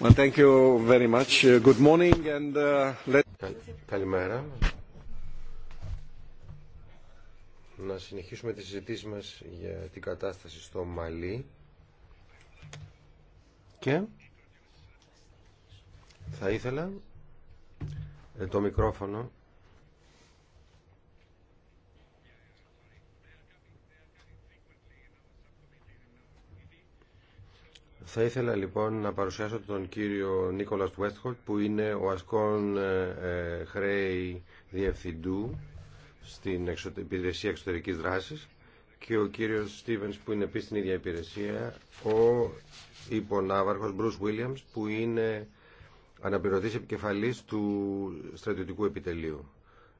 Well, thank you very much. Good morning and uh, let... Καλημέρα. Να συνεχίσουμε τις συζητήσεις μας για την κατάσταση στο Μαλί και θα ήθελα ε, το μικρόφωνο Θα ήθελα λοιπόν να παρουσιάσω τον κύριο Νίκολας Βέστχολτ, που είναι ο ασκόν ε, ε χρέη διευθυντού στην υπηρεσία εξωτερικής δράσης και ο κύριος Στίβενς που είναι επίσης στην ίδια υπηρεσία, ο υπονάβαρχος Μπρουσ Βίλιαμς που είναι αναπληρωτής επικεφαλής του στρατιωτικού επιτελείου.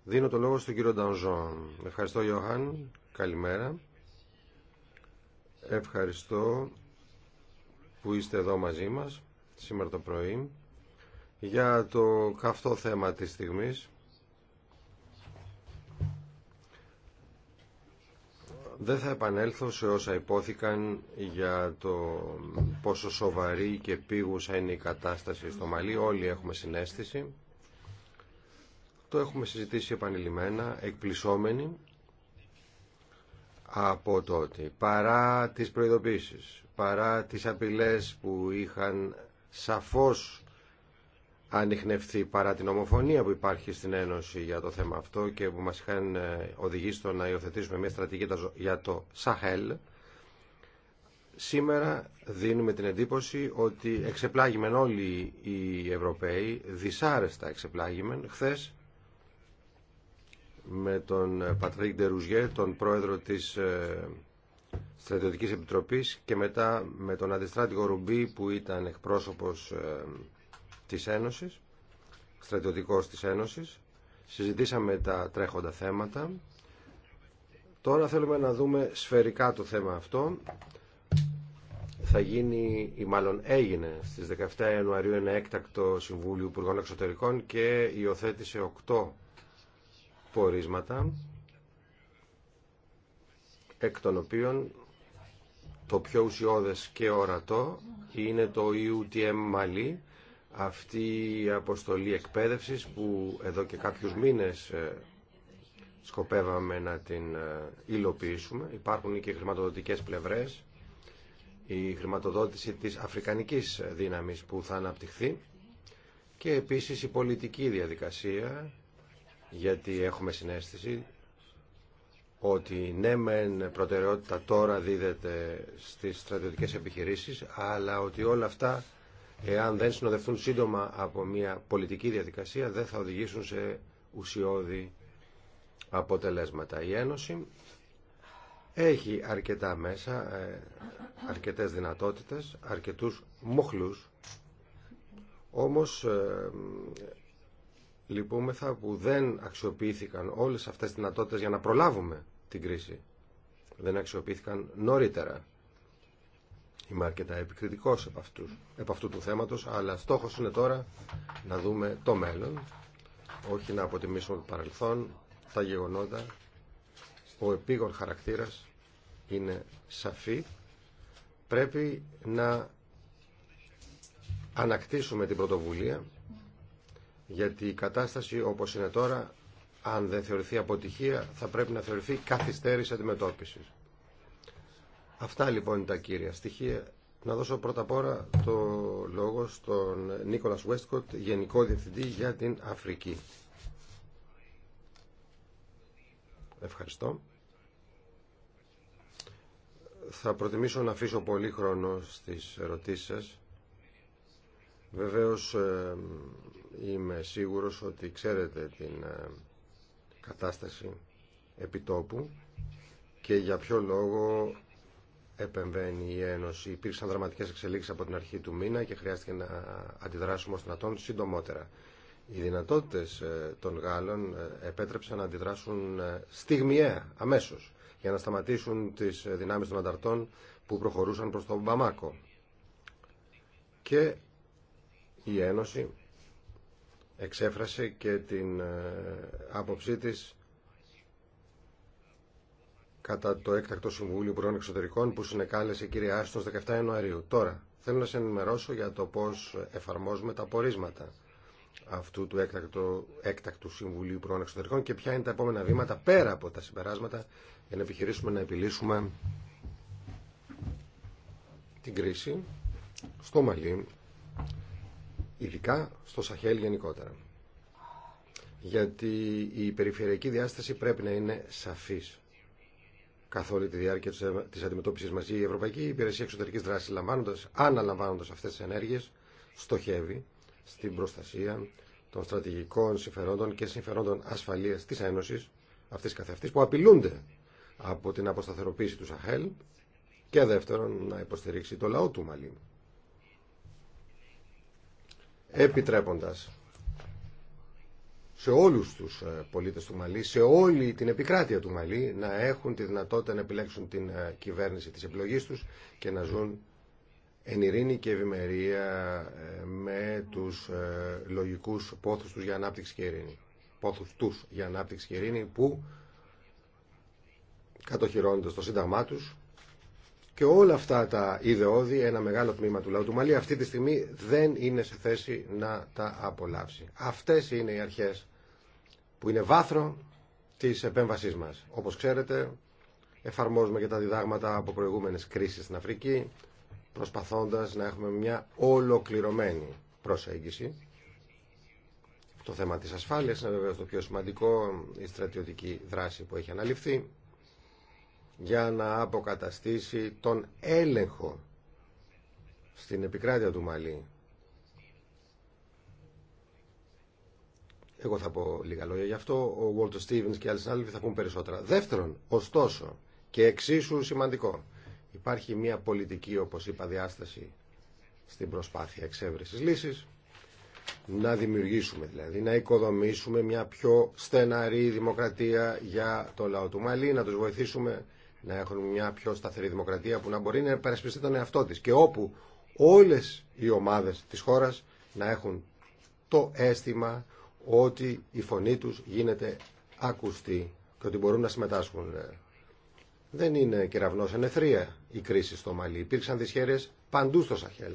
Δίνω το λόγο στον κύριο Ντανζόν. Ευχαριστώ Ιωάνν, καλημέρα. Ευχαριστώ που είστε εδώ μαζί μας σήμερα το πρωί για το καυτό θέμα της στιγμής. Δεν θα επανέλθω σε όσα υπόθηκαν για το πόσο σοβαρή και πήγουσα είναι η κατάσταση στο Μαλί. Όλοι έχουμε συνέστηση. Το έχουμε συζητήσει επανειλημμένα, εκπλησόμενοι από τότε, παρά τις προειδοποίησεις παρά τις απειλές που είχαν σαφώς ανιχνευθεί παρά την ομοφωνία που υπάρχει στην Ένωση για το θέμα αυτό και που μας είχαν ε, οδηγήσει στο να υιοθετήσουμε μια στρατηγική για το Σαχέλ σήμερα δίνουμε την εντύπωση ότι εξεπλάγημεν όλοι οι Ευρωπαίοι δυσάρεστα εξεπλάγημεν χθες με τον Πατρίκ Ντερουζιέ, τον πρόεδρο της ε, Στρατιωτικής Επιτροπής και μετά με τον αντιστράτηγο Ρουμπί που ήταν εκπρόσωπος ε, της Ένωσης, στρατιωτικός της Ένωσης. Συζητήσαμε τα τρέχοντα θέματα. Τώρα θέλουμε να δούμε σφαιρικά το θέμα αυτό. Θα γίνει, ή μάλλον έγινε, στις 17 Ιανουαρίου ένα έκτακτο Συμβούλιο Υπουργών Εξωτερικών και υιοθέτησε οκτώ πορίσματα εκ των οποίων το πιο ουσιώδες και ορατό είναι το e UTM Mali, αυτή η αποστολή εκπαίδευσης που εδώ και κάποιους μήνες ε, σκοπεύαμε να την ε, υλοποιήσουμε. Υπάρχουν και χρηματοδοτικές πλευρές, η χρηματοδότηση της αφρικανικής δύναμης που θα αναπτυχθεί και επίσης η πολιτική διαδικασία, γιατί έχουμε συνέστηση ότι ναι μεν προτεραιότητα τώρα δίδεται στις στρατιωτικές επιχειρήσεις αλλά ότι όλα αυτά εάν δεν συνοδευτούν σύντομα από μια πολιτική διαδικασία δεν θα οδηγήσουν σε ουσιώδη αποτελέσματα. Η Ένωση έχει αρκετά μέσα, ε, αρκετές δυνατότητες, αρκετούς μοχλούς όμως ε, λυπούμεθα που δεν αξιοποιήθηκαν όλες αυτές τις δυνατότητες για να προλάβουμε την κρίση. Δεν αξιοποιήθηκαν νωρίτερα. Είμαι αρκετά επικριτικό επ' αυτού, του θέματος, αλλά στόχος είναι τώρα να δούμε το μέλλον, όχι να αποτιμήσουμε το παρελθόν, τα γεγονότα. Ο επίγον χαρακτήρας είναι σαφή. Πρέπει να ανακτήσουμε την πρωτοβουλία, γιατί η κατάσταση όπως είναι τώρα αν δεν θεωρηθεί αποτυχία, θα πρέπει να θεωρηθεί καθυστέρηση αντιμετώπισης. Αυτά λοιπόν είναι τα κύρια στοιχεία. Να δώσω πρώτα απ' όλα το λόγο στον Νίκολας Βέστκοτ, Γενικό Διευθυντή για την Αφρική. Ευχαριστώ. Θα προτιμήσω να αφήσω πολύ χρόνο στις ερωτήσεις σας. Βεβαίως ε, είμαι σίγουρος ότι ξέρετε την ε, κατάσταση επιτόπου και για ποιο λόγο επεμβαίνει η Ένωση. Υπήρξαν δραματικές εξελίξεις από την αρχή του μήνα και χρειάστηκε να αντιδράσουμε ως δυνατόν συντομότερα. Οι δυνατότητες ε, των Γάλλων ε, επέτρεψαν να αντιδράσουν ε, στιγμιαία, αμέσως, για να σταματήσουν τις δυνάμεις των ανταρτών που προχωρούσαν προς τον Μπαμάκο. Και η Ένωση εξέφρασε και την ε, άποψή της κατά το έκτακτο Συμβούλιο Υπουργών Εξωτερικών που συνεκάλεσε η κυρία Άστον 17 Ιανουαρίου. Τώρα, θέλω να σε ενημερώσω για το πώς εφαρμόζουμε τα πορίσματα αυτού του έκτακτου, έκτακτου Συμβουλίου Υπουργών Εξωτερικών και ποια είναι τα επόμενα βήματα πέρα από τα συμπεράσματα για να επιχειρήσουμε να επιλύσουμε την κρίση στο Μαλή, ειδικά στο Σαχέλ γενικότερα. Γιατί η περιφερειακή διάσταση πρέπει να είναι σαφή καθ' όλη τη διάρκεια τη αντιμετώπιση μαζί Η Ευρωπαϊκή Υπηρεσία Εξωτερικής Δράσης, αναλαμβάνοντα αυτέ τι ενέργειε ενέργειες, στοχεύει στην προστασία των στρατηγικών συμφερόντων και συμφερόντων ασφαλείας της Ένωσης, αυτή καθεαυτή, που απειλούνται από την αποσταθεροποίηση του Σαχέλ και δεύτερον να υποστηρίξει το λαό του Μαλή επιτρέποντας σε όλους τους ε, πολίτες του Μαλή, σε όλη την επικράτεια του Μαλή, να έχουν τη δυνατότητα να επιλέξουν την ε, κυβέρνηση της επιλογής τους και να ζουν εν ειρήνη και ευημερία ε, με τους λογικούς πόθους τους για ανάπτυξη και ειρήνη. Πόθους τους για ανάπτυξη και ειρήνη που κατοχυρώνονται στο σύνταγμά τους και όλα αυτά τα ιδεώδη ένα μεγάλο τμήμα του λαού του Μαλή αυτή τη στιγμή δεν είναι σε θέση να τα απολαύσει. Αυτές είναι οι αρχές που είναι βάθρο της επέμβασής μας. Όπως ξέρετε εφαρμόζουμε και τα διδάγματα από προηγούμενες κρίσεις στην Αφρική προσπαθώντας να έχουμε μια ολοκληρωμένη προσέγγιση. Το θέμα της ασφάλειας είναι βέβαια το πιο σημαντικό, η στρατιωτική δράση που έχει αναλυφθεί για να αποκαταστήσει τον έλεγχο στην επικράτεια του Μαλή. Εγώ θα πω λίγα λόγια γι' αυτό. Ο Walter Stevens και άλλοι συνάδελφοι θα πούν περισσότερα. Δεύτερον, ωστόσο και εξίσου σημαντικό, υπάρχει μια πολιτική, όπως είπα, διάσταση στην προσπάθεια εξέβρεσης λύσης. Να δημιουργήσουμε δηλαδή, να οικοδομήσουμε μια πιο στεναρή δημοκρατία για το λαό του Μαλή, να τους βοηθήσουμε να έχουν μια πιο σταθερή δημοκρατία που να μπορεί να υπερασπιστεί τον εαυτό της και όπου όλες οι ομάδες της χώρας να έχουν το αίσθημα ότι η φωνή τους γίνεται ακουστή και ότι μπορούν να συμμετάσχουν. Δεν είναι κεραυνός ενεθρία η κρίση στο Μαλί. Υπήρξαν δυσχέρειες παντού στο Σαχέλ.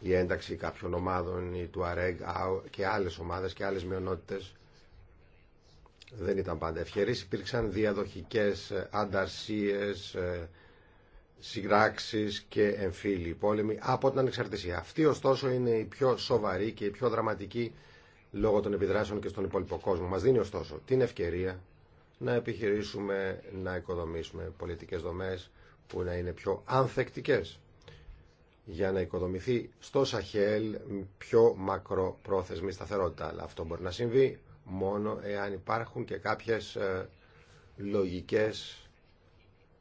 Η ένταξη κάποιων ομάδων, του και άλλες ομάδες και άλλες μειονότητες δεν ήταν πάντα ευχερής. Υπήρξαν διαδοχικές ανταρσίες, ε, συγράξεις και εμφύλοι πόλεμοι από την ανεξαρτησία. Αυτή ωστόσο είναι η πιο σοβαρή και η πιο δραματική λόγω των επιδράσεων και στον υπόλοιπο κόσμο. Μας δίνει ωστόσο την ευκαιρία να επιχειρήσουμε να οικοδομήσουμε πολιτικές δομές που να είναι πιο ανθεκτικές για να οικοδομηθεί στο Σαχέλ πιο μακροπρόθεσμη σταθερότητα. Αλλά αυτό μπορεί να συμβεί μόνο εάν υπάρχουν και κάποιες ε, λογικές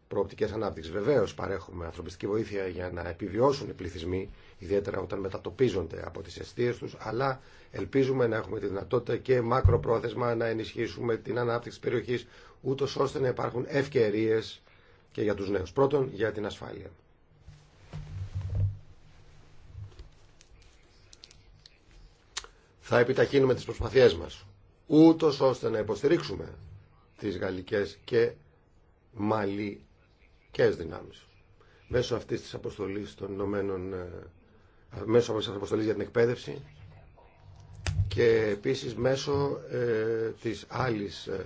προοπτικές ανάπτυξης. Βεβαίως παρέχουμε ανθρωπιστική βοήθεια για να επιβιώσουν οι πληθυσμοί, ιδιαίτερα όταν μετατοπίζονται από τις αιστείες τους, αλλά ελπίζουμε να έχουμε τη δυνατότητα και μακροπρόθεσμα να ενισχύσουμε την ανάπτυξη της περιοχής, ούτως ώστε να υπάρχουν ευκαιρίες και για τους νέους. Πρώτον, για την ασφάλεια. Θα επιταχύνουμε τις προσπαθειές μας ούτως ώστε να υποστηρίξουμε τις γαλλικές και μαλλικές δυνάμεις. Μέσω αυτής της αποστολής των Ηνωμένων, ε, μέσω αυτής της για την εκπαίδευση και επίσης μέσω ε, της άλλης ε,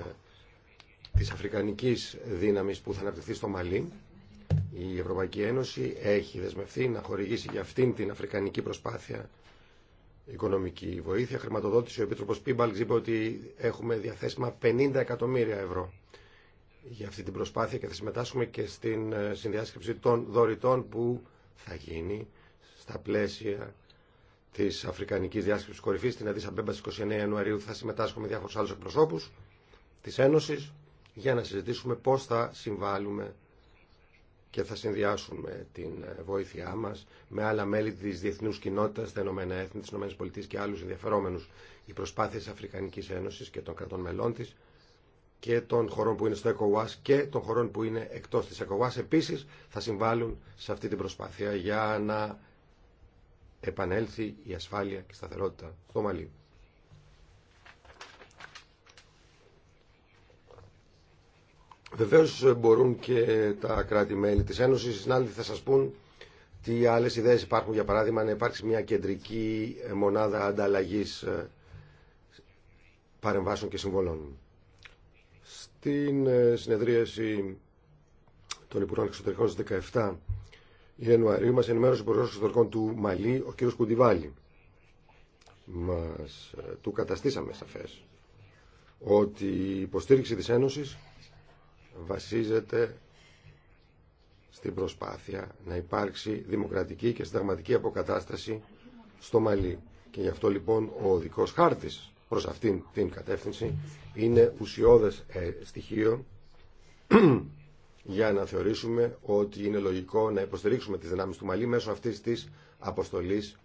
της αφρικανικής δύναμης που θα αναπτυχθεί στο Μαλί η Ευρωπαϊκή Ένωση έχει δεσμευτεί να χορηγήσει για αυτήν την αφρικανική προσπάθεια οικονομική βοήθεια, χρηματοδότηση. Ο Επίτροπος Πίμπαλξ είπε ότι έχουμε διαθέσιμα 50 εκατομμύρια ευρώ για αυτή την προσπάθεια και θα συμμετάσχουμε και στην ε, συνδιάσκεψη των δωρητών που θα γίνει στα πλαίσια τη Αφρικανική Διάσκεψη Κορυφή στην Αντίσα Μπέμπα 29 Ιανουαρίου. Θα συμμετάσχουμε με διάφορου άλλου εκπροσώπου τη Ένωση για να συζητήσουμε πώ θα συμβάλλουμε και θα συνδυάσουμε την ε, βοήθειά μας με άλλα μέλη της διεθνούς κοινότητα, τα Ηνωμένα ΕΕ, Έθνη, Ηνωμένε ΗΠΑ και άλλου ενδιαφερόμενους. Οι προσπάθειε της Αφρικανικής Ένωσης και των κρατών μελών τη και των χωρών που είναι στο ΕΚΟΟΑΣ και των χωρών που είναι εκτός της ΕΚΟΟΑΣ επίσης θα συμβάλλουν σε αυτή την προσπάθεια για να επανέλθει η ασφάλεια και η σταθερότητα στο Μαλί. Βεβαίω μπορούν και τα κράτη-μέλη της Ένωσης, να συνάδελφοι θα σα πούν τι άλλες ιδέες υπάρχουν, για παράδειγμα, να υπάρξει μια κεντρική μονάδα ανταλλαγής ε, παρεμβάσεων και συμβολών. Στην ε, συνεδρίαση των Υπουργών Εξωτερικών στι 17 Ιανουαρίου μας ενημέρωσε ο Υπουργό Εξωτερικών του Μαλή, ο κ. Κουντιβάλη. Μα ε, του καταστήσαμε σαφέ ότι η υποστήριξη τη Ένωση βασίζεται στην προσπάθεια να υπάρξει δημοκρατική και συνταγματική αποκατάσταση στο Μαλί. Και γι' αυτό λοιπόν ο δικός χάρτης προς αυτήν την κατεύθυνση είναι ουσιώδες ε, στοιχείο για να θεωρήσουμε ότι είναι λογικό να υποστηρίξουμε τις δυνάμεις του Μαλή μέσω αυτής της αποστολής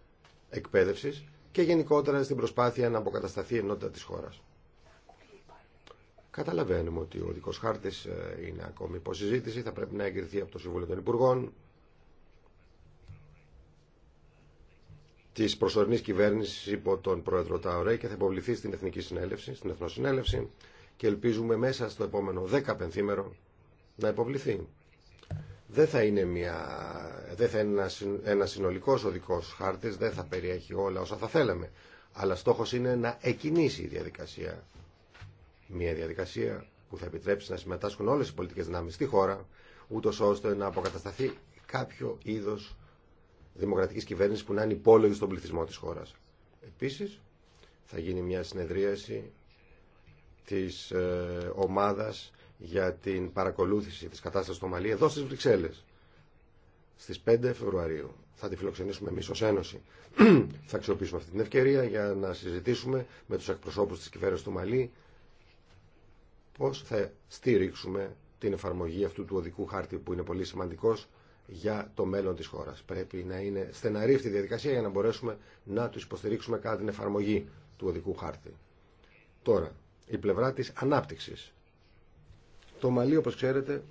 εκπαίδευσης και γενικότερα στην προσπάθεια να αποκατασταθεί η ενότητα της χώρας. Καταλαβαίνουμε ότι ο δικός χάρτης ε, είναι ακόμη υποσυζήτηση, θα πρέπει να εγκριθεί από το Συμβούλιο των Υπουργών της προσωρινής κυβέρνησης υπό τον Πρόεδρο Ταωρέ και θα υποβληθεί στην Εθνική Συνέλευση, στην Εθνοσυνέλευση και ελπίζουμε μέσα στο επόμενο 10 πενθήμερο να υποβληθεί. Δεν θα είναι, μια, δεν θα είναι ένα συνολικός δικός χάρτης, δεν θα περιέχει όλα όσα θα θέλαμε, αλλά στόχος είναι να εκινήσει η διαδικασία μια διαδικασία που θα επιτρέψει να συμμετάσχουν όλες οι πολιτικές δυνάμεις στη χώρα, ούτω ώστε να αποκατασταθεί κάποιο είδος δημοκρατικής κυβέρνησης που να είναι υπόλογη στον πληθυσμό της χώρας. Επίσης, θα γίνει μια συνεδρίαση της ε, ομάδας για την παρακολούθηση της κατάστασης στο Μαλή εδώ στις Βρυξέλλες στις 5 Φεβρουαρίου. Θα τη φιλοξενήσουμε εμείς ως Ένωση. θα αξιοποιήσουμε αυτή την ευκαιρία για να συζητήσουμε με τους εκπροσώπους της κυβέρνησης του Μαλή πώς θα στήριξουμε την εφαρμογή αυτού του οδικού χάρτη που είναι πολύ σημαντικός για το μέλλον της χώρας. Πρέπει να είναι στεναρή αυτή η διαδικασία για να μπορέσουμε να τους υποστηρίξουμε κατά την εφαρμογή του οδικού χάρτη. Τώρα, η πλευρά της ανάπτυξης. Το Μαλί, όπως ξέρετε,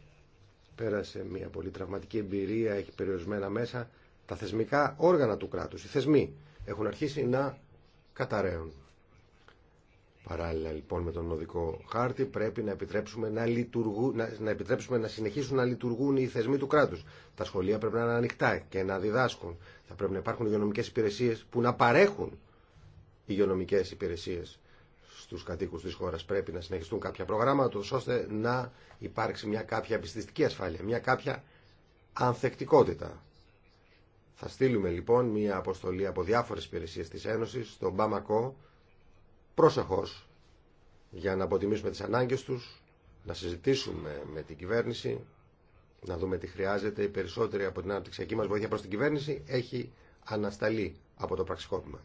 πέρασε μια πολύ τραυματική εμπειρία, έχει περιορισμένα μέσα. Τα θεσμικά όργανα του κράτους, οι θεσμοί, έχουν αρχίσει να καταραίουν. Παράλληλα λοιπόν με τον οδικό χάρτη πρέπει να επιτρέψουμε να, λειτουργού, να, επιτρέψουμε να συνεχίσουν να λειτουργούν οι θεσμοί του κράτους. Τα σχολεία πρέπει να είναι ανοιχτά και να διδάσκουν. Θα πρέπει να υπάρχουν υγειονομικές υπηρεσίες που να παρέχουν υγειονομικές υπηρεσίες στους κατοίκους της χώρας. Πρέπει να συνεχιστούν κάποια προγράμματα ώστε να υπάρξει μια κάποια επιστηστική ασφάλεια, μια κάποια ανθεκτικότητα. Θα στείλουμε λοιπόν μια αποστολή από διάφορες υπηρεσίες της Ένωσης στον Μπαμακό προσεχώς για να αποτιμήσουμε τις ανάγκες τους, να συζητήσουμε με την κυβέρνηση, να δούμε τι χρειάζεται. Η περισσότερη από την αναπτυξιακή μας βοήθεια προς την κυβέρνηση έχει ανασταλεί από το πραξικόπημα.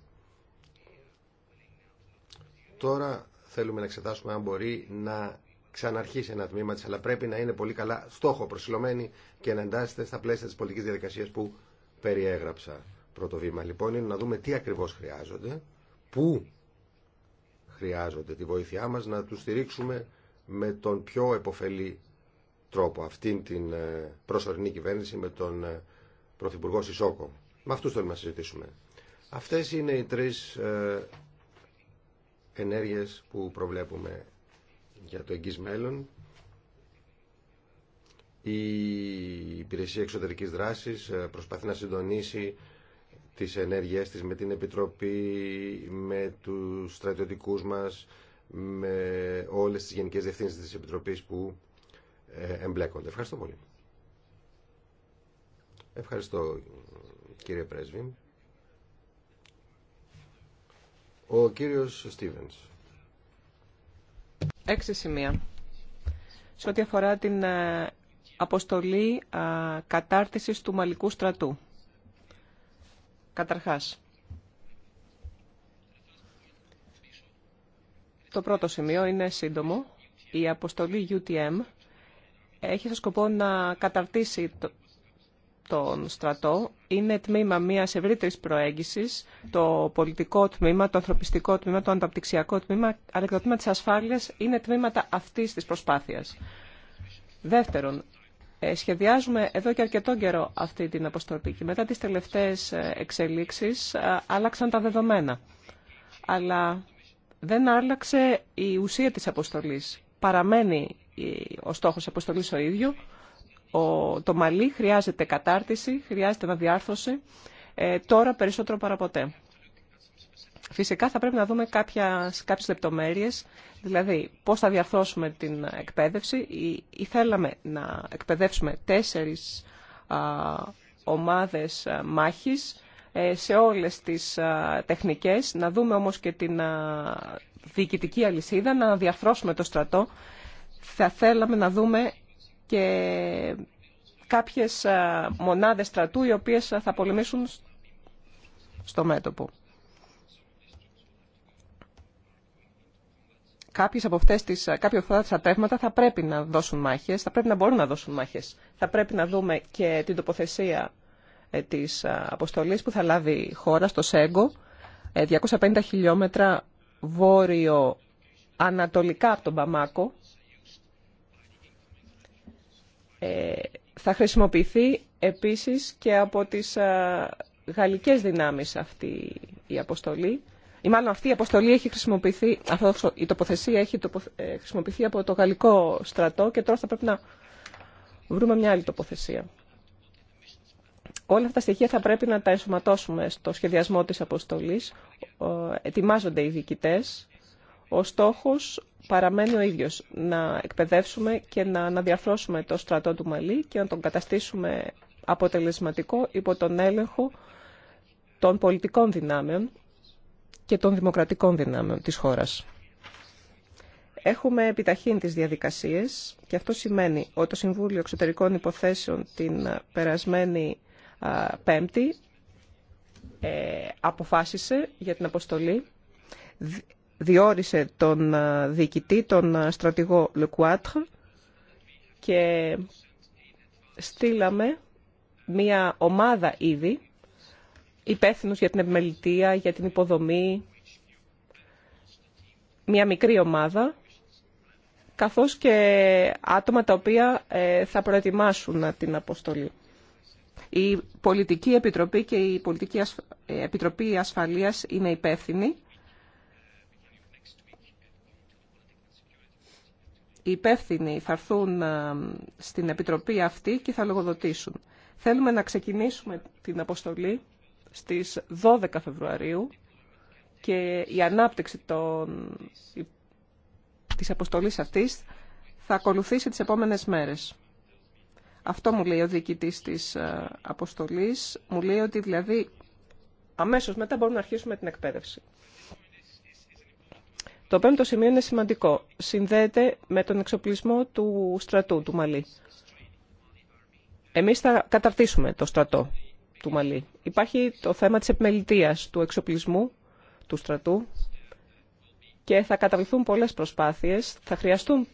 Τώρα θέλουμε να εξετάσουμε αν μπορεί να ξαναρχίσει ένα τμήμα της, αλλά πρέπει να είναι πολύ καλά στόχο προσιλωμένη και να εντάσσεται στα πλαίσια της πολιτικής διαδικασίας που περιέγραψα. Πρώτο βήμα λοιπόν είναι να δούμε τι ακριβώς χρειάζονται, πού χρειάζονται τη βοήθειά μας να τους στηρίξουμε με τον πιο επωφελή τρόπο αυτήν την ε, προσωρινή κυβέρνηση με τον ε, Πρωθυπουργό Σισόκο. Με αυτούς θέλουμε να συζητήσουμε. Αυτές είναι οι τρεις ε, ενέργειες που προβλέπουμε για το εγγύς μέλλον. Η Υπηρεσία Εξωτερικής Δράσης προσπαθεί να συντονίσει τις ενέργειές της με την Επιτροπή, με τους στρατιωτικούς μας, με όλες τις γενικές διευθύνσεις της Επιτροπής που ε, εμπλέκονται. Ευχαριστώ πολύ. Ευχαριστώ κύριε Πρέσβη. Ο κύριος Στίβενς. Έξι σημεία. Σε ό,τι αφορά την ε, αποστολή ε, κατάρτισης του Μαλικού στρατού. Καταρχάς, το πρώτο σημείο είναι σύντομο. Η αποστολή UTM έχει σαν σκοπό να καταρτήσει τον στρατό. Είναι τμήμα μιας ευρύτερης προέγγισης, το πολιτικό τμήμα, το ανθρωπιστικό τμήμα, το ανταπτυξιακό τμήμα, αλλά και το τμήμα της ασφάλειας είναι τμήματα αυτής της προσπάθειας. Δεύτερον, ε, σχεδιάζουμε εδώ και αρκετό καιρό αυτή την αποστολή και μετά τις τελευταίες ε, εξελίξεις ε, άλλαξαν τα δεδομένα. Αλλά δεν άλλαξε η ουσία της αποστολής. Παραμένει ο στόχος αποστολής ο ίδιο. το μαλλί χρειάζεται κατάρτιση, χρειάζεται αναδιάρθρωση, ε, τώρα περισσότερο παραποτέ. Φυσικά θα πρέπει να δούμε κάποιε κάποιες λεπτομέρειες, δηλαδή πώς θα διαρθώσουμε την εκπαίδευση. Ή, θέλαμε να εκπαιδεύσουμε τέσσερις ομάδες μάχης ε, σε όλες τις τεχνικές, να δούμε όμως και την διοικητική αλυσίδα, να διαρθώσουμε το στρατό. Θα θέλαμε να δούμε και κάποιες μονάδες στρατού οι οποίες θα πολεμήσουν στο μέτωπο. κάποιες από αυτές τις, ε, κάποια από αυτά τα θα πρέπει να δώσουν μάχες, θα πρέπει να μπορούν να δώσουν μάχες. Θα πρέπει να δούμε και την τοποθεσία ε, της ε, αποστολής που θα λάβει η χώρα στο Σέγκο, 250 χιλιόμετρα βόρειο ανατολικά από τον Παμάκο. θα χρησιμοποιηθεί επίσης και από τις γαλλικές δυνάμεις αυτή η αποστολή ή μάλλον αυτή η αποστολή έχει χρησιμοποιηθεί, αυτό, η τοποθεσία η ε, χρησιμοποιηθεί από το γαλλικό στρατό και τώρα θα πρέπει να βρούμε μια άλλη τοποθεσία. Όλα αυτά τα στοιχεία θα πρέπει να τα ενσωματώσουμε στο σχεδιασμό της αποστολής. Ετοιμάζονται οι διοικητές. Ο στόχος παραμένει ο ίδιος, να εκπαιδεύσουμε και να αναδιαφρώσουμε το στρατό του Μαλή και να τον καταστήσουμε αποτελεσματικό υπό τον έλεγχο των πολιτικών δυνάμεων και των δημοκρατικών δυνάμεων της χώρας. Έχουμε επιταχύνει τις διαδικασίες και αυτό σημαίνει ότι το Συμβούλιο Εξωτερικών Υποθέσεων την ε, περασμένη Πέμπτη ε, αποφάσισε για την αποστολή, διόρισε τον ε, διοικητή, τον στρατηγό Le και στείλαμε μία ομάδα ήδη υπεύθυνους για την επιμελητία, για την υποδομή, μια μικρή ομάδα, καθώς και άτομα τα οποία ε, θα προετοιμάσουν την αποστολή. Η Πολιτική Επιτροπή και η Πολιτική ε, Επιτροπή Ασφαλείας είναι υπεύθυνοι. Οι υπεύθυνοι θα έρθουν ε, στην Επιτροπή αυτή και θα λογοδοτήσουν. Θέλουμε να ξεκινήσουμε την αποστολή στις 12 Φεβρουαρίου και η ανάπτυξη των... της αποστολής αυτής θα ακολουθήσει τις επόμενες μέρες. Αυτό μου λέει ο διοικητής της ε, αποστολής. Μου λέει ότι δηλαδή αμέσως μετά μπορούμε να αρχίσουμε την εκπαίδευση. Το πέμπτο σημείο είναι σημαντικό. Συνδέεται με τον εξοπλισμό του στρατού του Μαλή. Εμείς θα καταρτήσουμε το στρατό του Υπάρχει το θέμα της επιμελητίας, του εξοπλισμού, του στρατού και θα καταβληθούν πολλές προσπάθειες, θα χρειαστούν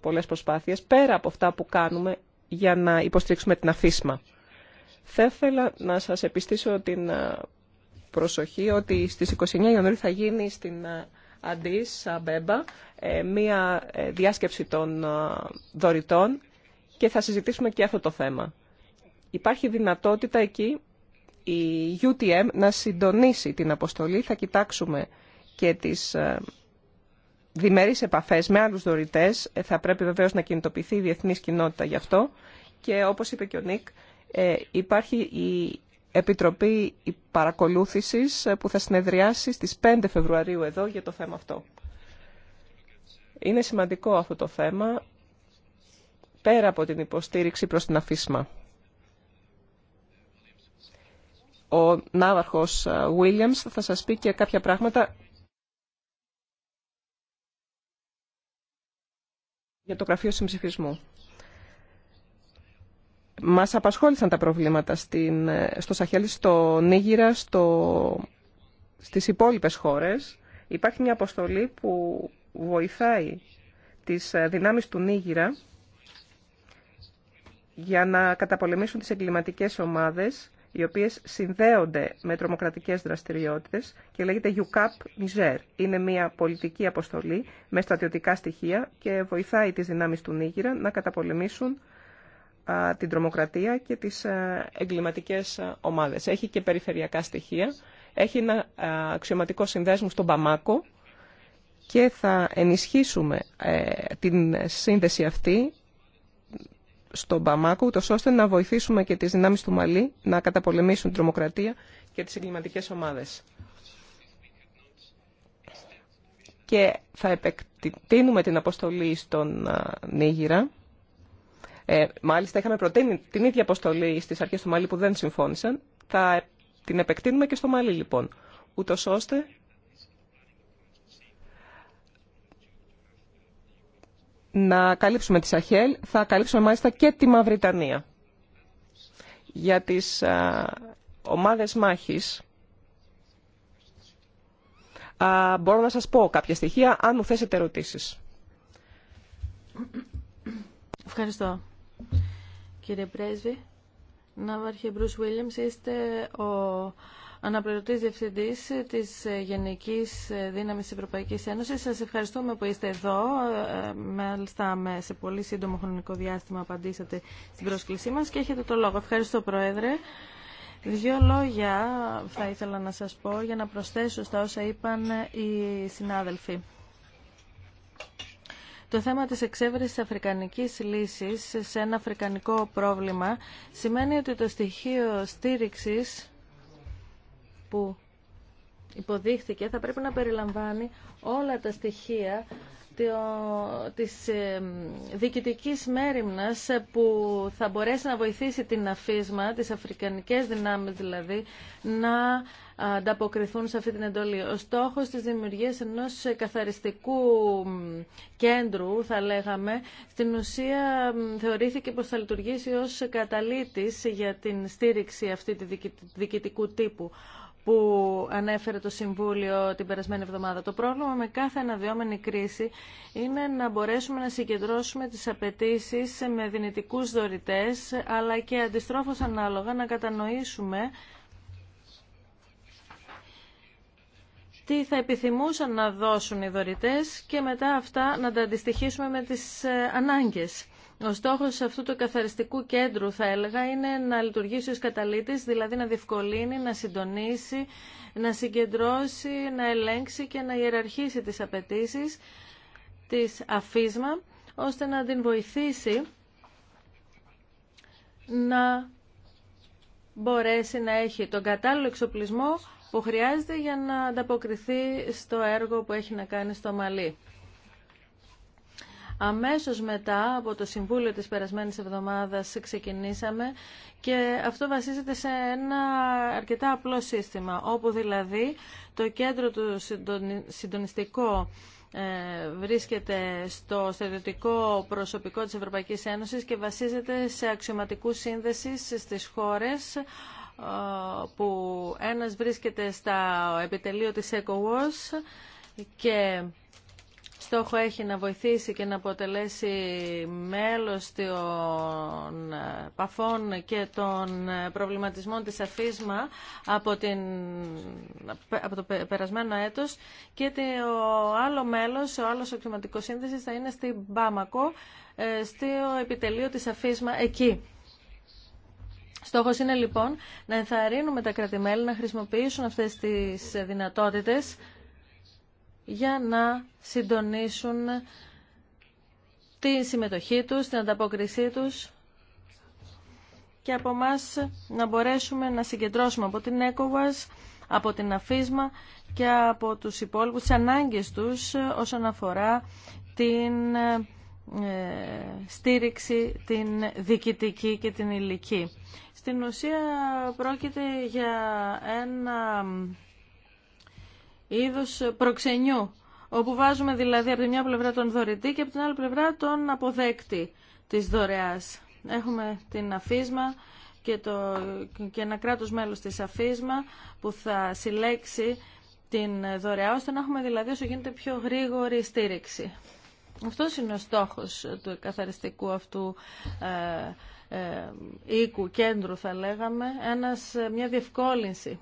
πολλές προσπάθειες πέρα από αυτά που κάνουμε για να υποστηρίξουμε την αφίσμα. Θα ήθελα να σας επιστήσω την ε, προσοχή ότι στις 29 Ιανουαρίου θα γίνει στην ε, Αντίς Αμπέμπα ε, μία διάσκεψη των δωρητών και θα συζητήσουμε και αυτό το θέμα. Υπάρχει δυνατότητα εκεί η UTM να συντονίσει την αποστολή. Θα κοιτάξουμε και τις ε, διμερείς επαφές με άλλους δωρητές. Ε, θα πρέπει βεβαίως να κινητοποιηθεί η διεθνής κοινότητα γι' αυτό. Και όπως είπε και ο Νίκ, ε, υπάρχει η Επιτροπή Παρακολούθησης που θα συνεδριάσει στις 5 Φεβρουαρίου εδώ για το θέμα αυτό. Είναι σημαντικό αυτό το θέμα, πέρα από την υποστήριξη προς την αφήσμα ο ναύαρχος ε, Williams θα σας πει και κάποια πράγματα για το γραφείο συμψηφισμού. Μας απασχόλησαν τα προβλήματα στην, ε, στο Σαχέλ, στο Νίγηρα, στο, στις υπόλοιπες χώρες. Υπάρχει μια αποστολή που βοηθάει τις ε, δυνάμεις του Νίγηρα για να καταπολεμήσουν τις εγκληματικές ομάδες οι οποίες συνδέονται με τρομοκρατικές δραστηριότητες και λέγεται UCAP Niger. Είναι μια πολιτική αποστολή με στρατιωτικά στοιχεία και βοηθάει τις δυνάμεις του Νίγηρα να καταπολεμήσουν την τρομοκρατία και τις εγκληματικές ομάδες. Έχει και περιφερειακά στοιχεία. Έχει ένα αξιωματικό συνδέσμου στον Παμάκο και θα ενισχύσουμε ε, την σύνδεση αυτή στον Παμάκο, ούτως ώστε να βοηθήσουμε και τις δυνάμεις του Μαλή να καταπολεμήσουν την τρομοκρατία και τις εγκληματικές ομάδες. Και θα επεκτείνουμε την αποστολή στον Νίγηρα. Ε, μάλιστα, είχαμε προτείνει την ίδια αποστολή στις αρχές του Μαλή που δεν συμφώνησαν. Θα την επεκτείνουμε και στο Μαλή, λοιπόν, ούτως ώστε να καλύψουμε τη Σαχέλ, θα καλύψουμε μάλιστα και τη Μαυριτανία. Για τις α, ομάδες μάχης, α, μπορώ να σας πω κάποια στοιχεία, αν μου θέσετε ερωτήσεις. Ευχαριστώ. Κύριε Πρέσβη, Ναύαρχε Μπρούς Βίλιαμς, είστε ο αναπληρωτής διευθυντής της Γενικής Δύναμης Ευρωπαϊκής Ένωση, σα ευχαριστούμε που είστε εδώ. Μάλιστα σε πολύ σύντομο χρονικό διάστημα απαντήσατε στην πρόσκλησή μας και έχετε το λόγο. Ευχαριστώ Πρόεδρε. Δύο λόγια θα ήθελα να σας πω για να προσθέσω στα όσα είπαν οι συνάδελφοι. Το θέμα της εξέβρεσης αφρικανικής λύσης σε ένα αφρικανικό πρόβλημα σημαίνει ότι το στοιχείο στήριξης που υποδείχθηκε θα πρέπει να περιλαμβάνει όλα τα στοιχεία της ε, διοικητικής μέρημνας που θα μπορέσει να βοηθήσει την αφίσμα, τις αφρικανικές δυνάμεις δηλαδή, να ανταποκριθούν σε αυτή την εντολή. Ο στόχος της δημιουργίας ενός καθαριστικού κέντρου, θα λέγαμε, στην ουσία θεωρήθηκε πως θα λειτουργήσει ως καταλήτης για την στήριξη αυτή τη διοικητικού τύπου που ανέφερε το Συμβούλιο την περασμένη εβδομάδα. Το πρόβλημα με κάθε αναδυόμενη κρίση είναι να μπορέσουμε να συγκεντρώσουμε τις απαιτήσει με δυνητικούς δωρητές, αλλά και αντιστρόφως ανάλογα να κατανοήσουμε τι θα επιθυμούσαν να δώσουν οι δωρητές και μετά αυτά να τα αντιστοιχίσουμε με τις ε, ανάγκες. Ο στόχος αυτού του καθαριστικού κέντρου, θα έλεγα, είναι να λειτουργήσει ως καταλήτης, δηλαδή να διευκολύνει, να συντονίσει, να συγκεντρώσει, να ελέγξει και να ιεραρχήσει τις απαιτήσει της αφίσμα, ώστε να την βοηθήσει να μπορέσει να έχει τον κατάλληλο εξοπλισμό που χρειάζεται για να ανταποκριθεί στο έργο που έχει να κάνει στο Μαλί. Αμέσως μετά από το Συμβούλιο της περασμένης εβδομάδας ξεκινήσαμε και αυτό βασίζεται σε ένα αρκετά απλό σύστημα, όπου δηλαδή το κέντρο του συντονιστικό ε, βρίσκεται στο στερεωτικό προσωπικό της Ευρωπαϊκής Ένωσης και βασίζεται σε αξιωματικού σύνδεσης στις χώρες ε, που ένας βρίσκεται στα επιτελείο της ECOWAS και Στόχο έχει να βοηθήσει και να αποτελέσει μέλος των παφών και των προβληματισμών της αφίσμα από, την, από το περασμένο έτος και ο άλλο μέλος, ο άλλος οκτηματικός σύνδεσης θα είναι στην Μπάμακο, ε, στο επιτελείο της αφίσμα εκεί. Στόχος είναι λοιπόν να ενθαρρύνουμε τα κρατημέλη να χρησιμοποιήσουν αυτές τις δυνατότητες για να συντονίσουν τη συμμετοχή τους, την ανταπόκρισή τους και από εμά να μπορέσουμε να συγκεντρώσουμε από την ΕΚΟΒΑΣ, από την αφίσμα και από τους υπόλοιπους τις ανάγκες τους όσον αφορά την ε, στήριξη την διοικητική και την ηλική. Στην ουσία πρόκειται για ένα είδος προξενιού, όπου βάζουμε δηλαδή από τη μια πλευρά τον δωρητή και από την άλλη πλευρά τον αποδέκτη της δωρεάς. Έχουμε την αφίσμα και, το, και ένα κράτος μέλος της αφίσμα που θα συλλέξει την δωρεά, ώστε να έχουμε δηλαδή όσο γίνεται πιο γρήγορη στήριξη. Αυτός είναι ο στόχος του καθαριστικού αυτού ε, ε, οίκου, κέντρου θα λέγαμε, ένας, ε, μια διευκόλυνση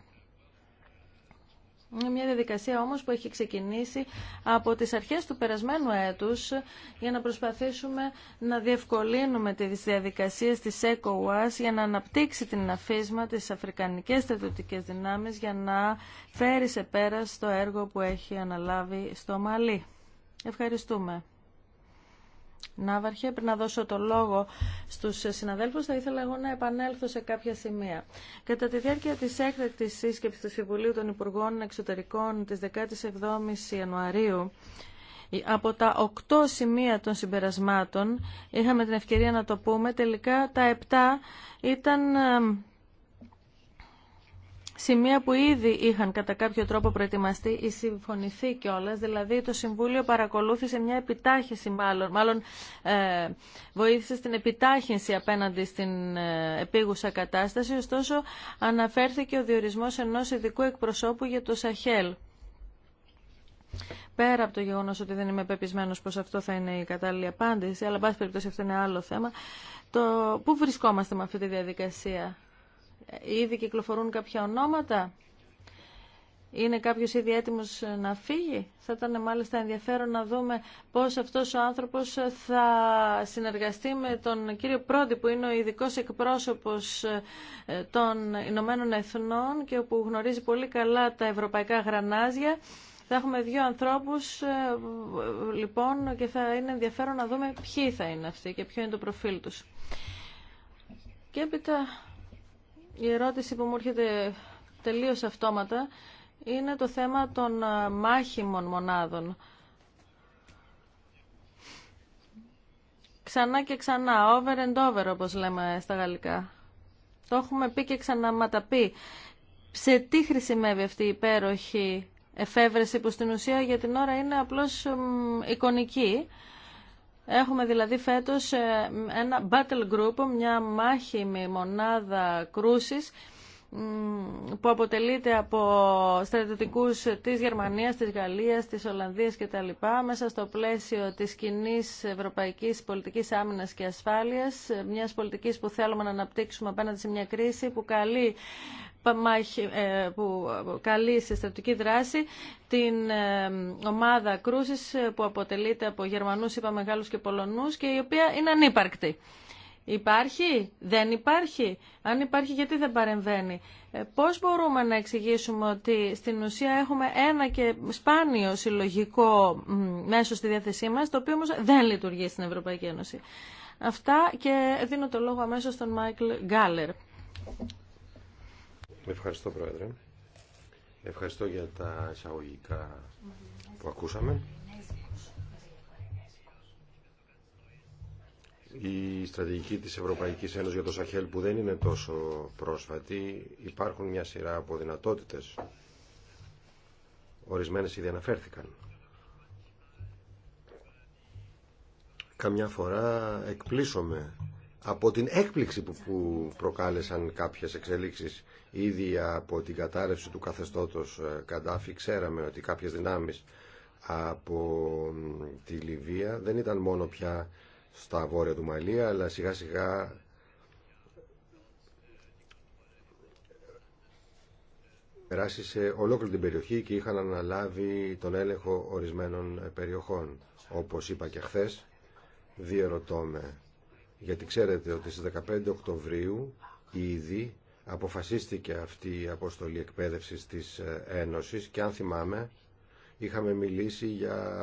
μια διαδικασία όμως που έχει ξεκινήσει από τις αρχές του περασμένου έτους για να προσπαθήσουμε να διευκολύνουμε τις διαδικασίες της ECOWAS για να αναπτύξει την αφίσμα της Αφρικανικές Στρατιωτικές Δυνάμεις για να φέρει σε πέρα στο έργο που έχει αναλάβει στο Μαλί. Ευχαριστούμε. Ναύαρχε, πριν να δώσω το λόγο στους συναδέλφους, θα ήθελα εγώ να επανέλθω σε κάποια σημεία. Κατά τη διάρκεια της έκτακτης σύσκεψης του Συμβουλίου των Υπουργών Εξωτερικών της 17ης Ιανουαρίου, από τα οκτώ σημεία των συμπερασμάτων, είχαμε την ευκαιρία να το πούμε, τελικά τα επτά ήταν σημεία που ήδη είχαν κατά κάποιο τρόπο προετοιμαστεί ή συμφωνηθεί κιόλα, δηλαδή το Συμβούλιο παρακολούθησε μια επιτάχυνση μάλλον, μάλλον ε, βοήθησε στην επιτάχυνση απέναντι στην ε, επίγουσα κατάσταση, ωστόσο αναφέρθηκε ο διορισμός ενός ειδικού εκπροσώπου για το Σαχέλ. Πέρα από το γεγονό ότι δεν είμαι πεπισμένο πω αυτό θα είναι η κατάλληλη απάντηση, αλλά εν πάση περιπτώσει αυτό είναι άλλο θέμα. Το... Πού βρισκόμαστε με αυτή τη διαδικασία, Ήδη κυκλοφορούν κάποια ονόματα. Είναι κάποιος ήδη έτοιμος να φύγει. Θα ήταν μάλιστα ενδιαφέρον να δούμε πώς αυτός ο άνθρωπος θα συνεργαστεί με τον κύριο Πρόντι που είναι ο ειδικό εκπρόσωπος ε, των Ηνωμένων Εθνών και που γνωρίζει πολύ καλά τα ευρωπαϊκά γρανάζια. Θα έχουμε δύο ανθρώπους ε, λοιπόν και θα είναι ενδιαφέρον να δούμε ποιοι θα είναι αυτοί και ποιο είναι το προφίλ τους. Και έπειτα η ερώτηση που μου έρχεται τελείως αυτόματα είναι το θέμα των ε, μάχημων μονάδων. Ξανά και ξανά, over and over όπως λέμε στα γαλλικά. Το έχουμε πει και ξαναματαπεί. Σε τι χρησιμεύει αυτή η υπέροχη εφεύρεση που στην ουσία για την ώρα είναι απλώς εικονική. Έχουμε δηλαδή φέτος ε, ένα battle group, μια με μονάδα κρούσης που αποτελείται από στρατιωτικούς της Γερμανίας, της Γαλλίας, της Ολλανδίας λοιπά μέσα στο πλαίσιο της κοινή ευρωπαϊκής πολιτικής άμυνας και ασφάλειας, μιας πολιτικής που θέλουμε να αναπτύξουμε απέναντι σε μια κρίση που καλεί που ε, καλεί σε δράση την ε, ομάδα κρούσης που αποτελείται από Γερμανούς, είπα, Μεγάλους και Πολωνούς και η οποία είναι ανύπαρκτη. Υπάρχει, δεν υπάρχει. Αν υπάρχει, γιατί δεν παρεμβαίνει. Ε, πώς μπορούμε να εξηγήσουμε ότι στην ουσία έχουμε ένα και σπάνιο συλλογικό μέσο στη διάθεσή μας, το οποίο όμως δεν λειτουργεί στην Ευρωπαϊκή Ένωση. Αυτά και δίνω το λόγο αμέσως στον Μάικλ Γκάλερ. Ευχαριστώ, Πρόεδρε. Ευχαριστώ για τα εισαγωγικά που ακούσαμε. η στρατηγική της Ευρωπαϊκής Ένωσης για το Σαχέλ που δεν είναι τόσο πρόσφατη υπάρχουν μια σειρά από δυνατότητες ορισμένες ήδη αναφέρθηκαν καμιά φορά εκπλήσωμε από την έκπληξη που προκάλεσαν κάποιες εξελίξεις ήδη από την κατάρρευση του καθεστώτος ε, Καντάφη ξέραμε ότι κάποιες δυνάμεις από τη Λιβύα δεν ήταν μόνο πια στα βόρεια του Μαλία, αλλά σιγά σιγά σε ολόκληρη την περιοχή και είχαν αναλάβει τον έλεγχο ορισμένων περιοχών. Όπως είπα και χθε, διερωτώ με, γιατί ξέρετε ότι στις 15 Οκτωβρίου ήδη αποφασίστηκε αυτή η αποστολή εκπαίδευσης της ε, Ένωσης και αν θυμάμαι είχαμε μιλήσει για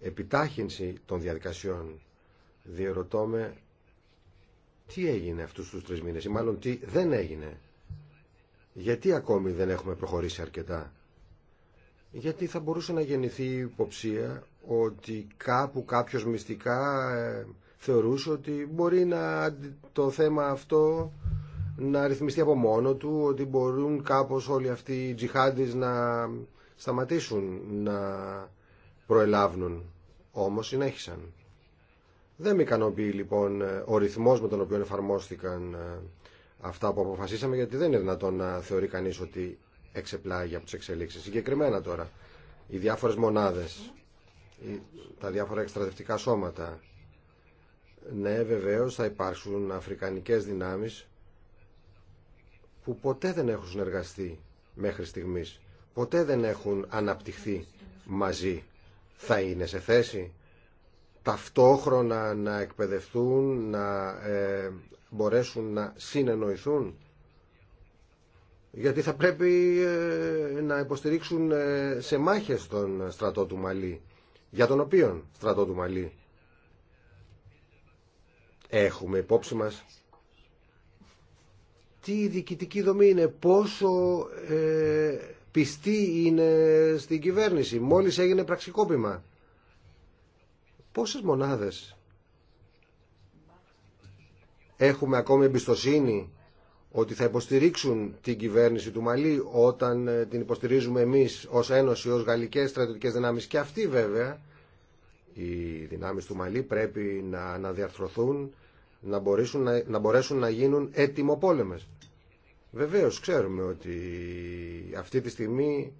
επιτάχυνση των διαδικασιών διερωτώ με τι έγινε αυτούς τους τρεις μήνες ή μάλλον τι δεν έγινε. Γιατί ακόμη δεν έχουμε προχωρήσει αρκετά. Γιατί θα μπορούσε να γεννηθεί η υποψία ότι κάπου κάποιος μυστικά ε, θεωρούσε ότι μπορεί να το θέμα αυτό να ρυθμιστεί από μόνο του, ότι μπορούν κάπως όλοι αυτοί οι τζιχάντες να σταματήσουν να προελάβουν. Όμως συνέχισαν. Δεν με ικανοποιεί λοιπόν ε, ο ρυθμό με τον οποίο εφαρμόστηκαν ε, αυτά που αποφασίσαμε γιατί δεν είναι δυνατόν να θεωρεί κανεί ότι εξεπλάγει από τι εξελίξει. Συγκεκριμένα τώρα, οι διάφορες μονάδες, τα διάφορα εξτρατευτικά σώματα. Ναι βεβαίω θα υπάρξουν αφρικανικές δυνάμεις που ποτέ δεν έχουν συνεργαστεί μέχρι στιγμής. Ποτέ δεν έχουν αναπτυχθεί μαζί. Θα είναι σε θέση ταυτόχρονα να εκπαιδευτούν, να ε, μπορέσουν να συνεννοηθούν. Γιατί θα πρέπει ε, να υποστηρίξουν ε, σε μάχες τον στρατό του Μαλή. Για τον οποίον στρατό του Μαλή έχουμε υπόψη μας τι διοικητική δομή είναι, πόσο πιστή είναι στην κυβέρνηση. Μόλις έγινε πραξικόπημα Πόσες μονάδες έχουμε ακόμη εμπιστοσύνη ότι θα υποστηρίξουν την κυβέρνηση του Μαλή όταν ε, την υποστηρίζουμε εμείς ως Ένωση, ως γαλλικές στρατιωτικές δυνάμεις και αυτοί βέβαια οι δυνάμεις του Μαλή πρέπει να αναδιαρθρωθούν να, μπορέσουν να, να μπορέσουν να γίνουν έτοιμο πόλεμες. Βεβαίως ξέρουμε ότι αυτή τη στιγμή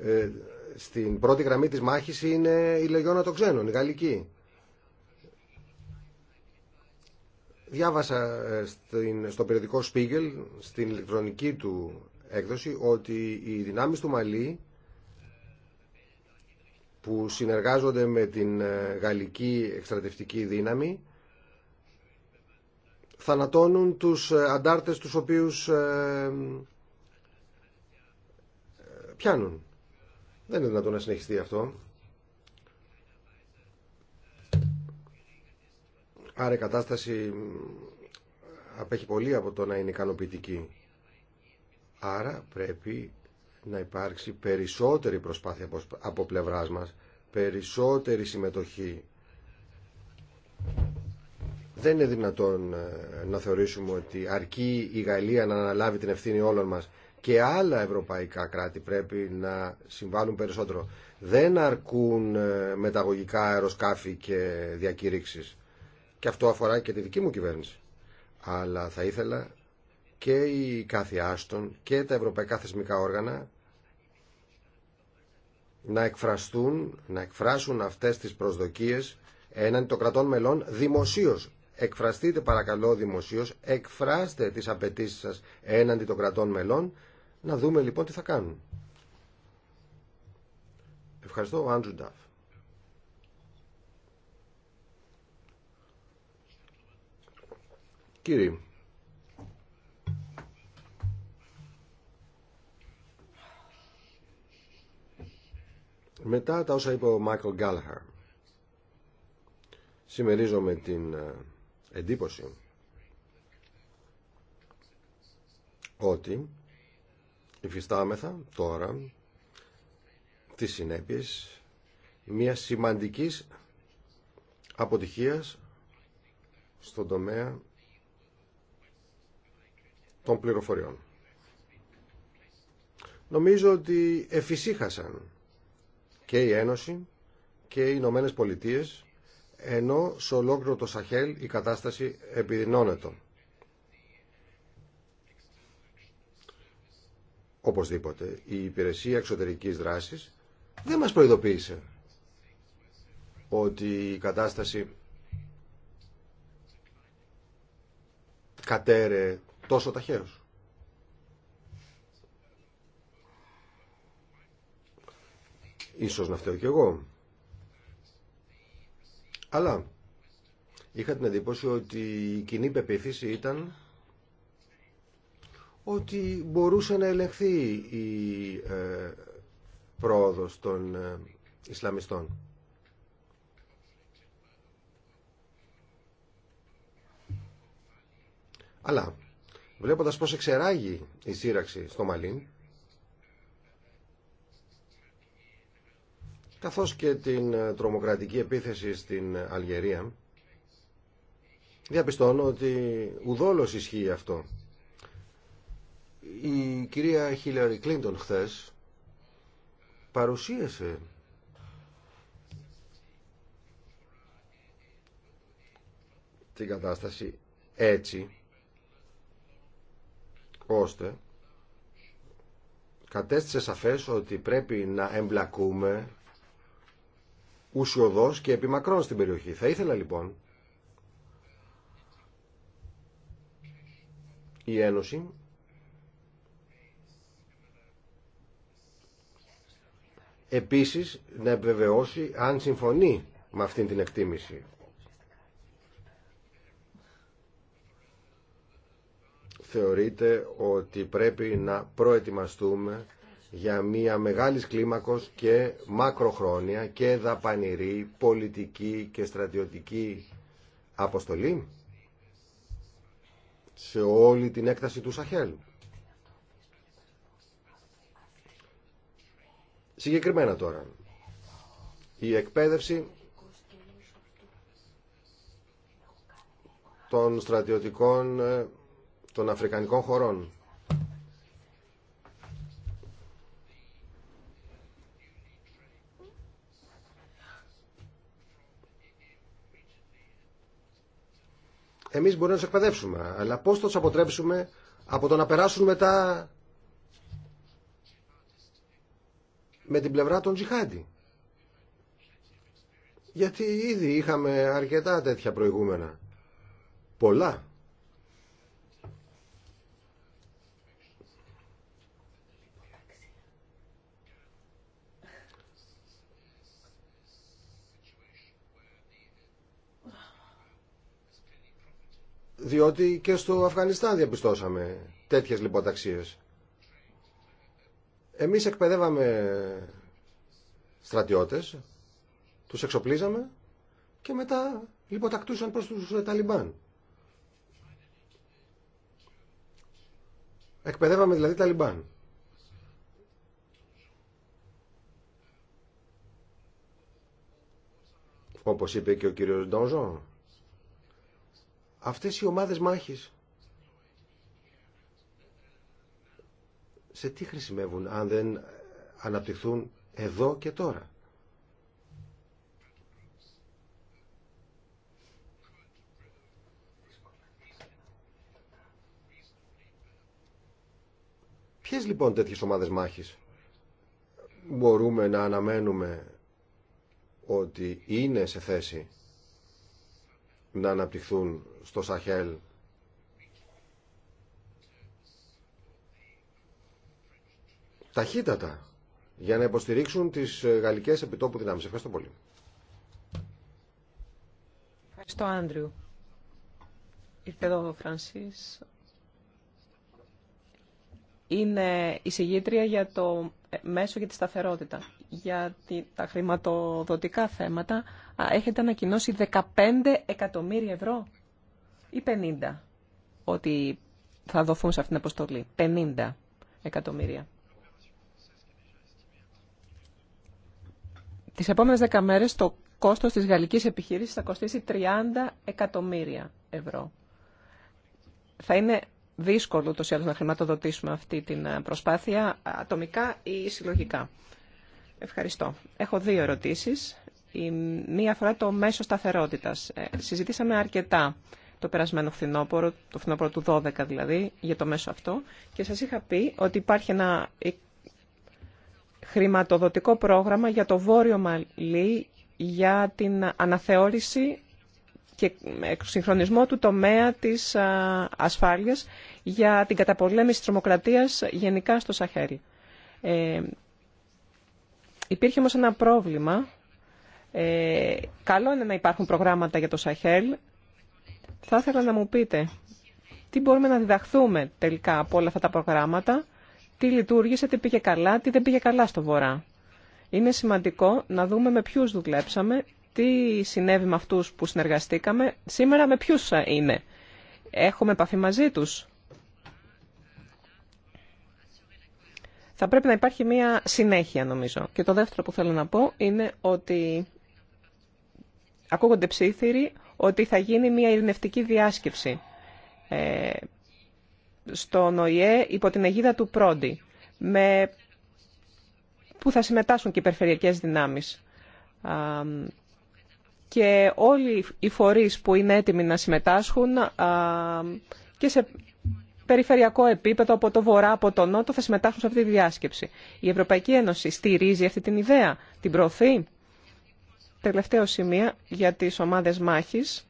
ε, στην πρώτη γραμμή της μάχης είναι η Λεγιώνα των Ξένων, η Γαλλική. Διάβασα ε, στο περιοδικό Spiegel, στην ηλεκτρονική του έκδοση, ότι οι δυνάμεις του Μαλή που συνεργάζονται με την ε, γαλλική εκστρατευτική δύναμη θανατώνουν τους ε, αντάρτες τους οποίους πιάνουν. Δεν είναι δυνατόν να συνεχιστεί αυτό. Άρα η κατάσταση απέχει πολύ από το να είναι ικανοποιητική. Άρα πρέπει να υπάρξει περισσότερη προσπάθεια από πλευράς μας, περισσότερη συμμετοχή. Δεν είναι δυνατόν ε, να θεωρήσουμε ότι αρκεί η Γαλλία να αναλάβει την ευθύνη όλων μας και άλλα ευρωπαϊκά κράτη πρέπει να συμβάλλουν περισσότερο. Δεν αρκούν ε, μεταγωγικά αεροσκάφη και διακήρυξεις. Και αυτό αφορά και τη δική μου κυβέρνηση. Αλλά θα ήθελα και η κάθε και τα ευρωπαϊκά θεσμικά όργανα να εκφραστούν, να εκφράσουν αυτές τις προσδοκίες έναντι των κρατών μελών δημοσίως. Εκφραστείτε παρακαλώ δημοσίως, εκφράστε τις απαιτήσεις σας έναντι των κρατών μελών να δούμε λοιπόν τι θα κάνουν. Ευχαριστώ, Άντζου Νταφ. Κύριοι, μετά τα όσα είπε ο Μάικλ Γκάλαχαρ, συμμερίζομαι την ε, εντύπωση ότι υφιστάμεθα τώρα τις συνέπειες μια σημαντικής αποτυχίας στον τομέα των πληροφοριών. Νομίζω ότι εφησύχασαν και η Ένωση και οι Ηνωμένε Πολιτείε, ενώ σε ολόκληρο το Σαχέλ η κατάσταση επιδεινώνεται. Οπωσδήποτε, η υπηρεσία εξωτερικής δράσης δεν μας προειδοποίησε ότι η κατάσταση κατέρε τόσο ταχαίως. Ίσως να φταίω κι εγώ. Αλλά είχα την εντύπωση ότι η κοινή πεποίθηση ήταν ότι μπορούσε να ελεγχθεί η ε, πρόοδος των ε, Ισλαμιστών. Αλλά βλέποντας πώς εξεράγει η σύραξη στο Μαλίν... καθώς και την ε, τρομοκρατική επίθεση στην ε, Αλγερία, διαπιστώνω ότι ουδόλως ισχύει αυτό. Η κυρία Χίλαρη Κλίντον χθες παρουσίασε την κατάσταση έτσι ώστε κατέστησε σαφές ότι πρέπει να εμπλακούμε ουσιοδός και επιμακρών στην περιοχή. Θα ήθελα λοιπόν η Ένωση επίσης να επιβεβαιώσει αν συμφωνεί με αυτήν την εκτίμηση. Θεωρείται ότι πρέπει να προετοιμαστούμε για μια μεγάλη κλίμακος και μακροχρόνια και δαπανηρή πολιτική και στρατιωτική αποστολή σε όλη την έκταση του Σαχέλου. Συγκεκριμένα τώρα, η εκπαίδευση των στρατιωτικών ε, των Αφρικανικών χωρών. Εμείς μπορούμε να τους εκπαιδεύσουμε, αλλά πώς θα τους αποτρέψουμε από το να περάσουν μετά με την πλευρά των τζιχάντι. Γιατί ήδη είχαμε αρκετά τέτοια προηγούμενα. Πολλά. Διότι και στο Αφγανιστάν διαπιστώσαμε τέτοιες λιποταξίες. Εμείς εκπαιδεύαμε στρατιώτες, τους εξοπλίζαμε και μετά λιποτακτούσαν προς τους Ταλιμπάν. Εκπαιδεύαμε δηλαδή Ταλιμπάν. Όπως είπε και ο κύριος Ντόζο, αυτές οι ομάδες μάχης σε τι χρησιμεύουν αν δεν αναπτυχθούν εδώ και τώρα. Ποιες λοιπόν τέτοιες ομάδες μάχης μπορούμε να αναμένουμε ότι είναι σε θέση να αναπτυχθούν στο Σαχέλ ταχύτατα για να υποστηρίξουν τις ε, γαλλικές επιτόπου δυνάμεις. Ευχαριστώ πολύ. Ευχαριστώ, Άντριου. Ήρθε εδώ ο Φρανσίς. Είναι εισηγήτρια για το ε, μέσο για τη σταθερότητα. Για τα χρηματοδοτικά θέματα έχετε ανακοινώσει 15 εκατομμύρια ευρώ ή 50 ότι θα δοθούν σε αυτήν την αποστολή. 50 εκατομμύρια. τις επόμενες δέκα μέρες το κόστος της γαλλικής επιχείρησης θα κοστίσει 30 εκατομμύρια ευρώ. Θα είναι δύσκολο ούτως ή άλλως να χρηματοδοτήσουμε αυτή την ε, προσπάθεια ατομικά το Η να χρηματοδοτησουμε αυτη την προσπαθεια ατομικα η αφορά το μέσο σταθερότητας. Ε, συζητήσαμε αρκετά το περασμένο φθινόπωρο, το φθινόπωρο του 12 δηλαδή, για το μέσο αυτό και σας είχα πει ότι υπάρχει ένα χρηματοδοτικό πρόγραμμα για το Βόρειο Μαλλί για την αναθεώρηση και συγχρονισμό του τομέα της ασφάλειας για την καταπολέμηση της τρομοκρατίας γενικά στο Σαχέρι. Ε, υπήρχε όμως ένα πρόβλημα. Ε, καλό είναι να υπάρχουν προγράμματα για το Σαχέλ. Θα ήθελα να μου πείτε τι μπορούμε να διδαχθούμε τελικά από όλα αυτά τα προγράμματα τι λειτουργήσε, τι πήγε καλά, τι δεν πήγε καλά στο Βορρά. Είναι σημαντικό να δούμε με ποιους δουλέψαμε, τι συνέβη με αυτούς που συνεργαστήκαμε, σήμερα με ποιους είναι. Έχουμε επαφή μαζί τους. Θα πρέπει να υπάρχει μία συνέχεια νομίζω. Και το δεύτερο που θέλω να πω είναι ότι ακούγονται ψήθυροι ότι θα γίνει μία ειρηνευτική διάσκεψη ε, στον ΟΗΕ υπό την αιγίδα του Πρόντι, με... που θα συμμετάσχουν και οι περιφερειακές δυνάμεις. Και όλοι οι φορείς που είναι έτοιμοι να συμμετάσχουν και σε περιφερειακό επίπεδο, από το βορρά, από το νότο, θα συμμετάσχουν σε αυτή τη διάσκεψη. Η Ευρωπαϊκή Ένωση στηρίζει αυτή την ιδέα, την προωθεί. Τελευταίο σημείο για τις ομάδες μάχης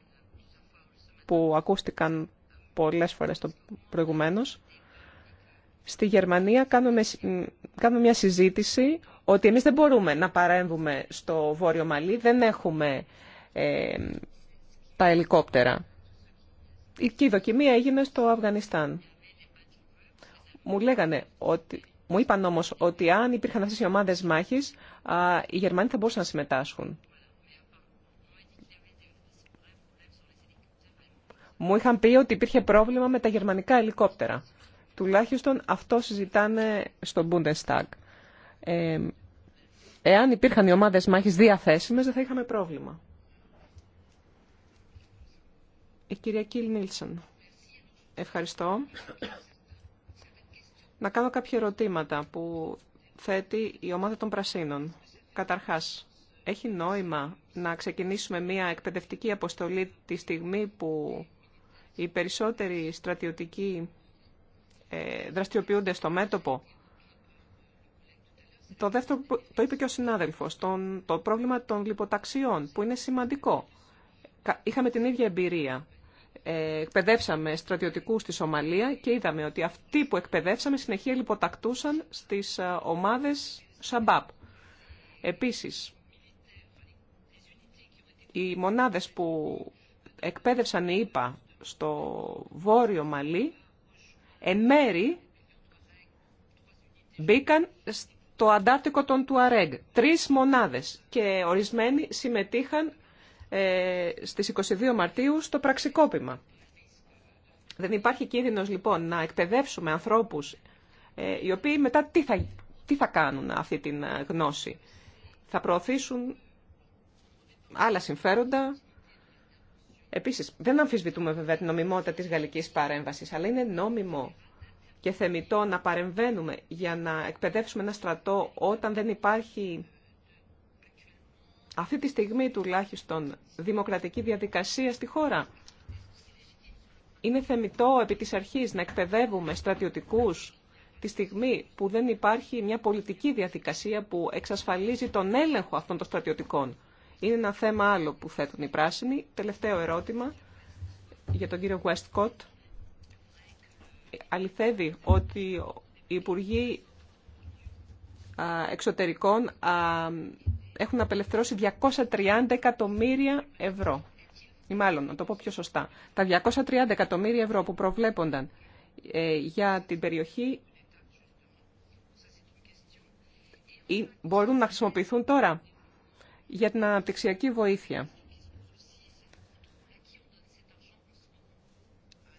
που ακούστηκαν πολλές φορές το προηγουμένως, στη Γερμανία κάνουμε, κάνουμε μια συζήτηση ότι εμείς δεν μπορούμε να παρέμβουμε στο Βόρειο Μαλί, δεν έχουμε τα ελικόπτερα. η δοκιμία έγινε στο Αφγανιστάν. Μου λέγανε ότι... Μου είπαν όμως ότι αν υπήρχαν αυτές οι ομάδες μάχης, οι Γερμανοί θα μπορούσαν να συμμετάσχουν. μου είχαν πει ότι υπήρχε πρόβλημα με τα γερμανικά ελικόπτερα. Τουλάχιστον αυτό συζητάνε στο Bundestag. Ε, εάν υπήρχαν οι ομάδες μάχης διαθέσιμες, δεν θα είχαμε πρόβλημα. Η κυρία Κιλ Νίλσον. Ευχαριστώ. Να κάνω κάποια ερωτήματα που θέτει η ομάδα των Πρασίνων. Καταρχάς, έχει νόημα να ξεκινήσουμε μια εκπαιδευτική αποστολή τη στιγμή που οι περισσότεροι στρατιωτικοί ε, δραστηριοποιούνται στο μέτωπο. Το δεύτερο, το είπε και ο συνάδελφος, τον, το πρόβλημα των λιποταξιών, που είναι σημαντικό. Είχαμε την ίδια εμπειρία. Ε, εκπαιδεύσαμε στρατιωτικούς στη Σομαλία και είδαμε ότι αυτοί που εκπαιδεύσαμε συνεχεία λιποτακτούσαν στις ε, ομάδες Σαμπάπ. Επίσης, οι μονάδες που εκπαίδευσαν οι στο βόρειο Μαλί, εν μέρη μπήκαν στο αντάρτικο των Αρέγ. τρεις μονάδες και ορισμένοι συμμετείχαν ε, στις 22 Μαρτίου στο πραξικόπημα. Δεν υπάρχει κίνδυνος λοιπόν να εκπαιδεύσουμε ανθρώπους ε, οι οποίοι μετά τι θα, κάνουν αυτή την ε, γνώση. Θα προωθήσουν άλλα συμφέροντα, Επίση, δεν αμφισβητούμε βέβαια την νομιμότητα τη γαλλική παρέμβαση, αλλά είναι νόμιμο και θεμητό να παρεμβαίνουμε για να εκπαιδεύσουμε ένα στρατό όταν δεν υπάρχει αυτή τη στιγμή τουλάχιστον δημοκρατική διαδικασία στη χώρα. Είναι θεμητό επί της αρχής να εκπαιδεύουμε στρατιωτικούς τη στιγμή που δεν υπάρχει μια πολιτική διαδικασία που εξασφαλίζει τον έλεγχο αυτών των στρατιωτικών. Είναι ένα θέμα άλλο που θέτουν οι πράσινοι. Τελευταίο ερώτημα για τον κύριο Westcott. Αληθεύει ότι οι Υπουργοί Εξωτερικών έχουν απελευθερώσει 230 εκατομμύρια ευρώ. Ή μάλλον, να το πω πιο σωστά. Τα 230 εκατομμύρια ευρώ που προβλέπονταν ε, για την περιοχή μπορούν να χρησιμοποιηθούν τώρα για την αναπτυξιακή βοήθεια.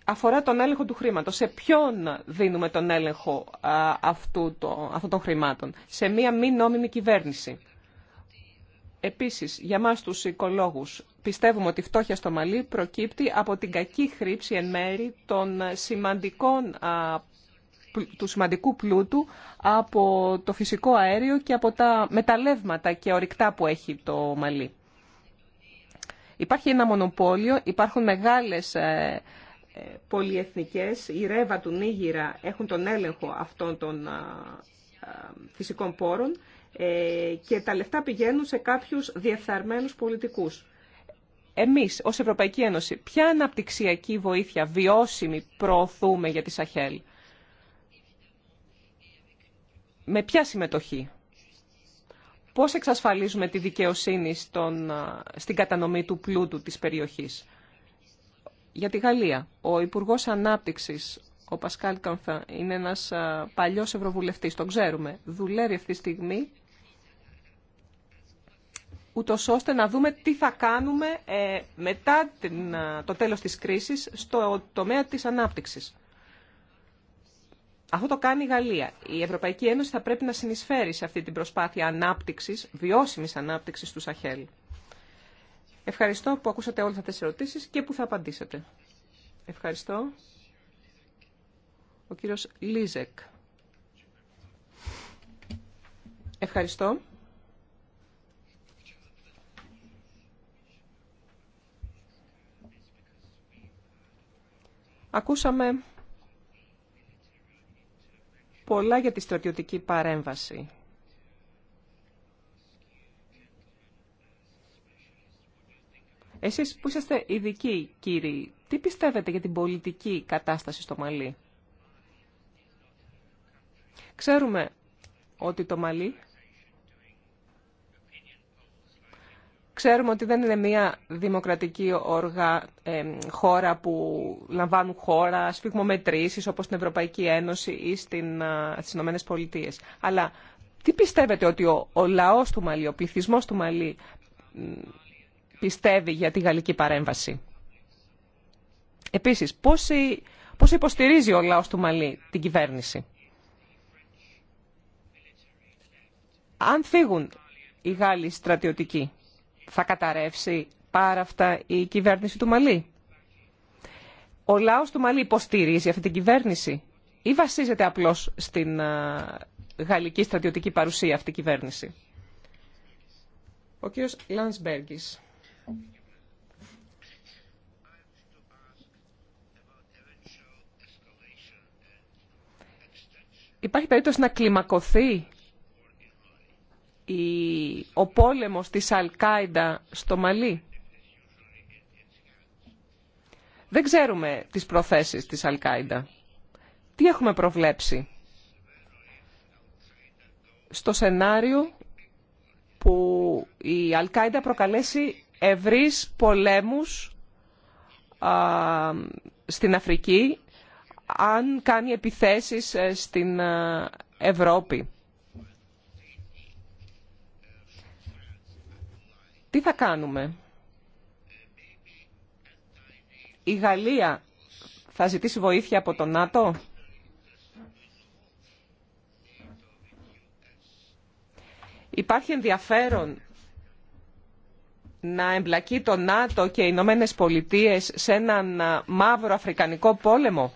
Αφορά τον έλεγχο του χρήματος. Σε ποιον δίνουμε τον έλεγχο αυτού το, αυτών των χρημάτων. Σε μία μη νόμιμη κυβέρνηση. Επίσης, για μας τους οικολόγους, πιστεύουμε ότι η φτώχεια στο Μαλί προκύπτει από την κακή χρήψη εν μέρη των σημαντικών του σημαντικού πλούτου από το φυσικό αέριο και από τα μεταλλεύματα και ορυκτά που έχει το Μαλί. Υπάρχει ένα μονοπόλιο, υπάρχουν μεγάλες ε, ε, πολυεθνικές, η Ρέβα του Νίγηρα έχουν τον έλεγχο αυτών των ε, φυσικών πόρων και τα λεφτά πηγαίνουν σε κάποιους διεφθαρμένους πολιτικούς. Εμείς ως Ευρωπαϊκή Ένωση, ποια αναπτυξιακή βοήθεια βιώσιμη προωθούμε για τη Σαχέλ με ποια συμμετοχή. Πώς εξασφαλίζουμε τη δικαιοσύνη στον, στην κατανομή του πλούτου της περιοχής. Για τη Γαλλία, ο Υπουργός Ανάπτυξης, ο Πασκάλ Κανθα, είναι ένας παλιός ευρωβουλευτής, τον ξέρουμε. Δουλεύει αυτή τη στιγμή, ούτω ώστε να δούμε τι θα κάνουμε ε, μετά το τέλος της κρίσης στο τομέα της ανάπτυξης. Αυτό το κάνει η Γαλλία. Η Ευρωπαϊκή Ένωση θα πρέπει να συνεισφέρει σε αυτή την προσπάθεια ανάπτυξη, βιώσιμης ανάπτυξης του Σαχέλ. Ευχαριστώ που ακούσατε όλες αυτέ τι ερωτήσει και που θα απαντήσετε. Ευχαριστώ. Ο κύριος Λίζεκ. Ευχαριστώ. Ακούσαμε πολλά για τη στρατιωτική παρέμβαση. Εσείς που είσαστε ειδικοί, κύριοι, τι πιστεύετε για την πολιτική κατάσταση στο Μαλί. Ξέρουμε ότι το Μαλί Ξέρουμε ότι δεν είναι μια δημοκρατική οργα, ε, χώρα που λαμβάνουν χώρα, σφιγμομετρήσεις όπως στην Ευρωπαϊκή Ένωση ή στην, ε, στις Αλλά τι πιστεύετε ότι ο, λαός του Μαλή, ο πληθυσμό του Μαλή πιστεύει για τη γαλλική παρέμβαση. Επίσης, πώς, πώς υποστηρίζει ο λαός του Μαλή την κυβέρνηση. Αν φύγουν οι Γάλλοι στρατιωτικοί, θα καταρρεύσει πάρα αυτά η κυβέρνηση του Μαλή. Ο λαός του Μαλή υποστηρίζει αυτή την κυβέρνηση ή βασίζεται απλώς στην γαλλική στρατιωτική παρουσία αυτή η κυβέρνηση. Ο κύριος Λανσμπέργκης. Υπάρχει περίπτωση να κλιμακωθεί ο πόλεμος της Αλ-Κάιντα στο Μαλί. Δεν ξέρουμε τις προθέσεις της Αλ-Κάιντα Τι έχουμε προβλέψει στο σενάριο που η Αλ-Κάιντα προκαλέσει ευρύς πολέμους στην Αφρική αν κάνει επιθέσεις ε, στην ε, Ευρώπη. Τι θα κάνουμε. Η Γαλλία θα ζητήσει βοήθεια από το ΝΑΤΟ. Υπάρχει ενδιαφέρον να εμπλακεί το ΝΑΤΟ και οι Ηνωμένε Πολιτείε σε έναν μαύρο αφρικανικό πόλεμο.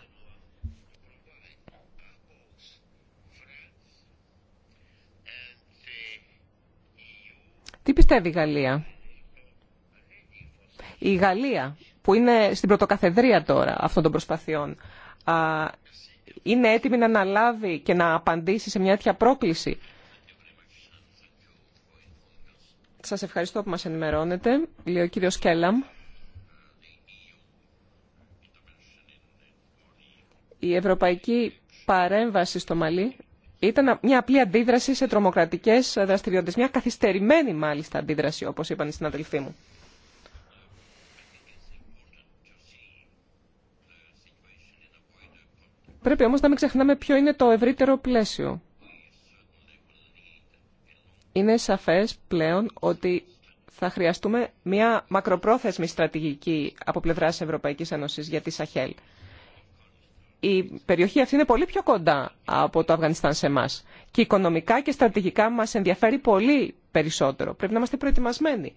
Τι πιστεύει η Γαλλία. Η Γαλλία που είναι στην πρωτοκαθεδρία τώρα αυτών των προσπαθειών είναι έτοιμη να αναλάβει και να απαντήσει σε μια τέτοια πρόκληση. Σας ευχαριστώ που μας ενημερώνετε, Λέω ο κύριος Κέλαμ. Η ευρωπαϊκή παρέμβαση στο Μαλί ήταν μια απλή αντίδραση σε τρομοκρατικέ δραστηριότητε, Μια καθυστερημένη μάλιστα αντίδραση, όπως είπαν οι συναδελφοί μου. Πρέπει όμως να μην ξεχνάμε ποιο είναι το ευρύτερο πλαίσιο. Είναι σαφές πλέον ότι θα χρειαστούμε μια μακροπρόθεσμη στρατηγική από πλευράς Ευρωπαϊκής Ένωσης για τη Σαχέλ η περιοχή αυτή είναι πολύ πιο κοντά από το Αφγανιστάν σε εμά. Και οικονομικά και στρατηγικά μα ενδιαφέρει πολύ περισσότερο. Πρέπει να είμαστε προετοιμασμένοι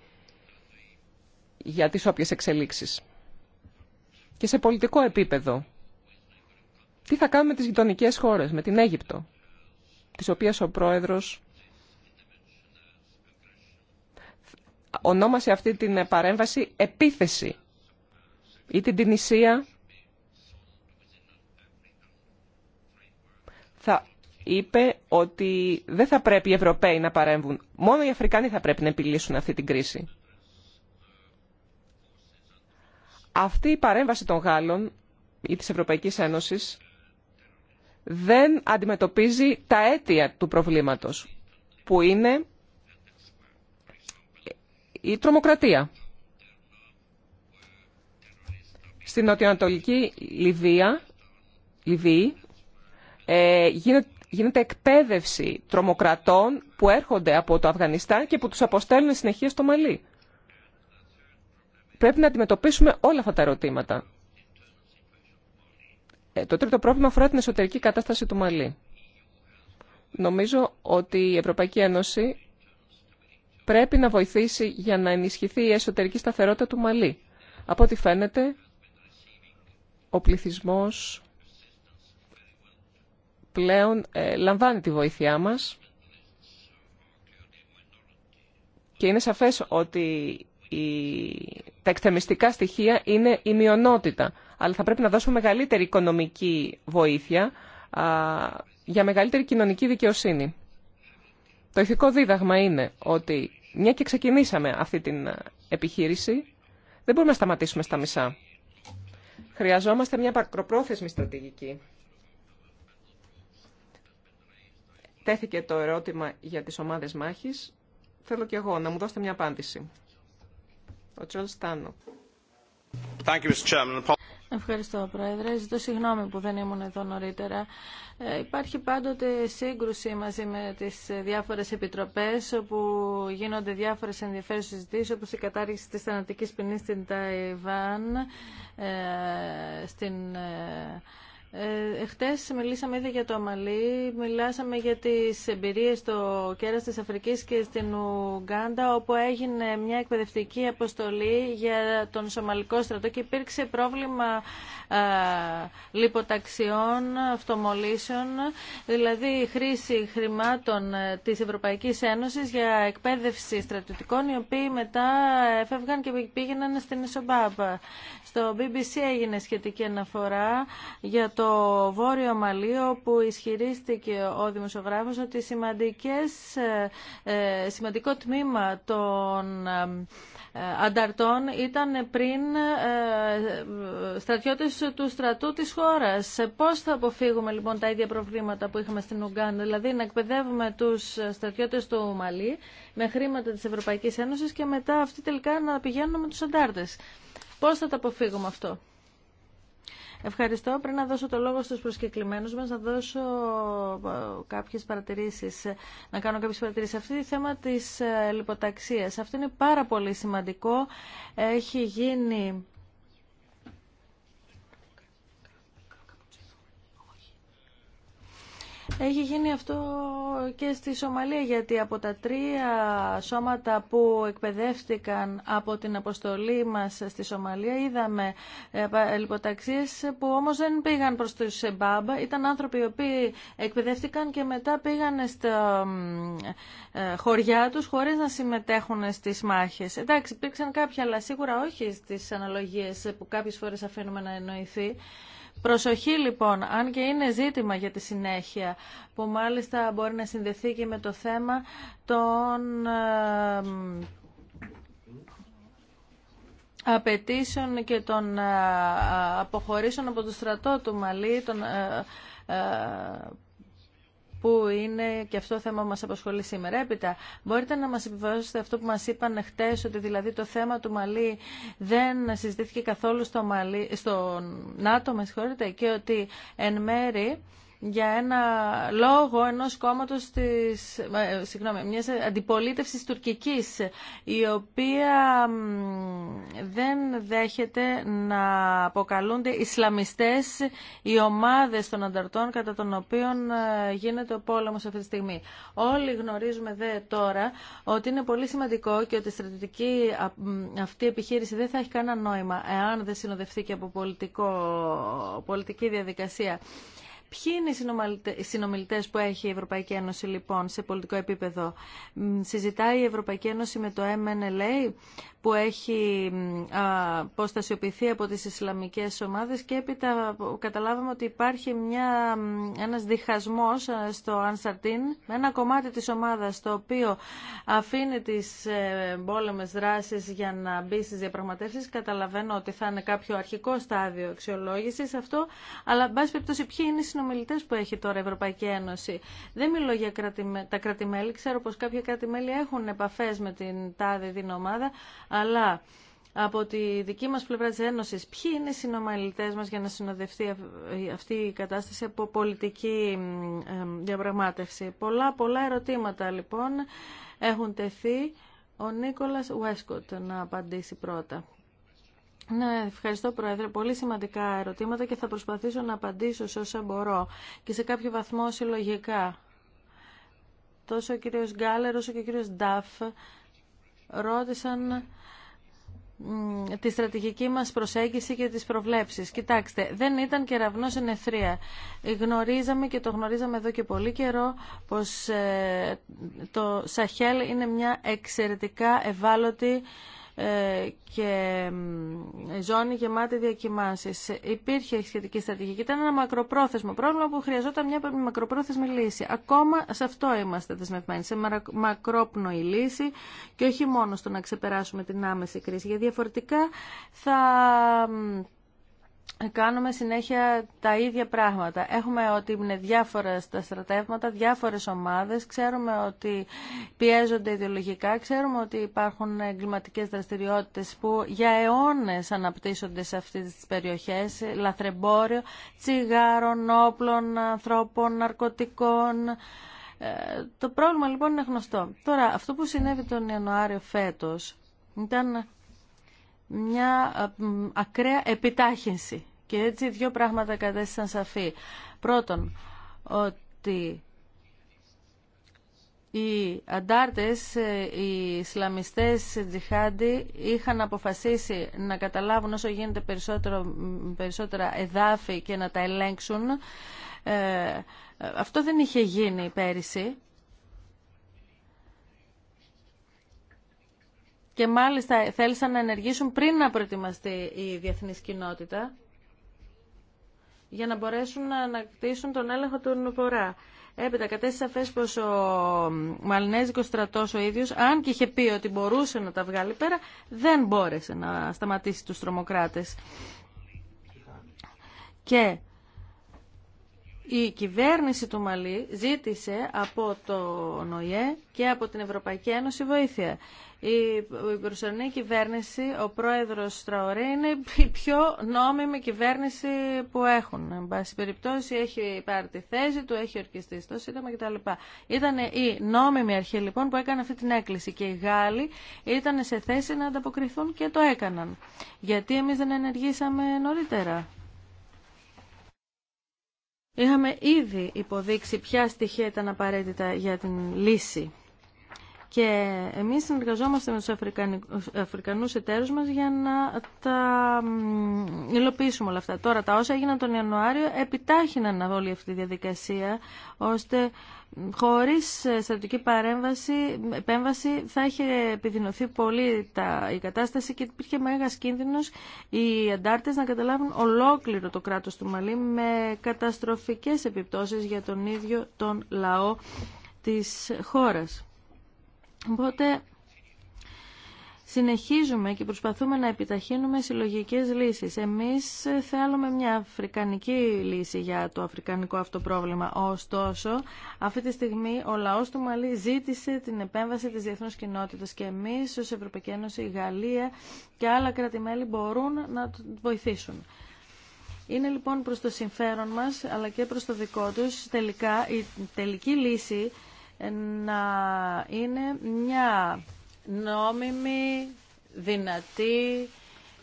για τις όποιες εξελίξεις. Και σε πολιτικό επίπεδο. Τι θα κάνουμε με τις γειτονικέ χώρες, με την Αίγυπτο, της οποίας ο πρόεδρος ονόμασε αυτή την παρέμβαση επίθεση ή την Τινησία θα είπε ότι δεν θα πρέπει οι Ευρωπαίοι να παρέμβουν. Μόνο οι Αφρικανοί θα πρέπει να επιλύσουν αυτή την κρίση. Αυτή η παρέμβαση των Γάλλων ή της Ευρωπαϊκής Ένωσης δεν αντιμετωπίζει τα αίτια του προβλήματος, που είναι η τρομοκρατία. Στην νοτιοανατολική Λιβύη ε, γίνεται εκπαίδευση τρομοκρατών που έρχονται από το Αφγανιστάν και που τους αποστέλνουν συνεχεία στο Μαλί. Πρέπει να αντιμετωπίσουμε όλα αυτά τα ερωτήματα. Ε, το τρίτο πρόβλημα αφορά την εσωτερική κατάσταση του Μαλί. Νομίζω ότι η Ευρωπαϊκή Ένωση πρέπει να βοηθήσει για να ενισχυθεί η εσωτερική σταθερότητα του Μαλί. Από ό,τι φαίνεται, ο πληθυσμός πλέον ε, λαμβάνει τη βοήθειά μας και είναι σαφές ότι τα εξτρεμιστικά στοιχεία είναι η μειονότητα. Αλλά θα πρέπει να δώσουμε μεγαλύτερη οικονομική βοήθεια για μεγαλύτερη κοινωνική δικαιοσύνη. Το ηθικό δίδαγμα είναι ότι μια και ξεκινήσαμε αυτή την επιχείρηση, δεν μπορούμε να σταματήσουμε στα μισά. Χρειαζόμαστε μια πακροπρόθεσμη στρατηγική. τέθηκε το ερώτημα για τις ομάδες μάχης. Θέλω και εγώ να μου δώσετε μια απάντηση. Ο Τζολ Στάνο. Ευχαριστώ, Πρόεδρε. Ζητώ συγγνώμη που δεν ήμουν εδώ νωρίτερα. Ε, υπάρχει πάντοτε σύγκρουση μαζί με τις διάφορες επιτροπές όπου γίνονται διάφορες ενδιαφέρουσες συζητήσει, όπως η κατάργηση της θανατική ποινή στην Ταϊβάν, ε, στην ε, ε, μιλήσαμε ήδη για το Αμαλή, μιλάσαμε για τις εμπειρίες στο κέρας της Αφρικής και στην Ουγγάντα, όπου έγινε μια εκπαιδευτική αποστολή για τον Σομαλικό στρατό και υπήρξε πρόβλημα ε, λιποταξιών, αυτομολύσεων, δηλαδή χρήση χρημάτων ε, της Ευρωπαϊκής Ένωσης για εκπαίδευση στρατιωτικών, οι οποίοι μετά έφευγαν και πήγαιναν στην Ισομπάμπα. Στο BBC έγινε σχετική αναφορά για το Βόρειο Μαλίο που ισχυρίστηκε ο δημοσιογράφος ότι σημαντικές, ε, ε, σημαντικό τμήμα των ε, ανταρτών ήταν πριν στρατιώτες του στρατού της χώρας. Πώς θα αποφύγουμε λοιπόν τα ίδια προβλήματα που είχαμε στην Ουγγάντα, δηλαδή να εκπαιδεύουμε τους στρατιώτες του Μαλί με χρήματα της Ευρωπαϊκής Ένωσης και μετά αυτοί τελικά να πηγαίνουν με τους αντάρτες. Πώς θα τα αποφύγουμε αυτό. Ευχαριστώ. Πριν να δώσω το λόγο στους προσκεκλημένους μας, να δώσω ε, κάποιες παρατηρήσεις, να κάνω κάποιες παρατηρήσεις. Αυτή η θέμα της ε, λιποταξίας, αυτό είναι πάρα πολύ σημαντικό. Έχει γίνει Έχει γίνει αυτό και στη Σομαλία γιατί από τα τρία σώματα που εκπαιδεύτηκαν από την αποστολή μας στη Σομαλία είδαμε ε, λιποταξίες που όμως δεν πήγαν προς τους Σεμπάμπ. Ήταν άνθρωποι οι οποίοι εκπαιδεύτηκαν και μετά πήγαν στα ε, χωριά τους χωρίς να συμμετέχουν στις μάχες. Εντάξει, υπήρξαν κάποια αλλά σίγουρα όχι στις αναλογίες που κάποιες φορές αφήνουμε να εννοηθεί. Προσοχή λοιπόν, αν και είναι ζήτημα για τη συνέχεια, που μάλιστα μπορεί να συνδεθεί και με το θέμα των ε, απαιτήσεων και των ε, αποχωρήσεων από το στρατό του Μαλή, των ε, που είναι και αυτό το θέμα που μας απασχολεί σήμερα. Έπειτα, μπορείτε να μας επιβεβαιώσετε αυτό που μας είπαν χτες, ότι δηλαδή το θέμα του Μαλή δεν συζητήθηκε καθόλου στο, Μαλή, στο ΝΑΤΟ, με συγχωρείτε, και ότι εν μέρη για ένα λόγο ενός κόμματος της, ε, συγγνώμη, μιας αντιπολίτευσης τουρκικής η οποία δεν δέχεται να αποκαλούνται Ισλαμιστές οι ομάδες των ανταρτών κατά των οποίων ε, γίνεται ο πόλεμος αυτή τη στιγμή. Όλοι γνωρίζουμε δε τώρα ότι είναι πολύ σημαντικό και ότι η στρατιωτική αυτή επιχείρηση δεν θα έχει κανένα νόημα εάν δεν συνοδευτεί και από πολιτικό, πολιτική διαδικασία. Ποιοι είναι οι συνομιλητέ που έχει η Ευρωπαϊκή Ένωση λοιπόν σε πολιτικό επίπεδο. Συζητάει η Ευρωπαϊκή Ένωση με το MNLA που έχει αποστασιοποιηθεί από τις Ισλαμικές ομάδες και έπειτα καταλάβαμε ότι υπάρχει μια, ένας διχασμός ε, στο Ανσαρτίν με ένα κομμάτι της ομάδας το οποίο αφήνει τις ε, πόλεμες δράσεις για να μπει στις διαπραγματεύσεις. Καταλαβαίνω ότι θα είναι κάποιο αρχικό στάδιο αξιολόγηση αυτό, αλλά εν πάση περιπτώσει ποιοι είναι οι συνομιλητέ που έχει τώρα η Ευρωπαϊκή Ένωση. Δεν μιλώ για τα κρατημέλη. Ξέρω πω κάποια κρατημέλη έχουν επαφέ με την τάδε την ομάδα, αλλά από τη δική μα πλευρά τη Ένωση, ποιοι είναι οι συνομιλητέ μα για να συνοδευτεί αυτή η κατάσταση από πολιτική διαπραγμάτευση. Πολλά, πολλά ερωτήματα λοιπόν έχουν τεθεί. Ο Νίκολας Βέσκοτ να απαντήσει πρώτα. Ναι, ευχαριστώ Πρόεδρε. Πολύ σημαντικά ερωτήματα και θα προσπαθήσω να απαντήσω σε όσα μπορώ και σε κάποιο βαθμό συλλογικά. Τόσο ο κύριος Γκάλερ όσο και ο κύριος Νταφ ρώτησαν τη στρατηγική μας προσέγγιση και τις προβλέψεις. Κοιτάξτε, δεν ήταν κεραυνός εν εθρία. Γνωρίζαμε και το γνωρίζαμε εδώ και πολύ καιρό πως ε, το Σαχέλ είναι μια εξαιρετικά ευάλωτη ε, και ζώνη γεμάτη διακοιμάνσεις. Υπήρχε σχετική στρατηγική. Ήταν ένα μακροπρόθεσμο πρόβλημα που χρειαζόταν μια μακροπρόθεσμη λύση. Ακόμα σε αυτό είμαστε δεσμευμένοι, σε μακρόπνοη λύση και όχι μόνο στο να ξεπεράσουμε την άμεση κρίση. Γιατί διαφορετικά θα κάνουμε συνέχεια τα ίδια πράγματα. Έχουμε ότι είναι διάφορα τα στρατεύματα, διάφορες ομάδες, ξέρουμε ότι πιέζονται ιδεολογικά, ξέρουμε ότι υπάρχουν εγκληματικές δραστηριότητες που για αιώνες αναπτύσσονται σε αυτές τις περιοχές, λαθρεμπόριο, τσιγάρων, όπλων, ανθρώπων, ναρκωτικών. Ε, το πρόβλημα λοιπόν είναι γνωστό. Τώρα, αυτό που συνέβη τον Ιανουάριο φέτος ήταν μια ακραία επιτάχυνση. Και έτσι δύο πράγματα κατέστησαν σαφή. Πρώτον, ότι οι αντάρτες, ε, οι Ισλαμιστές τζιχάντι είχαν αποφασίσει να καταλάβουν όσο γίνεται περισσότερο, περισσότερα εδάφη και να τα ελέγξουν. Ε, ε, αυτό δεν είχε γίνει πέρυσι και μάλιστα θέλησαν να ενεργήσουν πριν να προετοιμαστεί η διεθνής κοινότητα για να μπορέσουν να ανακτήσουν τον έλεγχο του Νουπορά. Έπειτα κατέστησε σαφέ πως ο Μαλνέζικο στρατό ο ίδιο, αν και είχε πει ότι μπορούσε να τα βγάλει πέρα, δεν μπόρεσε να σταματήσει του τρομοκράτε. Και η κυβέρνηση του Μαλή ζήτησε από το ΝΟΙΕ και από την Ευρωπαϊκή Ένωση βοήθεια. Η προσωρινή κυβέρνηση, ο πρόεδρο Στραωρή είναι η πιο νόμιμη κυβέρνηση που έχουν. Εν πάση περιπτώσει, έχει πάρει τη θέση του, έχει ορκιστεί στο Σύνταγμα κτλ. Ήταν η νόμιμη αρχή λοιπόν που έκανε αυτή την έκκληση και οι Γάλλοι ήταν σε θέση να ανταποκριθούν και το έκαναν. Γιατί εμεί δεν ενεργήσαμε νωρίτερα. Είχαμε ήδη υποδείξει ποια στοιχεία ήταν απαραίτητα για την λύση. Και εμείς συνεργαζόμαστε με τους Αφρικανούς εταίρους μας για να τα υλοποιήσουμε όλα αυτά. Τώρα τα όσα έγιναν τον Ιανουάριο επιτάχυναν όλη αυτή τη διαδικασία ώστε χωρίς ε, στρατιωτική παρέμβαση, επέμβαση θα είχε επιδεινωθεί πολύ τα, η κατάσταση και υπήρχε μεγάλος κίνδυνος οι αντάρτες να καταλάβουν ολόκληρο το κράτος του Μαλή με καταστροφικές επιπτώσεις για τον ίδιο τον λαό της χώρας. Οπότε συνεχίζουμε και προσπαθούμε να επιταχύνουμε συλλογικές λύσεις. Εμείς θέλουμε μια αφρικανική λύση για το αφρικανικό αυτό πρόβλημα. Ωστόσο, αυτή τη στιγμή ο λαός του Μαλή ζήτησε την επέμβαση της διεθνούς κοινότητας και εμείς ως Ευρωπαϊκή Ένωση, η Γαλλία και άλλα μπορούν να βοηθήσουν. Είναι λοιπόν προς το συμφέρον μας αλλά και προς το δικό τους τελικά η τελική λύση να είναι μια νόμιμη, δυνατή,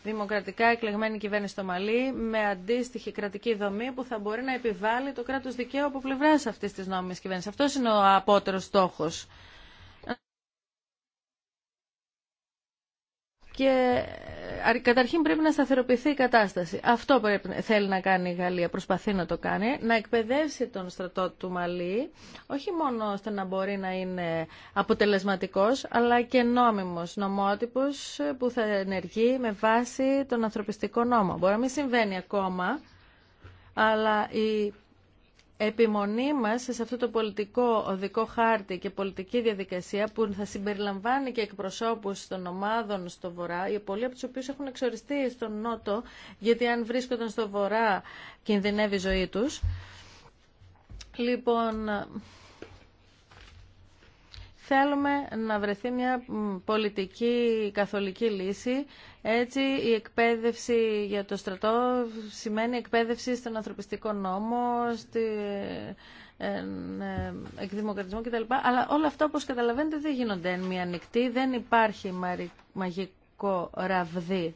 δημοκρατικά εκλεγμένη κυβέρνηση στο Μαλί με αντίστοιχη κρατική δομή που θα μπορεί να επιβάλλει το κράτος δικαίου από πλευράς αυτής της νόμιμης κυβέρνησης. Αυτός είναι ο απότερος στόχος. και ε, καταρχήν πρέπει να σταθεροποιηθεί η κατάσταση. Αυτό πρέπει, θέλει να κάνει η Γαλλία, προσπαθεί να το κάνει, να εκπαιδεύσει τον στρατό του Μαλή, όχι μόνο ώστε να μπορεί να είναι αποτελεσματικός, αλλά και νόμιμος, νομότυπος που θα ενεργεί με βάση τον ανθρωπιστικό νόμο. Μπορεί να μην συμβαίνει ακόμα, αλλά η επιμονή μας σε αυτό το πολιτικό οδικό χάρτη και πολιτική διαδικασία που θα συμπεριλαμβάνει και εκπροσώπους των ομάδων στο Βορρά, οι πολλοί από τους οποίους έχουν εξοριστεί στον Νότο, γιατί αν βρίσκονταν στο Βορρά κινδυνεύει η ζωή τους. Λοιπόν, θέλουμε να βρεθεί μια πολιτική καθολική λύση. Έτσι, η εκπαίδευση για το στρατό σημαίνει εκπαίδευση στον ανθρωπιστικό νόμο, στη ε, ε, εκδημοκρατισμό κτλ. Αλλά όλα αυτά, όπως καταλαβαίνετε, δεν γίνονται εν μία νυχτή. Δεν υπάρχει μαγικό ραβδί.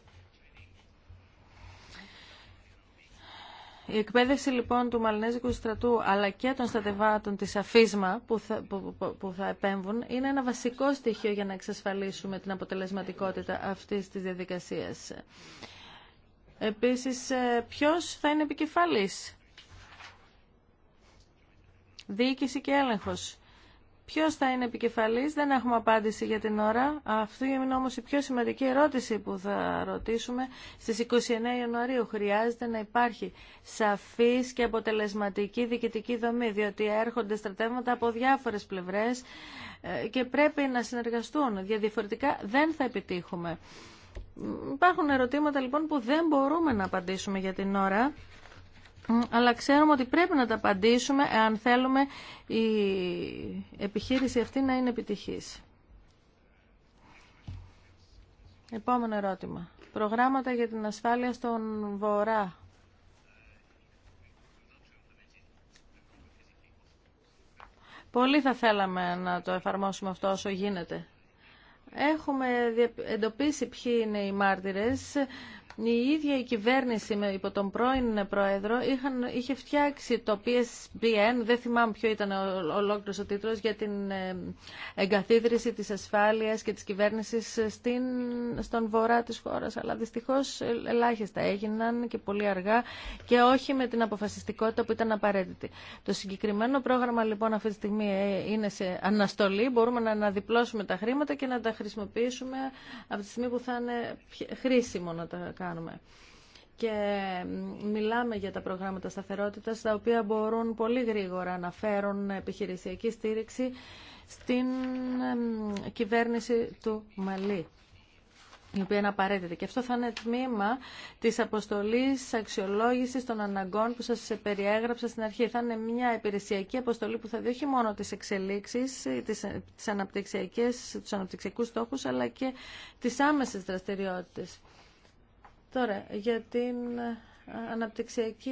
Η εκπαίδευση λοιπόν του Μαλνέζικου στρατού αλλά και των στατευμάτων της αφίσμα που θα, που, που θα επέμβουν είναι ένα βασικό στοιχείο για να εξασφαλίσουμε την αποτελεσματικότητα αυτής της διαδικασίας. Επίσης, ε, ποιος θα είναι επικεφαλής. Διοίκηση και έλεγχος. Ποιος θα είναι επικεφαλής, δεν έχουμε απάντηση για την ώρα. Αυτή είναι όμως η πιο σημαντική ερώτηση που θα ρωτήσουμε. Στις 29 Ιανουαρίου χρειάζεται να υπάρχει σαφής και αποτελεσματική διοικητική δομή, διότι έρχονται στρατεύματα από διάφορες πλευρές ε, και πρέπει να συνεργαστούν. Διαφορετικά δεν θα επιτύχουμε. Υπάρχουν ερωτήματα λοιπόν που δεν μπορούμε να απαντήσουμε για την ώρα αλλά ξέρουμε ότι πρέπει να τα απαντήσουμε αν θέλουμε η επιχείρηση αυτή να είναι επιτυχής. Επόμενο ερώτημα. Προγράμματα για την ασφάλεια στον Βορρά. Πολύ θα θέλαμε να το εφαρμόσουμε αυτό όσο γίνεται. Έχουμε εντοπίσει ποιοι είναι οι μάρτυρες η ίδια η κυβέρνηση με, υπό τον πρώην πρόεδρο είχαν, είχε φτιάξει το PSBN, δεν θυμάμαι ποιο ήταν ο, ολόκληρος ο τίτλος, για την ε, εγκαθίδρυση της ασφάλειας και της κυβέρνησης στην, στον βορρά της χώρας. Αλλά δυστυχώς ε, ελάχιστα έγιναν και πολύ αργά και όχι με την αποφασιστικότητα που ήταν απαραίτητη. Το συγκεκριμένο πρόγραμμα λοιπόν αυτή τη στιγμή ε, είναι σε αναστολή. Μπορούμε να αναδιπλώσουμε τα χρήματα και να τα χρησιμοποιήσουμε από τη στιγμή που θα είναι χρήσιμο να τα κάνουμε κάνουμε. Και μιλάμε για τα προγράμματα σταθερότητας, τα οποία μπορούν πολύ γρήγορα να φέρουν επιχειρησιακή στήριξη στην κυβέρνηση του Μαλή η οποία είναι απαραίτητη. Και αυτό θα είναι τμήμα τη αποστολή αξιολόγηση των αναγκών που σα περιέγραψα στην αρχή. Θα είναι μια υπηρεσιακή αποστολή που θα δει όχι μόνο τι εξελίξει, του αναπτυξιακού στόχου, αλλά και τι άμεσε δραστηριότητε. Τώρα, για την ε, αναπτυξιακή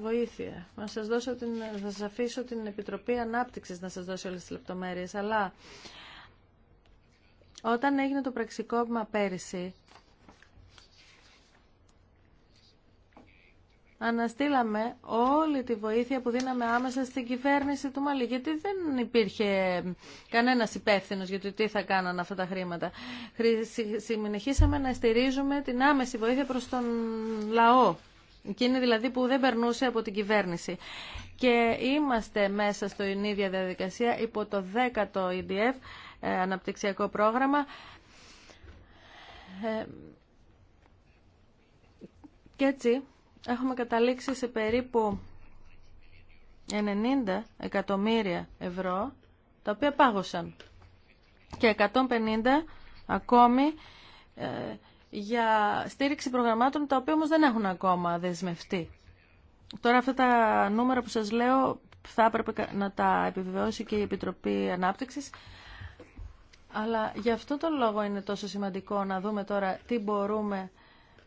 βοήθεια. Να σας δώσω την, θα σας αφήσω την Επιτροπή Ανάπτυξης να σας δώσει όλες τις λεπτομέρειες, αλλά όταν έγινε το πραξικόπημα πέρυσι, αναστήλαμε όλη τη βοήθεια που δίναμε άμεσα στην κυβέρνηση του Μαλή, γιατί δεν υπήρχε κανένας υπεύθυνο για το τι θα κάνανε αυτά τα χρήματα. Συνεχίσαμε να στηρίζουμε την άμεση βοήθεια προς τον λαό, εκείνη δηλαδή που δεν περνούσε από την κυβέρνηση. Και είμαστε μέσα στο ίδια διαδικασία υπό το 10ο EDF, ε, αναπτυξιακό πρόγραμμα, ε, και έτσι έχουμε καταλήξει σε περίπου 90 εκατομμύρια ευρώ τα οποία πάγωσαν και 150 ακόμη ε, για στήριξη προγραμμάτων τα οποία όμως δεν έχουν ακόμα δεσμευτεί. Τώρα αυτά τα νούμερα που σας λέω θα έπρεπε να τα επιβεβαιώσει και η Επιτροπή Ανάπτυξης αλλά γι' αυτό τον λόγο είναι τόσο σημαντικό να δούμε τώρα τι μπορούμε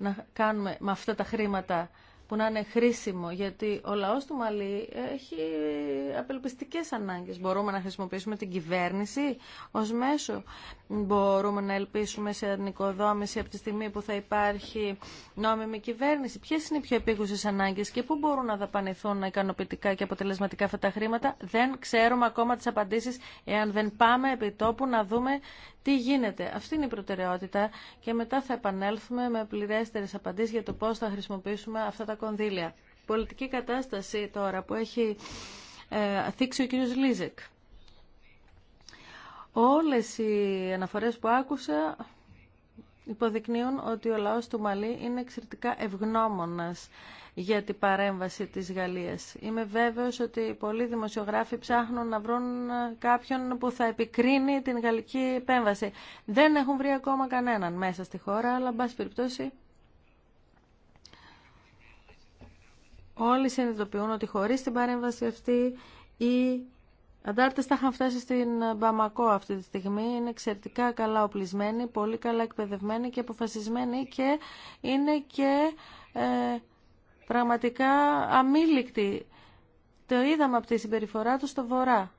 να κάνουμε με αυτά τα χρήματα που να είναι χρήσιμο, γιατί ο λαός του Μαλή έχει απελπιστικές ανάγκες. Μπορούμε να χρησιμοποιήσουμε την κυβέρνηση ως μέσο. Μπορούμε να ελπίσουμε σε ανοικοδόμηση από τη στιγμή που θα υπάρχει νόμιμη κυβέρνηση. Ποιε είναι οι πιο επίγουσες ανάγκες και πού μπορούν να δαπανηθούν ικανοποιητικά και αποτελεσματικά αυτά τα χρήματα. Δεν ξέρουμε ακόμα τις απαντήσεις εάν δεν πάμε επί τόπου να δούμε τι γίνεται. Αυτή είναι η προτεραιότητα και μετά θα επανέλθουμε με πληρέστερε απαντήσεις για το πώς θα χρησιμοποιήσουμε αυτά τα Πολιτική κατάσταση τώρα που έχει ε, θίξει ο κύριος Λίζεκ. Όλες οι αναφορές που άκουσα υποδεικνύουν ότι ο λαός του Μαλή είναι εξαιρετικά ευγνώμονας για την παρέμβαση της Γαλλίας. Είμαι βέβαιος ότι πολλοί δημοσιογράφοι ψάχνουν να βρουν κάποιον που θα επικρίνει την γαλλική επέμβαση. Δεν έχουν βρει ακόμα κανέναν μέσα στη χώρα, αλλά, μπας περιπτώσει, όλοι συνειδητοποιούν ότι χωρίς την παρέμβαση αυτή οι αντάρτε θα είχαν φτάσει στην Μπαμακό αυτή τη στιγμή. Είναι εξαιρετικά καλά οπλισμένοι, πολύ καλά εκπαιδευμένοι και αποφασισμένοι και είναι και ε, πραγματικά αμήλικτοι. Το είδαμε από τη συμπεριφορά του στο Βορρά.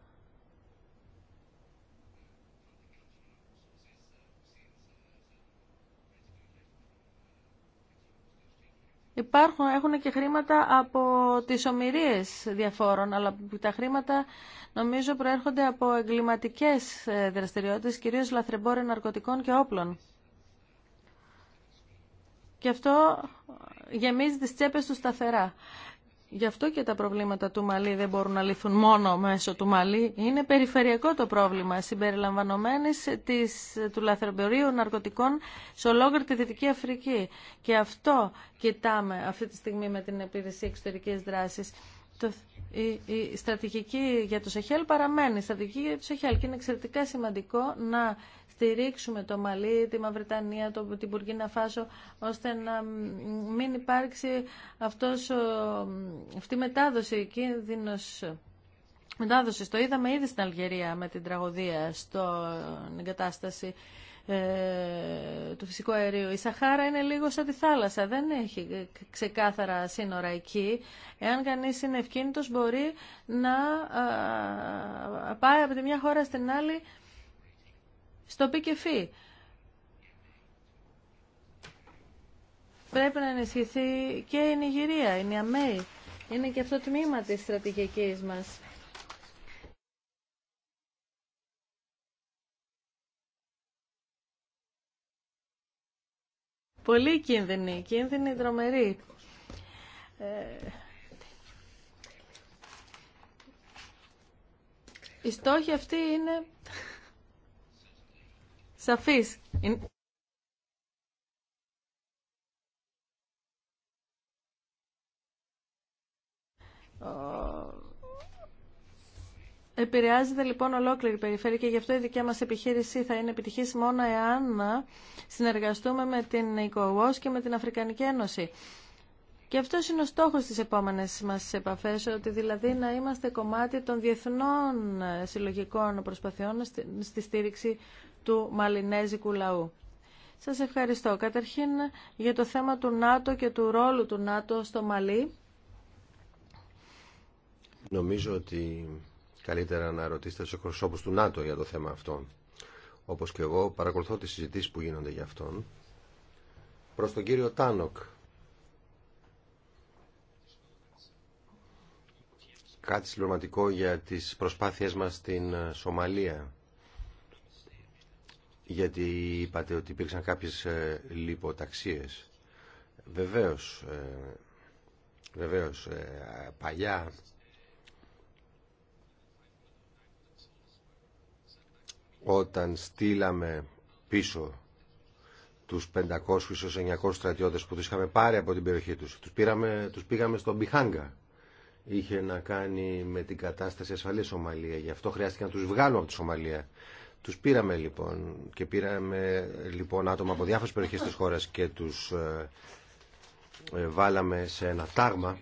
Υπάρχουν, έχουν και χρήματα από τις ομοιρίες διαφόρων, αλλά τα χρήματα νομίζω προέρχονται από εγκληματικές ε, δραστηριότητες, κυρίως λαθρεμπόρια ναρκωτικών και όπλων. Και αυτό γεμίζει τις τσέπες του σταθερά. Γι' αυτό και τα προβλήματα του Μαλή δεν μπορούν να λυθούν μόνο μέσω του Μαλή. Είναι περιφερειακό το πρόβλημα, συμπεριλαμβανομένης του λαθρεμπορίου ναρκωτικών σε ολόκληρη τη Δυτική Αφρική. Και αυτό κοιτάμε αυτή τη στιγμή με την επίδεση εξωτερικής δράσης. Το, η, στρατηγική για το Σεχέλ παραμένει. Η στρατηγική για το Σεχέλ και είναι εξαιρετικά σημαντικό να στηρίξουμε το Μαλί, τη Μαυρετανία, το, την Πουργίνα Φάσο, ώστε να μην υπάρξει αυτός, αυτή η μετάδοση κίνδυνος μετάδοση. Το είδαμε ήδη στην Αλγερία με την τραγωδία στην εγκατάσταση ε, του φυσικού αερίου. Η Σαχάρα είναι λίγο σαν τη θάλασσα, δεν έχει ξεκάθαρα σύνορα εκεί. Εάν κανείς είναι ευκίνητος μπορεί να ε, ε, πάει από τη μια χώρα στην άλλη στο φύ. Πρέπει να ενισχυθεί και η Νιγηρία, η Νιαμέη. Είναι και αυτό το τμήμα της στρατηγικής μας. Πολύ κίνδυνοι, κίνδυνοι δρομεροί. Ε, οι αυτή είναι Σαφή. Επηρεάζεται λοιπόν ολόκληρη η περιφέρεια και γι' αυτό η δικιά μας επιχείρηση θα είναι επιτυχής μόνο εάν συνεργαστούμε με την ΕΚΟΒΟΣ και με την Αφρικανική Ένωση. Και αυτό είναι ο στόχο τη επόμενη μα επαφέ, ότι δηλαδή να είμαστε κομμάτι των διεθνών συλλογικών προσπαθειών στη στήριξη του μαλινέζικου λαού. Σας ευχαριστώ. Καταρχήν για το θέμα του ΝΑΤΟ και του ρόλου του ΝΑΤΟ στο Μαλί. Νομίζω ότι καλύτερα να ρωτήσετε στους εκπροσώπους του ΝΑΤΟ για το θέμα αυτό. Όπως και εγώ παρακολουθώ τις συζητήσεις που γίνονται για αυτόν. Προς τον κύριο Τάνοκ. Κάτι συμπληρωματικό για τις προσπάθειές μας στην Σομαλία γιατί είπατε ότι υπήρξαν κάποιες ε, λιποταξίες. Βεβαίως, ε, βεβαίως ε, παλιά όταν στείλαμε πίσω τους 500 900 στρατιώτες που τους είχαμε πάρει από την περιοχή τους, τους, πήραμε, τους πήγαμε στον Μπιχάγκα. Είχε να κάνει με την κατάσταση ασφαλής Σομαλία, γι' αυτό χρειάστηκε να τους βγάλουμε από τη Σομαλία τους πήραμε λοιπόν και πήραμε λοιπόν άτομα από διάφορες περιοχές της χώρας και τους ε, ε, βάλαμε σε ένα τάγμα.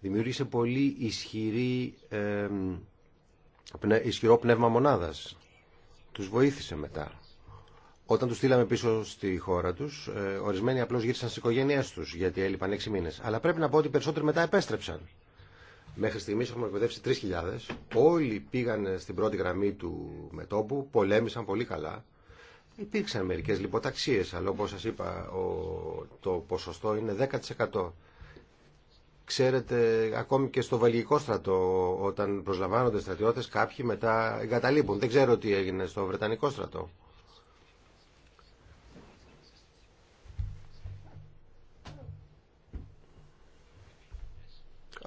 Δημιούργησε πολύ ισχυρή, ε, ισχυρό πνεύμα μονάδας. Τους βοήθησε μετά. Όταν τους στείλαμε πίσω στη χώρα του, ε, ορισμένοι απλώς γύρισαν στις οικογένειές τους γιατί έλειπαν έξι μήνες. Αλλά πρέπει να πω ότι περισσότεροι μετά επέστρεψαν. Μέχρι στιγμής έχουμε εκπαιδεύσει 3.000. Όλοι πήγαν στην πρώτη γραμμή του μετόπου, πολέμησαν πολύ καλά. Υπήρξαν μερικές λιποταξίες, αλλά όπως σας είπα το ποσοστό είναι 10%. Ξέρετε, ακόμη και στο Βαλγικό στρατό, όταν προσλαμβάνονται στρατιώτες, κάποιοι μετά εγκαταλείπουν. Δεν ξέρω τι έγινε στο Βρετανικό στρατό.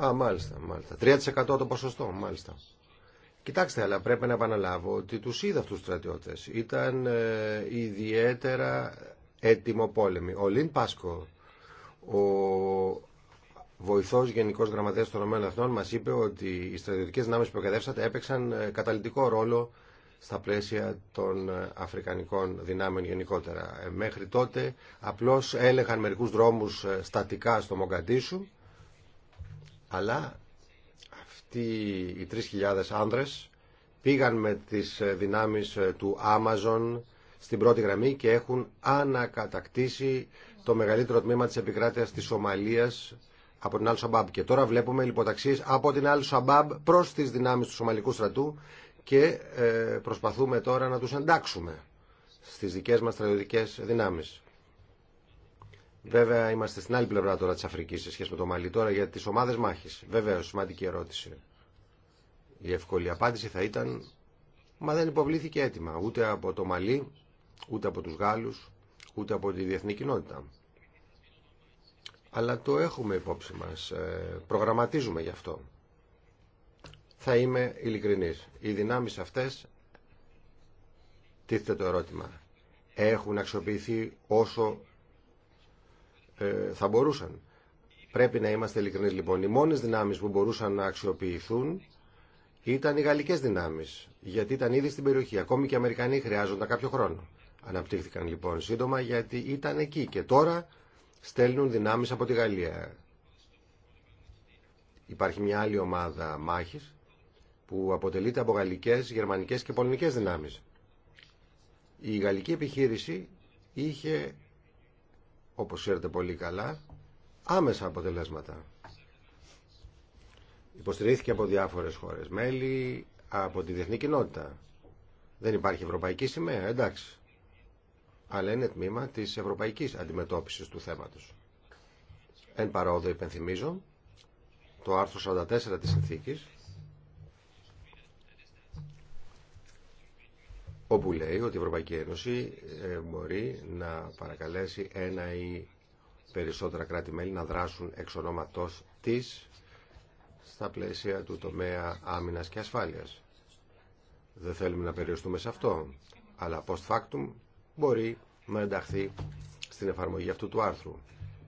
Α, μάλιστα, μάλιστα. 3% το ποσοστό, μάλιστα. Κοιτάξτε, αλλά πρέπει να επαναλάβω ότι τους είδα αυτούς τους στρατιώτες. Ήταν ε, ιδιαίτερα έτοιμο πόλεμοι. Ο Λίν Πάσκο, ο βοηθός γενικός γραμματέας των ΗΠΑ, μας είπε ότι οι στρατιωτικές δυνάμεις που εκαδεύσατε έπαιξαν ε, καταλητικό ρόλο στα πλαίσια των ε, αφρικανικών δυνάμεων γενικότερα. Μέχρι τότε απλώς έλεγαν μερικούς δρόμους στατικά στο Μογκαντήσου αλλά αυτοί οι 3.000 άνδρες πήγαν με τις ε, δυνάμεις ε, του Amazon στην πρώτη γραμμή και έχουν ανακατακτήσει το μεγαλύτερο τμήμα της επικράτειας της Σομαλίας από την Al-Shabaab. Και τώρα βλέπουμε λιποταξίες από την Al-Shabaab προς τις δυνάμεις του Σομαλικού στρατού και ε, προσπαθούμε τώρα να τους εντάξουμε στις δικές μας στρατιωτικές δυνάμεις. Βέβαια είμαστε στην άλλη πλευρά τώρα τη Αφρική σε σχέση με το Μαλί τώρα για τις ομάδες μάχης. Βέβαια σημαντική ερώτηση. Η εύκολη απάντηση θα ήταν μα δεν υποβλήθηκε έτοιμα ούτε από το Μαλί, ούτε από τους Γάλλους, ούτε από τη διεθνή κοινότητα. Αλλά το έχουμε υπόψη μας, ε, προγραμματίζουμε γι' αυτό. Θα είμαι ειλικρινή. Οι δυνάμει αυτές, τίθεται το ερώτημα, έχουν αξιοποιηθεί όσο ε, θα μπορούσαν. Πρέπει να είμαστε ειλικρινεί λοιπόν. Οι μόνε δυνάμει που μπορούσαν να αξιοποιηθούν ήταν οι γαλλικέ δυνάμει. Γιατί ήταν ήδη στην περιοχή. Ακόμη και οι Αμερικανοί χρειάζονταν κάποιο χρόνο. Αναπτύχθηκαν λοιπόν σύντομα γιατί ήταν εκεί και τώρα στέλνουν δυνάμει από τη Γαλλία. Υπάρχει μια άλλη ομάδα μάχη που αποτελείται από γαλλικέ, γερμανικέ και πολωνικέ δυνάμει. Η γαλλική επιχείρηση είχε όπως ξέρετε πολύ καλά, άμεσα αποτελέσματα. Υποστηρίχθηκε από διάφορες χώρες μέλη, από τη διεθνή κοινότητα. Δεν υπάρχει ευρωπαϊκή σημαία, εντάξει. Αλλά είναι τμήμα της ευρωπαϊκής αντιμετώπισης του θέματος. Εν παρόδο υπενθυμίζω το άρθρο 44 της συνθήκης όπου λέει ότι η Ευρωπαϊκή Ένωση ε, μπορεί να παρακαλέσει ένα ή περισσότερα κράτη-μέλη να δράσουν εξ ονόματός της στα πλαίσια του τομέα άμυνας και ασφάλειας. Δεν θέλουμε να περιοριστούμε σε αυτό, αλλά post factum μπορεί να ενταχθεί στην εφαρμογή αυτού του άρθρου.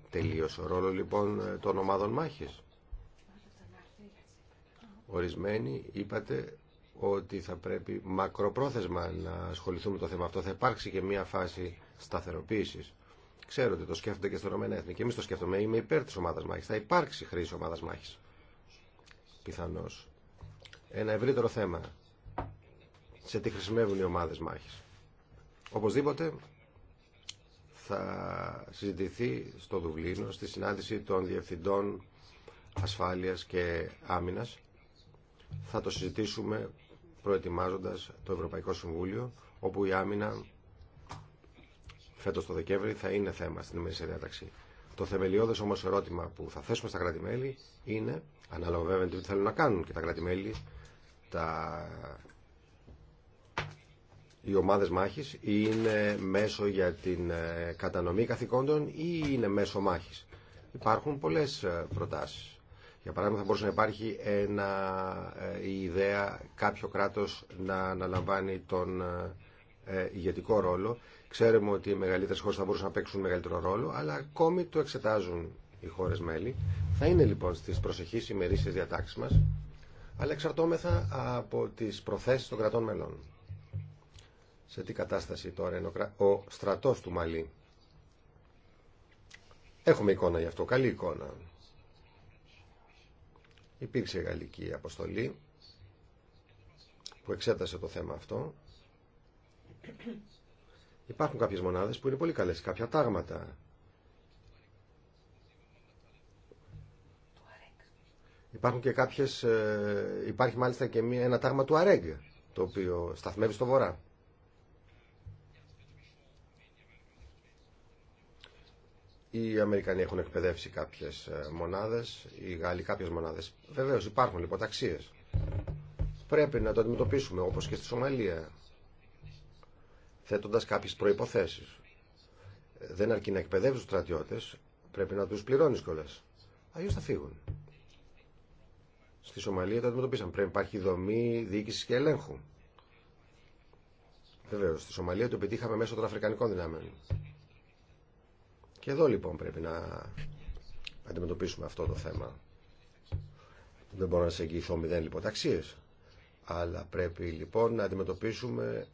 Τελείωσε ο ρόλο λοιπόν ε, των ομάδων μάχης. Ορισμένοι είπατε ότι θα πρέπει μακροπρόθεσμα να ασχοληθούμε με το θέμα αυτό. Θα υπάρξει και μια φάση σταθεροποίηση. Ξέρω ότι το σκέφτονται και στο Ρωμένα Έθνη και εμεί το σκέφτομαι. Είμαι υπέρ τη ομάδα μάχη. Θα υπάρξει χρήση ομάδα μάχη. Πιθανώ. Ένα ευρύτερο θέμα. Σε τι χρησιμεύουν οι ομάδε μάχη. Οπωσδήποτε θα συζητηθεί στο Δουβλίνο στη συνάντηση των διευθυντών ασφάλειας και άμυνας θα το συζητήσουμε προετοιμάζοντας το Ευρωπαϊκό Συμβούλιο, όπου η άμυνα φέτος το Δεκέμβρη θα είναι θέμα στην ημερήσια διάταξη. Το θεμελιώδες όμως ερώτημα που θα θέσουμε στα κράτη-μέλη είναι, ανάλογα βέβαια τι θέλουν να κάνουν και τα κράτη-μέλη, τα... οι ομάδες μάχης είναι μέσο για την ε, κατανομή καθηκόντων ή είναι μέσο μάχης. Υπάρχουν πολλέ ε, προτάσει. Για παράδειγμα, θα μπορούσε να υπάρχει ένα, ε, η ιδέα κάποιο κράτος να αναλαμβάνει τον ε, ε, ηγετικό ρόλο. Ξέρουμε ότι οι μεγαλύτερες χώρες θα μπορούσαν να παίξουν μεγαλύτερο ρόλο, αλλά ακόμη το εξετάζουν οι χώρες μέλη. Θα είναι λοιπόν στις προσεχείς ημερήσεις διατάξεις μας, αλλά εξαρτώμεθα από τις προθέσεις των κρατών μελών. Σε τι κατάσταση τώρα είναι ο στρατός του Μαλή. Έχουμε εικόνα γι' αυτό, καλή εικόνα. Υπήρξε γαλλική αποστολή που εξέτασε το θέμα αυτό. Υπάρχουν κάποιες μονάδες που είναι πολύ καλές, κάποια τάγματα. Υπάρχουν και κάποιες, ε, υπάρχει μάλιστα και ένα τάγμα του Αρέγ, το οποίο σταθμεύει στο βορρά. Οι Αμερικανοί έχουν εκπαιδεύσει κάποιε μονάδε, οι Γάλλοι κάποιε μονάδε. Βεβαίω υπάρχουν λοιπόν ταξίες. Πρέπει να το αντιμετωπίσουμε όπω και στη Σομαλία, Θέτοντα κάποιε προποθέσει. Δεν αρκεί να εκπαιδεύει του στρατιώτε, πρέπει να του πληρώνει κιόλα. Αλλιώ θα φύγουν. Στη Σομαλία το αντιμετωπίσαμε. Πρέπει να υπάρχει δομή διοίκηση και ελέγχου. Βεβαίω, στη Σομαλία το επιτύχαμε μέσω των Αφρικανικών δυνάμεων. Και εδώ λοιπόν πρέπει να αντιμετωπίσουμε αυτό το θέμα. Δεν μπορώ να σε εγγυηθώ μηδέν λιποταξίε. Αλλά πρέπει λοιπόν να αντιμετωπίσουμε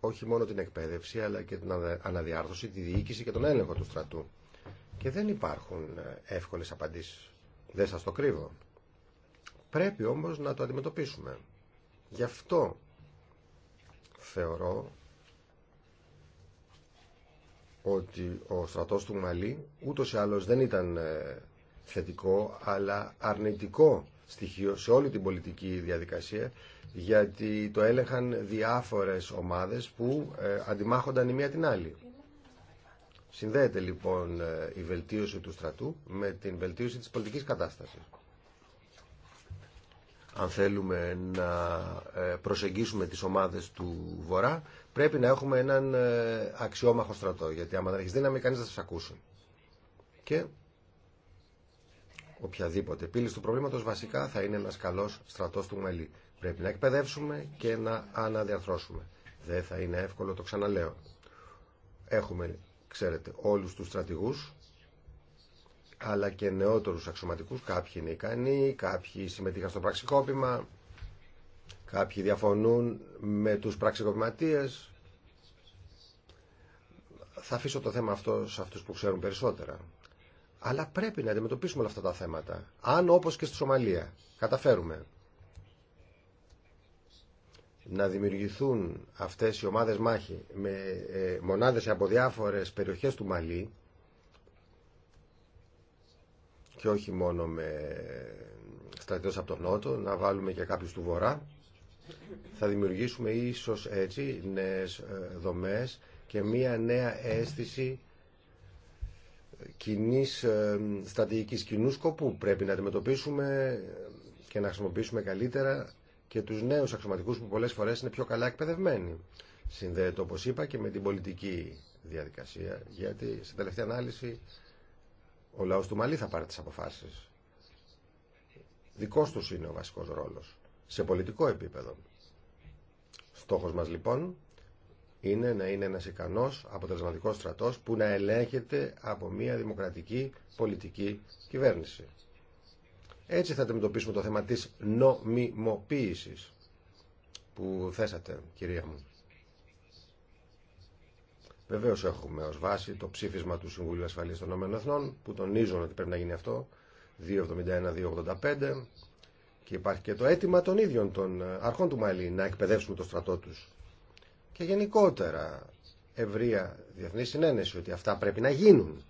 όχι μόνο την εκπαίδευση αλλά και την αναδιάρθρωση, τη διοίκηση και τον έλεγχο του στρατού. Και δεν υπάρχουν ε, εύκολε απαντήσει. Δεν σα το κρύβω. Πρέπει όμως να το αντιμετωπίσουμε. Γι' αυτό θεωρώ ότι ο στρατός του Μαλή ούτως ή άλλως δεν ήταν ε, θετικό αλλά αρνητικό στοιχείο σε όλη την πολιτική διαδικασία γιατί το έλεγχαν διάφορες ομάδες που ε, αντιμάχονταν η μία την άλλη. Συνδέεται λοιπόν ε, η βελτίωση του στρατού με την βελτίωση της πολιτικής κατάστασης. Αν θέλουμε να προσεγγίσουμε τις ομάδες του Βορρά Πρέπει να έχουμε έναν ε, αξιόμαχο στρατό, γιατί άμα δεν έχει δύναμη, κανεί δεν θα σα ακούσει. Και οποιαδήποτε πύλη του προβλήματο βασικά θα είναι ένα καλό στρατό του μέλη. Πρέπει να εκπαιδεύσουμε και να αναδιαρθρώσουμε. Δεν θα είναι εύκολο, το ξαναλέω. Έχουμε, ξέρετε, όλου του στρατηγού, αλλά και νεότερους αξιωματικούς. Κάποιοι είναι ικανοί, κάποιοι συμμετείχαν στο πραξικόπημα Κάποιοι διαφωνούν με τους πραξικοπηματίες. Θα αφήσω το θέμα αυτό σε αυτούς που ξέρουν περισσότερα. Αλλά πρέπει να αντιμετωπίσουμε όλα αυτά τα θέματα. Αν όπως και στη Σομαλία καταφέρουμε να δημιουργηθούν αυτές οι ομάδες μάχη με ε, μονάδες από διάφορες περιοχές του Μαλή και όχι μόνο με στρατιώτες από τον Νότο, να βάλουμε και κάποιους του Βορρά θα δημιουργήσουμε ίσως έτσι νέες ε, δομές και μία νέα αίσθηση κοινή ε, στρατηγικής κοινού σκοπού. Πρέπει να αντιμετωπίσουμε και να χρησιμοποιήσουμε καλύτερα και τους νέους αξιωματικούς που πολλές φορές είναι πιο καλά εκπαιδευμένοι. Συνδέεται όπως είπα και με την πολιτική διαδικασία γιατί στην τελευταία ανάλυση ο λαός του Μαλή θα πάρει τις αποφάσεις. Δικός τους είναι ο βασικός ρόλος σε πολιτικό επίπεδο. Στόχος μας λοιπόν είναι να είναι ένας ικανός αποτελεσματικός στρατός που να ελέγχεται από μια δημοκρατική πολιτική κυβέρνηση. Έτσι θα αντιμετωπίσουμε το θέμα της νομιμοποίησης που θέσατε, κυρία μου. Βεβαίω έχουμε ως βάση το ψήφισμα του Συμβουλίου Ασφαλεία των ΗΠΑ που τονίζουν ότι πρέπει να γίνει αυτό, 271-285, και υπάρχει και το αίτημα των ίδιων των ε, αρχών του Μαλή να εκπαιδεύσουν το στρατό τους. Και γενικότερα ευρεία διεθνή συνένεση ότι αυτά πρέπει να γίνουν.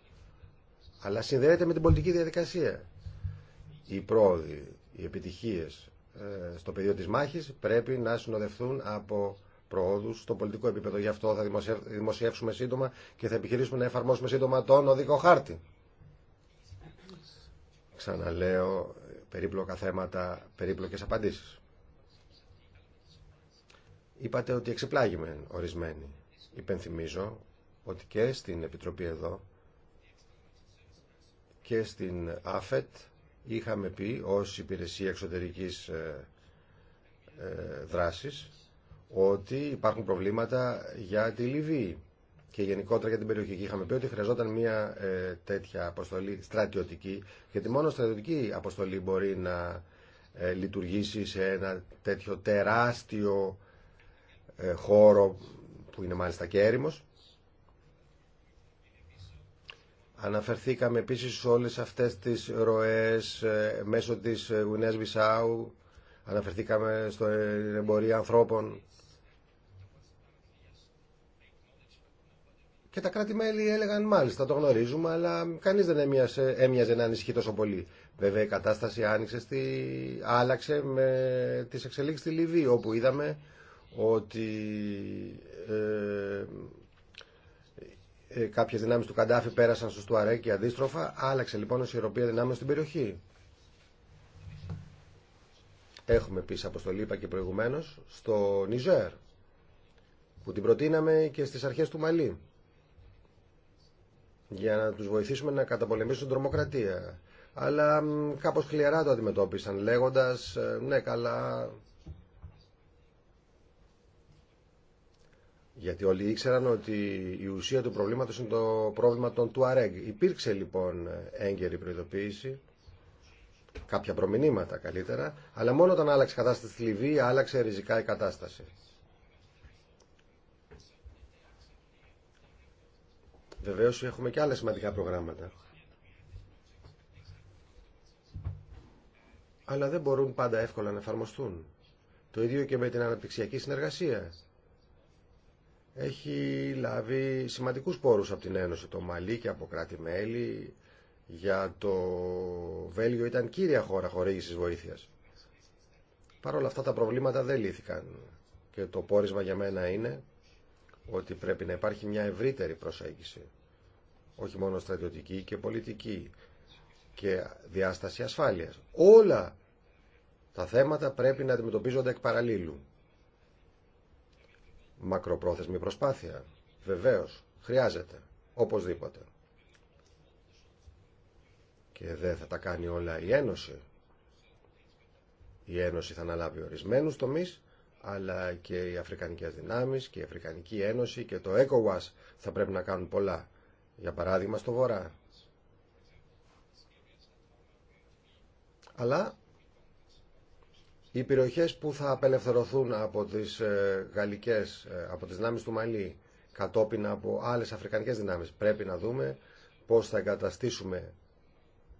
Αλλά συνδέεται με την πολιτική διαδικασία. Οι πρόοδοι, οι επιτυχίες ε, στο πεδίο τη μάχη πρέπει να συνοδευτούν από προόδου στο πολιτικό επίπεδο. Γι' αυτό θα δημοσιεύσουμε σύντομα και θα επιχειρήσουμε να εφαρμόσουμε σύντομα τον οδικό χάρτη. Ξαναλέω, περίπλοκα θέματα, περίπλοκες απαντήσεις. Είπατε ότι εξεπλάγημεν ορισμένοι. Υπενθυμίζω ότι και στην Επιτροπή εδώ και στην ΑΦΕΤ είχαμε πει ως υπηρεσία εξωτερικής ε, ε, δράσης ότι υπάρχουν προβλήματα για τη Λιβύη και γενικότερα για την περιοχή. είχαμε πει ότι χρειαζόταν μια ε, τέτοια αποστολή στρατιωτική, γιατί μόνο στρατιωτική αποστολή μπορεί να ε, λειτουργήσει σε ένα τέτοιο τεράστιο ε, χώρο που είναι μάλιστα και έρημος. Αναφερθήκαμε επίσης σε όλες αυτές τις ροές μέσω της Γουνές βισάου. αναφερθήκαμε στο εμπορία ανθρώπων Και τα κράτη-μέλη έλεγαν μάλιστα, το γνωρίζουμε, αλλά κανείς δεν έμοιαζε, έμοιαζε να ανησυχεί τόσο πολύ. Βέβαια η κατάσταση άνοιξε στη, άλλαξε με τις εξελίξεις στη Λιβύη, όπου είδαμε ότι ε, ε, κάποιες δυνάμεις του Καντάφη πέρασαν στους Τουαρέ και αντίστροφα. Άλλαξε λοιπόν η ισορροπία δυνάμεων στην περιοχή. Έχουμε επίση αποστολή, είπα και προηγουμένω, στο Νιζέρ, που την προτείναμε και στις αρχές του Μαλή για να τους βοηθήσουμε να καταπολεμήσουν την τρομοκρατία. Αλλά κάπως χλιαρά το αντιμετώπισαν λέγοντας ε, ναι καλά γιατί όλοι ήξεραν ότι η ουσία του προβλήματος είναι το πρόβλημα των Τουαρέγ. Υπήρξε λοιπόν έγκαιρη προειδοποίηση κάποια προμηνύματα καλύτερα, αλλά μόνο όταν άλλαξε η κατάσταση στη Λιβύη άλλαξε ριζικά η κατάσταση. Βεβαίω έχουμε και άλλα σημαντικά προγράμματα. Αλλά δεν μπορούν πάντα εύκολα να εφαρμοστούν. Το ίδιο και με την αναπτυξιακή συνεργασία. Έχει λάβει σημαντικούς πόρους από την Ένωση, το Μαλί και από κράτη-μέλη. Για το Βέλγιο ήταν κύρια χώρα χορήγησης βοήθειας. Παρ' όλα αυτά τα προβλήματα δεν λύθηκαν. Και το πόρισμα για μένα είναι ότι πρέπει να υπάρχει μια ευρύτερη προσέγγιση, όχι μόνο στρατιωτική και πολιτική και διάσταση ασφάλειας. Όλα τα θέματα πρέπει να αντιμετωπίζονται εκ παραλίλου. Μακροπρόθεσμη προσπάθεια, βεβαίως, χρειάζεται, οπωσδήποτε. Και δεν θα τα κάνει όλα η Ένωση. Η Ένωση θα αναλάβει ορισμένους τομείς αλλά και οι Αφρικανικές δυνάμεις και η Αφρικανική Ένωση και το ECOWAS θα πρέπει να κάνουν πολλά. Για παράδειγμα στο Βορρά. Αλλά οι περιοχές που θα απελευθερωθούν από τις ε, γαλλικές, ε, από τις δυνάμεις του Μαλή, κατόπιν από άλλες αφρικανικές δυνάμεις, πρέπει να δούμε πώς θα εγκαταστήσουμε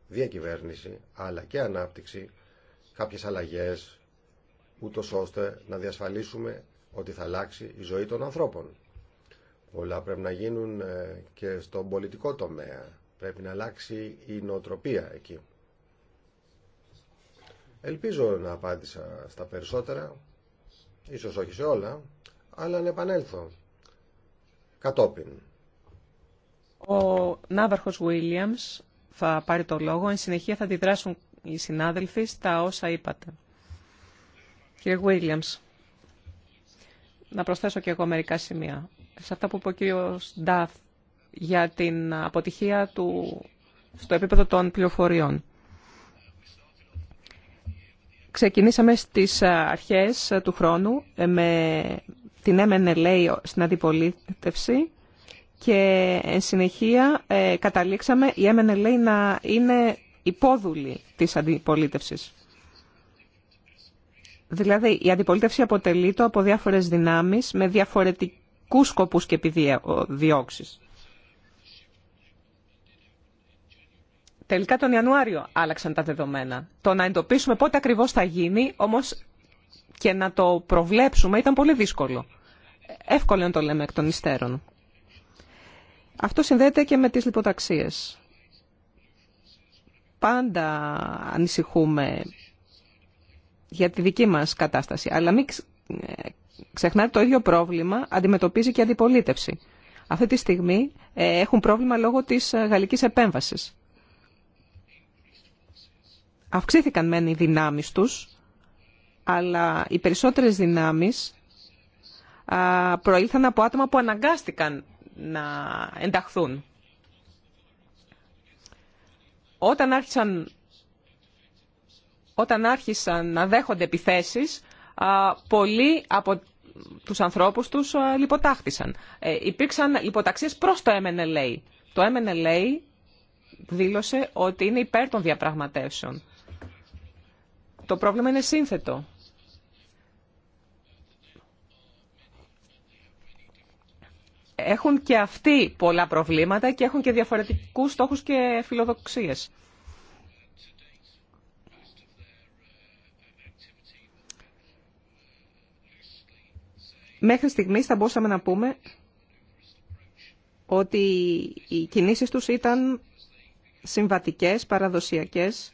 διακυβέρνηση, αλλά και ανάπτυξη, κάποιες αλλαγές, ούτω ώστε να διασφαλίσουμε ότι θα αλλάξει η ζωή των ανθρώπων. Πολλά πρέπει να γίνουν ε, και στον πολιτικό τομέα. Πρέπει να αλλάξει η νοοτροπία εκεί. Ελπίζω να απάντησα στα περισσότερα, ίσως όχι σε όλα, αλλά να επανέλθω κατόπιν. Ο Ναύαρχος Βουίλιαμς θα πάρει το λόγο, εν συνεχεία θα αντιδράσουν οι συνάδελφοι στα όσα είπατε. Κύριε Williams, να προσθέσω και εγώ μερικά σημεία. Σε αυτά που είπε ο κύριο Νταφ για την αποτυχία του στο επίπεδο των πληροφοριών. Ξεκινήσαμε στις ε, αρχές ε, του χρόνου ε, με την MNLA στην αντιπολίτευση και εν συνεχεία καταλήξαμε η MNLA να είναι υπόδουλη της αντιπολίτευσης. Δηλαδή, η αντιπολίτευση αποτελείται από διάφορες δυνάμεις με διαφορετικούς σκοπούς και επιδιώξεις. Τελικά τον Ιανουάριο άλλαξαν τα δεδομένα. Το να εντοπίσουμε πότε ακριβώς θα γίνει, όμως και να το προβλέψουμε ήταν πολύ δύσκολο. Εύκολο να το λέμε εκ των υστέρων. Αυτό συνδέεται και με τις λιποταξίες. Πάντα ανησυχούμε για τη δική μας κατάσταση. Αλλά μην ε, ξεχνάτε το ίδιο πρόβλημα αντιμετωπίζει και η αντιπολίτευση. Αυτή τη στιγμή ε, έχουν πρόβλημα λόγω της ε, γαλλικής επέμβασης. Αυξήθηκαν μεν οι δυνάμεις τους, αλλά οι περισσότερες δυνάμεις προήλθαν από άτομα που αναγκάστηκαν να ενταχθούν. Όταν άρχισαν όταν άρχισαν να δέχονται επιθέσεις, πολλοί από τους ανθρώπους τους λιποτάχτησαν. Ε, υπήρξαν λιποταξίες προς το MNLA. Το MNLA δήλωσε ότι είναι υπέρ των διαπραγματεύσεων. Το πρόβλημα είναι σύνθετο. Έχουν και αυτοί πολλά προβλήματα και έχουν και διαφορετικούς στόχους και φιλοδοξίες. Μέχρι στιγμής θα μπορούσαμε να πούμε ότι οι κινήσεις τους ήταν συμβατικές, παραδοσιακές.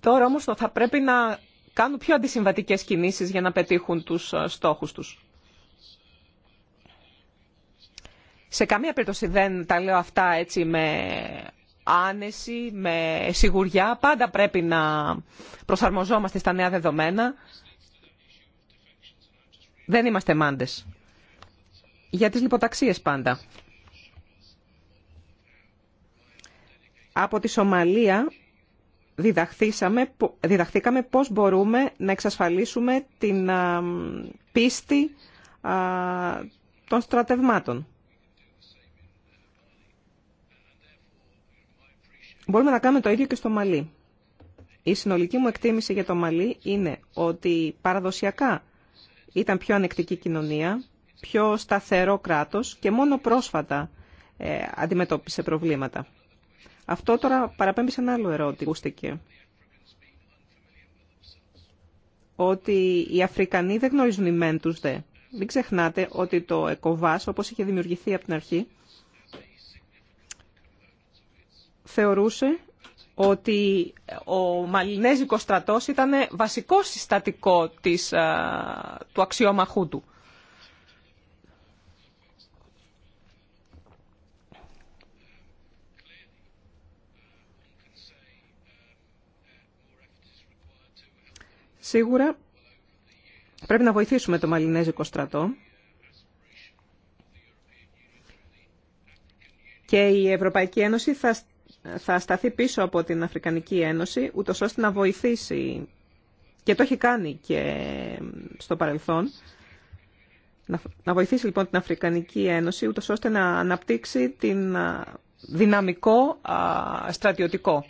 Τώρα όμως θα πρέπει να κάνουν πιο αντισυμβατικές κινήσεις για να πετύχουν τους ε, στόχους τους. Σε καμία περίπτωση δεν τα λέω αυτά έτσι με άνεση, με σιγουριά. Πάντα πρέπει να προσαρμοζόμαστε στα νέα δεδομένα. Δεν είμαστε μάντες. Για τις λιποταξίες πάντα. Από τη Σομαλία διδαχθήκαμε πώς μπορούμε να εξασφαλίσουμε την πίστη των στρατευμάτων. Μπορούμε να κάνουμε το ίδιο και στο Μαλή. Η συνολική μου εκτίμηση για το Μαλή είναι ότι παραδοσιακά ήταν πιο ανεκτική κοινωνία, πιο σταθερό κράτος και μόνο πρόσφατα ε, αντιμετώπισε προβλήματα. Αυτό τώρα παραπέμπει σε ένα άλλο ερώτημα. ότι οι Αφρικανοί δεν γνωρίζουν οι μεν τους δε. Μην ξεχνάτε ότι το ΕΚΟΒΑΣ, όπως είχε δημιουργηθεί από την αρχή, θεωρούσε ότι ο Μαλινέζικος στρατός ήταν βασικό συστατικό της, του αξιόμαχού του. Σίγουρα πρέπει να βοηθήσουμε το Μαλινέζικο στρατό και η Ευρωπαϊκή Ένωση θα θα σταθεί πίσω από την Αφρικανική Ένωση, ούτως ώστε να βοηθήσει, και το έχει κάνει και στο παρελθόν, να βοηθήσει λοιπόν την Αφρικανική Ένωση, ούτως ώστε να αναπτύξει την δυναμικό στρατιωτικό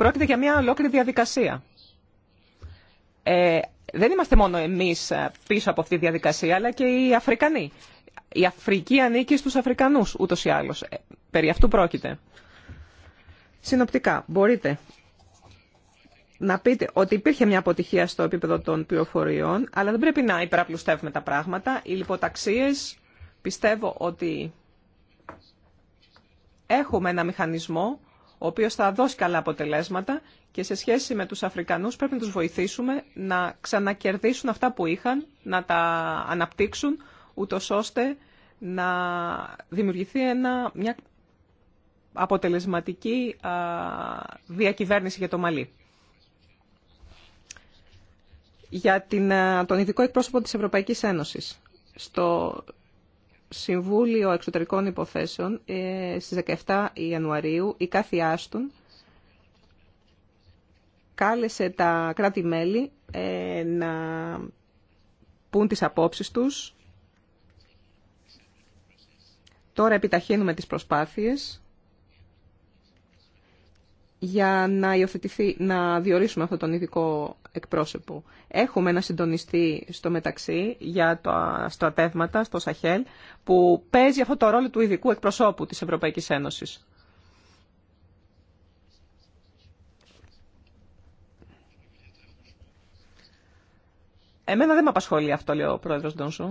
Πρόκειται για μια ολόκληρη διαδικασία. Ε, δεν είμαστε μόνο εμείς ε, πίσω από αυτή τη διαδικασία, αλλά και οι Αφρικανοί. Η Αφρική ανήκει στους Αφρικανούς, ούτως ή άλλως. Ε, περί αυτού πρόκειται. Συνοπτικά, μπορείτε να πείτε ότι υπήρχε μια αποτυχία στο επίπεδο των πληροφοριών, αλλά δεν πρέπει να υπεραπλουστεύουμε τα πράγματα. Οι λιποταξίες, πιστεύω ότι έχουμε ένα μηχανισμό ο οποίο θα δώσει καλά αποτελέσματα και σε σχέση με τους Αφρικανούς πρέπει να τους βοηθήσουμε να ξανακερδίσουν αυτά που είχαν, να τα αναπτύξουν, ούτω ώστε να δημιουργηθεί ένα, μια αποτελεσματική διακυβέρνηση για το Μαλί. Για την, τον ειδικό εκπρόσωπο της Ευρωπαϊκής Ένωσης. Στο, Συμβούλιο Εξωτερικών Υποθέσεων ε, στις 17 Ιανουαρίου η Κάθη Άστον κάλεσε τα κράτη-μέλη ε, να πούν τις απόψεις τους. Τώρα επιταχύνουμε τις προσπάθειες για να, υιοθετηθεί, να διορίσουμε αυτόν τον ειδικό εκπρόσωπο. Έχουμε ένα συντονιστή στο μεταξύ για τα στρατεύματα, στο Σαχέλ, που παίζει αυτό το ρόλο του ειδικού εκπροσώπου της Ευρωπαϊκής Ένωσης. Εμένα δεν με απασχολεί αυτό, λέει ο πρόεδρος Ντόνσου.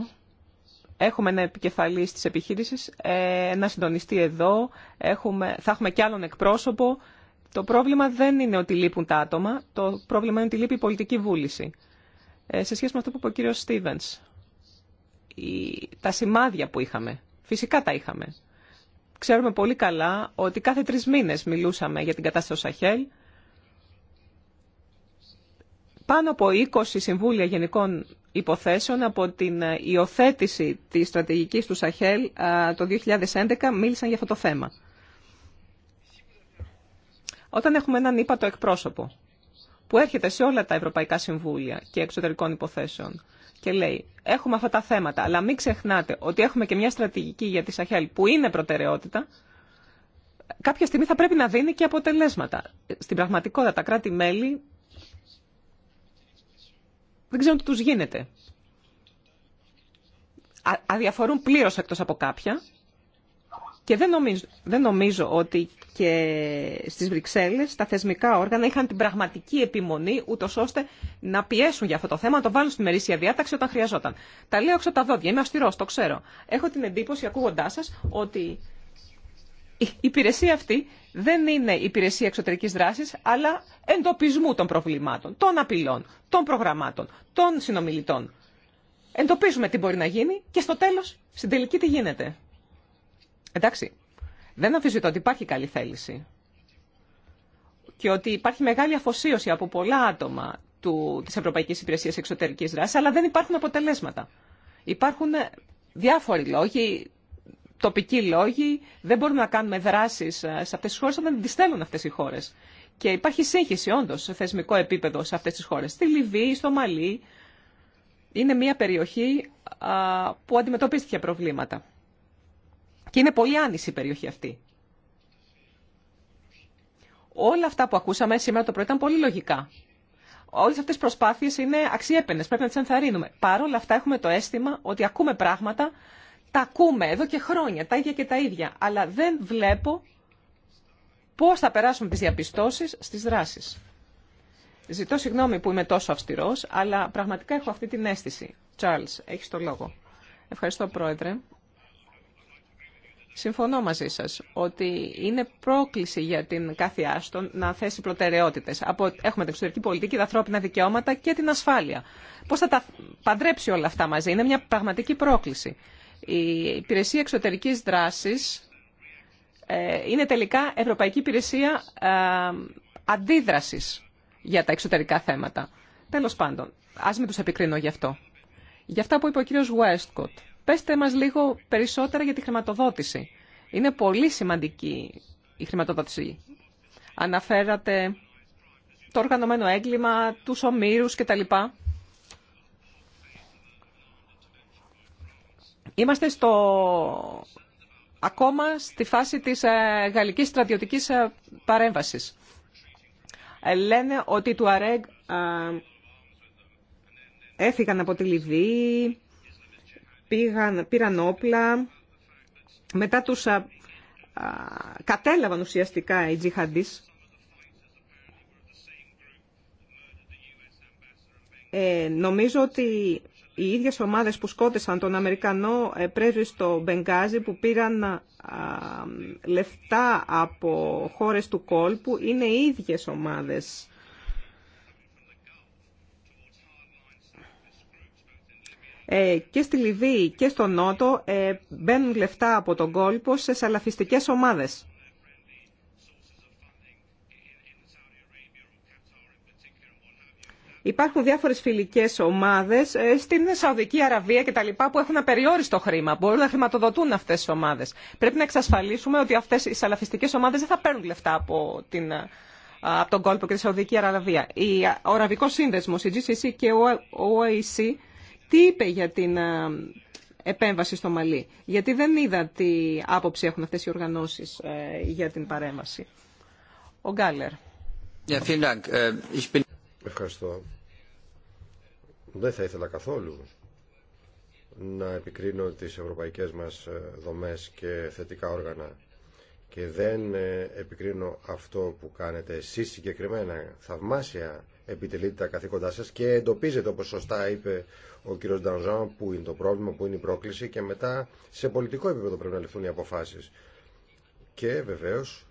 Έχουμε ένα επικεφαλή τη επιχείρηση, ε, ένα συντονιστή εδώ, έχουμε, θα έχουμε κι άλλον εκπρόσωπο το πρόβλημα δεν είναι ότι λείπουν τα άτομα, το πρόβλημα είναι ότι λείπει η πολιτική βούληση. Ε, σε σχέση με αυτό που είπε ο κύριος Στίβενς, η, τα σημάδια που είχαμε, φυσικά τα είχαμε. Ξέρουμε πολύ καλά ότι κάθε τρεις μήνες μιλούσαμε για την κατάσταση του Σαχέλ. Πάνω από 20 συμβούλια γενικών υποθέσεων από την ε, υιοθέτηση της στρατηγικής του Σαχέλ ε, το 2011 μίλησαν για αυτό το θέμα. Όταν έχουμε έναν ύπατο εκπρόσωπο που έρχεται σε όλα τα Ευρωπαϊκά Συμβούλια και εξωτερικών υποθέσεων και λέει έχουμε αυτά τα θέματα, αλλά μην ξεχνάτε ότι έχουμε και μια στρατηγική για τη Σαχέλ που είναι προτεραιότητα, κάποια στιγμή θα πρέπει να δίνει και αποτελέσματα. Στην πραγματικότητα τα κράτη-μέλη δεν ξέρουν τι τους γίνεται. Αδιαφορούν πλήρως εκτός από κάποια και δεν νομίζω, ότι και στις Βρυξέλλες τα θεσμικά όργανα είχαν την πραγματική επιμονή ούτω ώστε να πιέσουν για αυτό το θέμα, να το βάλουν στην μερίσια διάταξη όταν χρειαζόταν. Τα λέω έξω τα δόντια, είμαι αυστηρός, το ξέρω. Έχω την εντύπωση ακούγοντάς σας ότι η υπηρεσία αυτή δεν είναι υπηρεσία εξωτερικής δράσης αλλά εντοπισμού των προβλημάτων, των απειλών, των προγραμμάτων, των συνομιλητών. Εντοπίζουμε τι μπορεί να γίνει και στο τέλο, στην τελική, τι γίνεται. Εντάξει, δεν αμφισβητώ ότι υπάρχει καλή θέληση και ότι υπάρχει μεγάλη αφοσίωση από πολλά άτομα του, της Ευρωπαϊκής Υπηρεσίας Εξωτερικής Δράσης, αλλά δεν υπάρχουν αποτελέσματα. Υπάρχουν διάφοροι λόγοι, τοπικοί λόγοι, δεν μπορούμε να κάνουμε δράσεις ε, σε αυτές τις χώρες όταν τις θέλουν αυτές οι χώρες. Και υπάρχει σύγχυση όντω σε θεσμικό επίπεδο σε αυτές τις χώρες. Στη Λιβύη, στο Μαλή είναι μια περιοχή που αντιμετωπίστηκε προβλήματα. Και είναι πολύ άνηση η περιοχή αυτή. Όλα αυτά που ακούσαμε σήμερα το πρωί ήταν πολύ λογικά. Όλε αυτέ τι προσπάθειε είναι αξιέπαινε, πρέπει να τι ενθαρρύνουμε. Παρ' όλα αυτά έχουμε το αίσθημα ότι ακούμε πράγματα, τα ακούμε εδώ και χρόνια, τα ίδια και τα ίδια, αλλά δεν βλέπω πώ θα περάσουμε τι διαπιστώσει στι δράσει. Ζητώ συγγνώμη που είμαι τόσο αυστηρό, αλλά πραγματικά έχω αυτή την αίσθηση. Τσάρλ, έχει το λόγο. Ευχαριστώ, Πρόεδρε. Συμφωνώ μαζί σας ότι είναι πρόκληση για την κάθε άστον να θέσει προτεραιότητες. Από, έχουμε την εξωτερική πολιτική, τα ανθρώπινα δικαιώματα και την ασφάλεια. Πώς θα τα παντρέψει όλα αυτά μαζί. Είναι μια πραγματική πρόκληση. Η υπηρεσία εξωτερικής δράσης ε, είναι τελικά Ευρωπαϊκή Υπηρεσία ε, Αντίδρασης για τα εξωτερικά θέματα. Τέλο πάντων, α μην του επικρίνω γι' αυτό. Γι' αυτά που είπε ο κύριο Westcott Πέστε μας λίγο περισσότερα για τη χρηματοδότηση. Είναι πολύ σημαντική η χρηματοδότηση. Αναφέρατε το οργανωμένο έγκλημα, τους ομήρους κτλ. Είμαστε στο... ακόμα στη φάση της ε, γαλλικής στρατιωτικής ε, παρέμβασης. Ε, λένε ότι οι Αρέγ έφυγαν από τη Λιβύη, πήραν όπλα, μετά τους α, κατέλαβαν ουσιαστικά οι τζιχαντίς. Ε, νομίζω ότι οι ίδιες ομάδες που σκότεσαν τον Αμερικανό ε, πρέσβη στο Μπενγκάζι που πήραν α, λεφτά από χώρες του κόλπου είναι οι ίδιες ομάδες και στη Λιβύη και στο Νότο μπαίνουν λεφτά από τον κόλπο σε σαλαφιστικές ομάδες. Υπάρχουν διάφορε φιλικέ ομάδε στην Σαουδική Αραβία και τα λοιπά που έχουν απεριόριστο χρήμα. Μπορούν να χρηματοδοτούν αυτέ τι ομάδε. Πρέπει να εξασφαλίσουμε ότι αυτέ οι σαλαφιστικέ ομάδε δεν θα παίρνουν λεφτά από, την, από τον κόλπο και τη Σαουδική Αραβία. Ο Αραβικό Σύνδεσμο, η GCC και ο OAC τι είπε για την ε, επέμβαση στο Μαλί, γιατί δεν είδα τι άποψη έχουν αυτές οι οργανώσεις ε, για την παρέμβαση. Ο Γκάλερ. Ε, Ευχαριστώ. Δεν θα ήθελα καθόλου να επικρίνω τις ευρωπαϊκές μας δομές και θετικά όργανα και δεν επικρίνω αυτό που κάνετε εσείς συγκεκριμένα θαυμάσια επιτελείτε τα καθήκοντά σας και εντοπίζετε όπως σωστά είπε ο κ. Ντανζάν που είναι το πρόβλημα, που είναι η πρόκληση και μετά σε πολιτικό επίπεδο πρέπει να ληφθούν οι αποφάσεις. Και βεβαίως,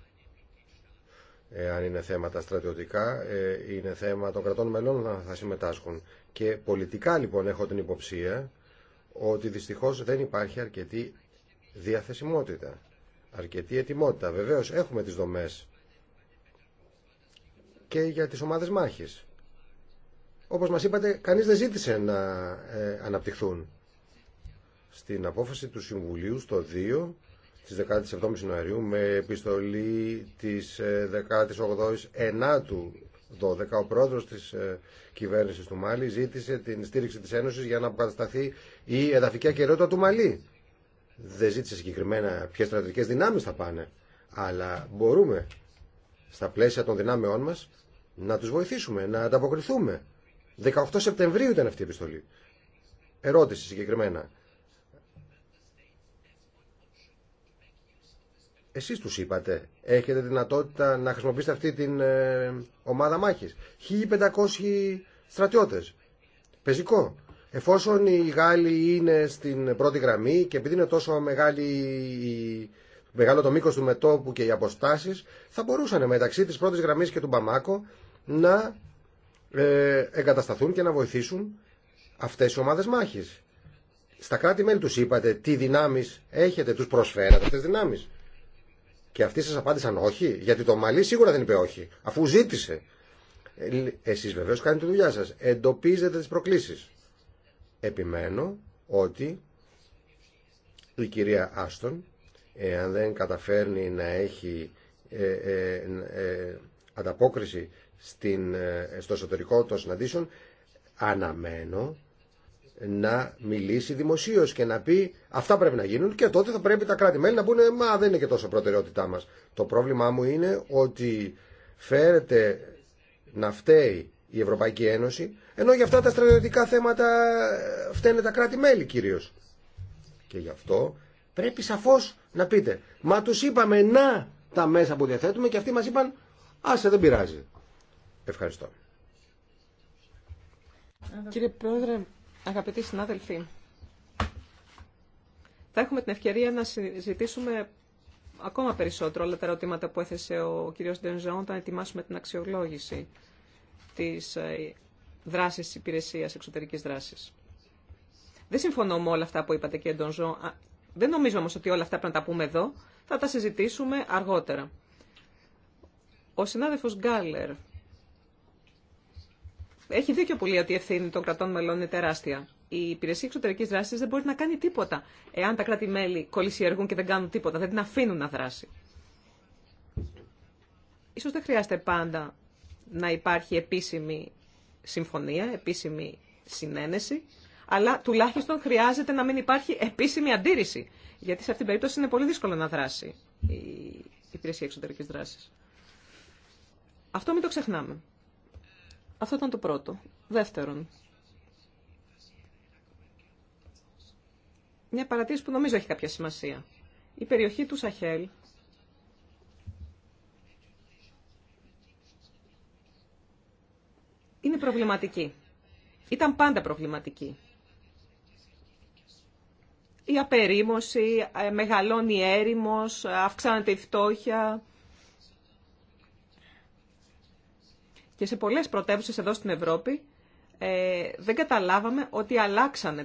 αν είναι θέματα στρατιωτικά, ε, είναι θέμα των κρατών μελών να θα συμμετάσχουν. Και πολιτικά λοιπόν έχω την υποψία ότι δυστυχώς δεν υπάρχει αρκετή διαθεσιμότητα, αρκετή ετοιμότητα. Βεβαίως έχουμε τις δομές και για τις ομάδες μάχης όπως μας είπατε, κανείς δεν ζήτησε να ε, αναπτυχθούν. Στην απόφαση του Συμβουλίου στο 2 της 17ης Ιανουαρίου με επιστολή της 18ης ε, Ενάτου 12, ο πρόεδρος της ε, κυβέρνησης του Μάλι ζήτησε την στήριξη της Ένωσης για να αποκατασταθεί η εδαφική ακαιρεότητα του Μαλί. Δεν ζήτησε συγκεκριμένα ποιε στρατιωτικές δυνάμεις θα πάνε, αλλά μπορούμε στα πλαίσια των δυνάμεών μας να τους βοηθήσουμε, να ανταποκριθούμε 18 Σεπτεμβρίου ήταν αυτή η επιστολή. Ερώτηση συγκεκριμένα. Εσείς τους είπατε, έχετε δυνατότητα να χρησιμοποιήσετε αυτή την ε, ομάδα μάχης. 1500 στρατιώτες. Πεζικό. Εφόσον οι Γάλλοι είναι στην πρώτη γραμμή και επειδή είναι τόσο μεγάλο το μήκος του μετόπου και οι αποστάσεις, θα μπορούσαν μεταξύ της πρώτης γραμμής και του Μπαμάκο να ε, εγκατασταθούν και να βοηθήσουν αυτές οι ομάδες μάχης. Στα κράτη-μέλη τους είπατε τι δυνάμεις έχετε, τους προσφέρατε αυτές τις δυνάμεις. Και αυτοί σας απάντησαν όχι, γιατί το Μαλί σίγουρα δεν είπε όχι, αφού ζήτησε. Ε, εσείς βεβαίως κάνετε τη δουλειά σας, εντοπίζετε τις προκλήσεις. Επιμένω ότι η κυρία Άστον, εάν δεν καταφέρνει να έχει ε, ανταπόκριση στην, ε, στο εσωτερικό των συναντήσεων αναμένω να μιλήσει δημοσίω και να πει αυτά πρέπει να γίνουν και τότε θα πρέπει τα κράτη-μέλη να πούνε μα δεν είναι και τόσο προτεραιότητά μας. Το πρόβλημά μου είναι ότι φέρεται να φταίει η Ευρωπαϊκή Ένωση ενώ για αυτά τα στρατιωτικά θέματα ε, φταίνε τα κράτη-μέλη κυρίως. Και γι' αυτό πρέπει σαφώς να πείτε μα τους είπαμε να τα μέσα που διαθέτουμε και αυτοί μας είπαν άσε δεν πειράζει. Ευχαριστώ. Κύριε Πρόεδρε, αγαπητοί συνάδελφοι, θα έχουμε την ευκαιρία να συζητήσουμε ακόμα περισσότερο όλα τα ερωτήματα που έθεσε ο κύριος Ντενζόν όταν ετοιμάσουμε την αξιολόγηση της ε, δράσης της υπηρεσίας εξωτερικής δράσης. Δεν συμφωνώ με όλα αυτά που είπατε κύριε Ντενζόν. Δεν νομίζω όμως ότι όλα αυτά πρέπει να τα πούμε εδώ. Θα τα συζητήσουμε αργότερα. Ο συνάδελφος Γκάλερ έχει δίκιο πολύ ότι η ευθύνη των κρατών μελών είναι τεράστια. Η υπηρεσία εξωτερική δράση δεν μπορεί να κάνει τίποτα εάν τα κράτη-μέλη κολυσιεργούν και δεν κάνουν τίποτα, δεν την αφήνουν να δράσει. Ίσως δεν χρειάζεται πάντα να υπάρχει επίσημη συμφωνία, επίσημη συνένεση, αλλά τουλάχιστον χρειάζεται να μην υπάρχει επίσημη αντίρρηση. Γιατί σε αυτήν την περίπτωση είναι πολύ δύσκολο να δράσει η υπηρεσία εξωτερική δράση. Αυτό μην το ξεχνάμε. Αυτό ήταν το πρώτο. Δεύτερον, μια παρατήρηση που νομίζω έχει κάποια σημασία. Η περιοχή του Σαχέλ είναι προβληματική. Ήταν πάντα προβληματική. Η απερίμωση, ε, μεγαλώνει η έρημος, ε, αυξάνεται η φτώχεια, και σε πολλές πρωτεύουσε εδώ στην Ευρώπη ε, δεν καταλάβαμε ότι αλλάξανε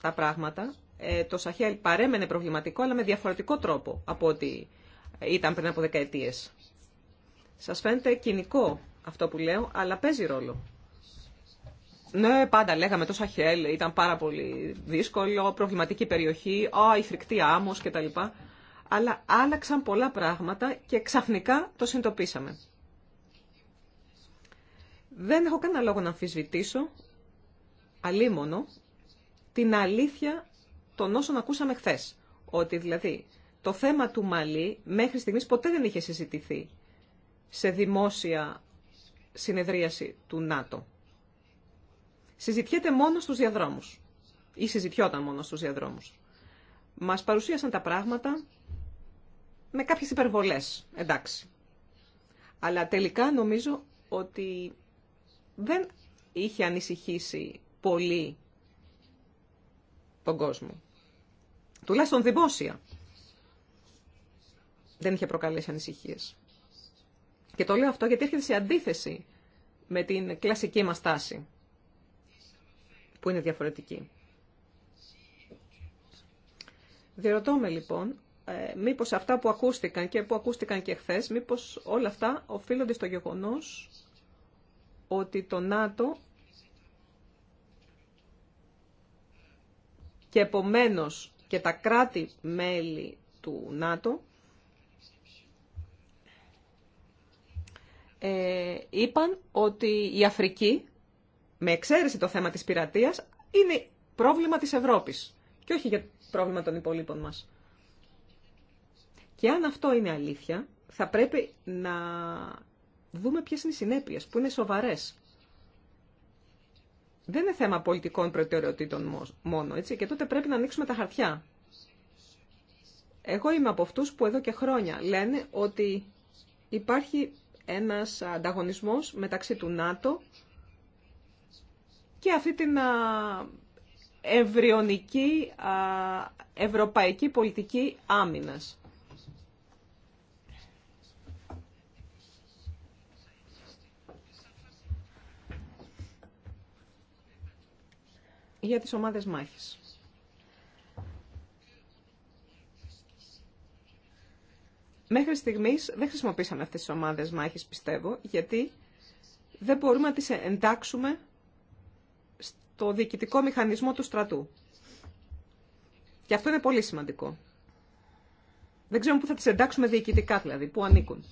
τα, πράγματα. Ε, το Σαχέλ παρέμενε προβληματικό, αλλά με διαφορετικό τρόπο από ό,τι ήταν πριν από δεκαετίες. Σα φαίνεται κοινικό αυτό που λέω, αλλά παίζει ρόλο. Ναι, πάντα λέγαμε το Σαχέλ ήταν πάρα πολύ δύσκολο, προβληματική περιοχή, ό, η φρικτή άμμος κτλ. Αλλά άλλαξαν πολλά πράγματα και ξαφνικά το συνειδητοποίησαμε. Δεν έχω κανένα λόγο να αμφισβητήσω, αλίμονο, την αλήθεια των όσων ακούσαμε χθε. Ότι δηλαδή το θέμα του Μαλή μέχρι στιγμής ποτέ δεν είχε συζητηθεί σε δημόσια συνεδρίαση του ΝΑΤΟ. Συζητιέται μόνο στους διαδρόμους ή συζητιόταν μόνο στους διαδρόμους. Μας παρουσίασαν τα πράγματα με κάποιες υπερβολές, εντάξει. Αλλά τελικά νομίζω ότι δεν είχε ανησυχήσει πολύ τον κόσμο. Τουλάχιστον δημόσια. Δεν είχε προκαλέσει ανησυχίες. Και το λέω αυτό γιατί έρχεται σε αντίθεση με την κλασική μας τάση, που είναι διαφορετική. Διερωτώ λοιπόν, ε, μήπως αυτά που ακούστηκαν και που ακούστηκαν και χθε, μήπως όλα αυτά οφείλονται στο γεγονός ότι το ΝΑΤΟ και επομένως και τα κράτη-μέλη του ΝΑΤΟ ε, είπαν ότι η Αφρική, με εξαίρεση το θέμα της πειρατείας, είναι πρόβλημα της Ευρώπης και όχι για πρόβλημα των υπολείπων μας. Και αν αυτό είναι αλήθεια, θα πρέπει να δούμε ποιε είναι οι συνέπειε που είναι σοβαρές. Δεν είναι θέμα πολιτικών προτεραιοτήτων μόνο, έτσι, και τότε πρέπει να ανοίξουμε τα χαρτιά. Εγώ είμαι από αυτούς που εδώ και χρόνια λένε ότι υπάρχει ένας ανταγωνισμός μεταξύ του ΝΑΤΟ και αυτή την ευρυονική ευρωπαϊκή πολιτική άμυνας. για τις ομάδες μάχης. Μέχρι στιγμής δεν χρησιμοποίησαμε αυτές τις ομάδες μάχης, πιστεύω, γιατί δεν μπορούμε να τις εντάξουμε στο διοικητικό μηχανισμό του στρατού. Και αυτό είναι πολύ σημαντικό. Δεν ξέρουμε πού θα τις εντάξουμε διοικητικά, δηλαδή, πού ανήκουν.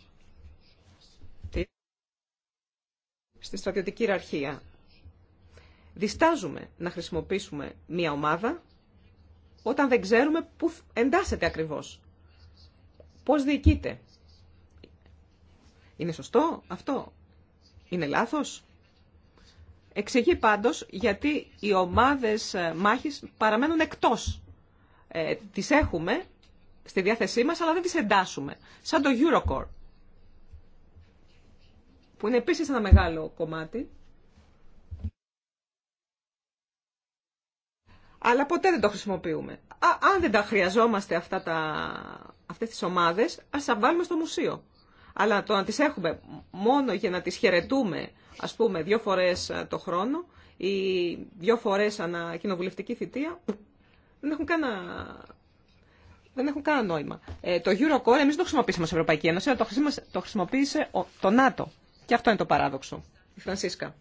Στη στρατιωτική ιεραρχία. Διστάζουμε να χρησιμοποιήσουμε μια ομάδα όταν δεν ξέρουμε πού εντάσσεται ακριβώς. Πώς διοικείται. Είναι σωστό αυτό. Είναι λάθος. Εξηγεί πάντως γιατί οι ομάδες ε, μάχης παραμένουν εκτός. Ε, τις έχουμε στη διάθεσή μας, αλλά δεν τις εντάσσουμε. Σαν το Eurocore, που είναι επίσης ένα μεγάλο κομμάτι αλλά ποτέ δεν το χρησιμοποιούμε. Α, αν δεν τα χρειαζόμαστε αυτά τα, αυτές τις ομάδες, ας τα βάλουμε στο μουσείο. Αλλά το να τις έχουμε μόνο για να τις χαιρετούμε, ας πούμε, δύο φορές ε, το χρόνο ή δύο φορές ανά κοινοβουλευτική θητεία, δεν έχουν κανένα... Δεν έχουν κανένα νόημα. Ε, το Eurocore εμείς δεν το χρησιμοποιήσαμε στην Ευρωπαϊκή Ένωση, αλλά το χρησιμοποίησε το ΝΑΤΟ. Και αυτό είναι το παράδοξο. Η Φρανσίσκα.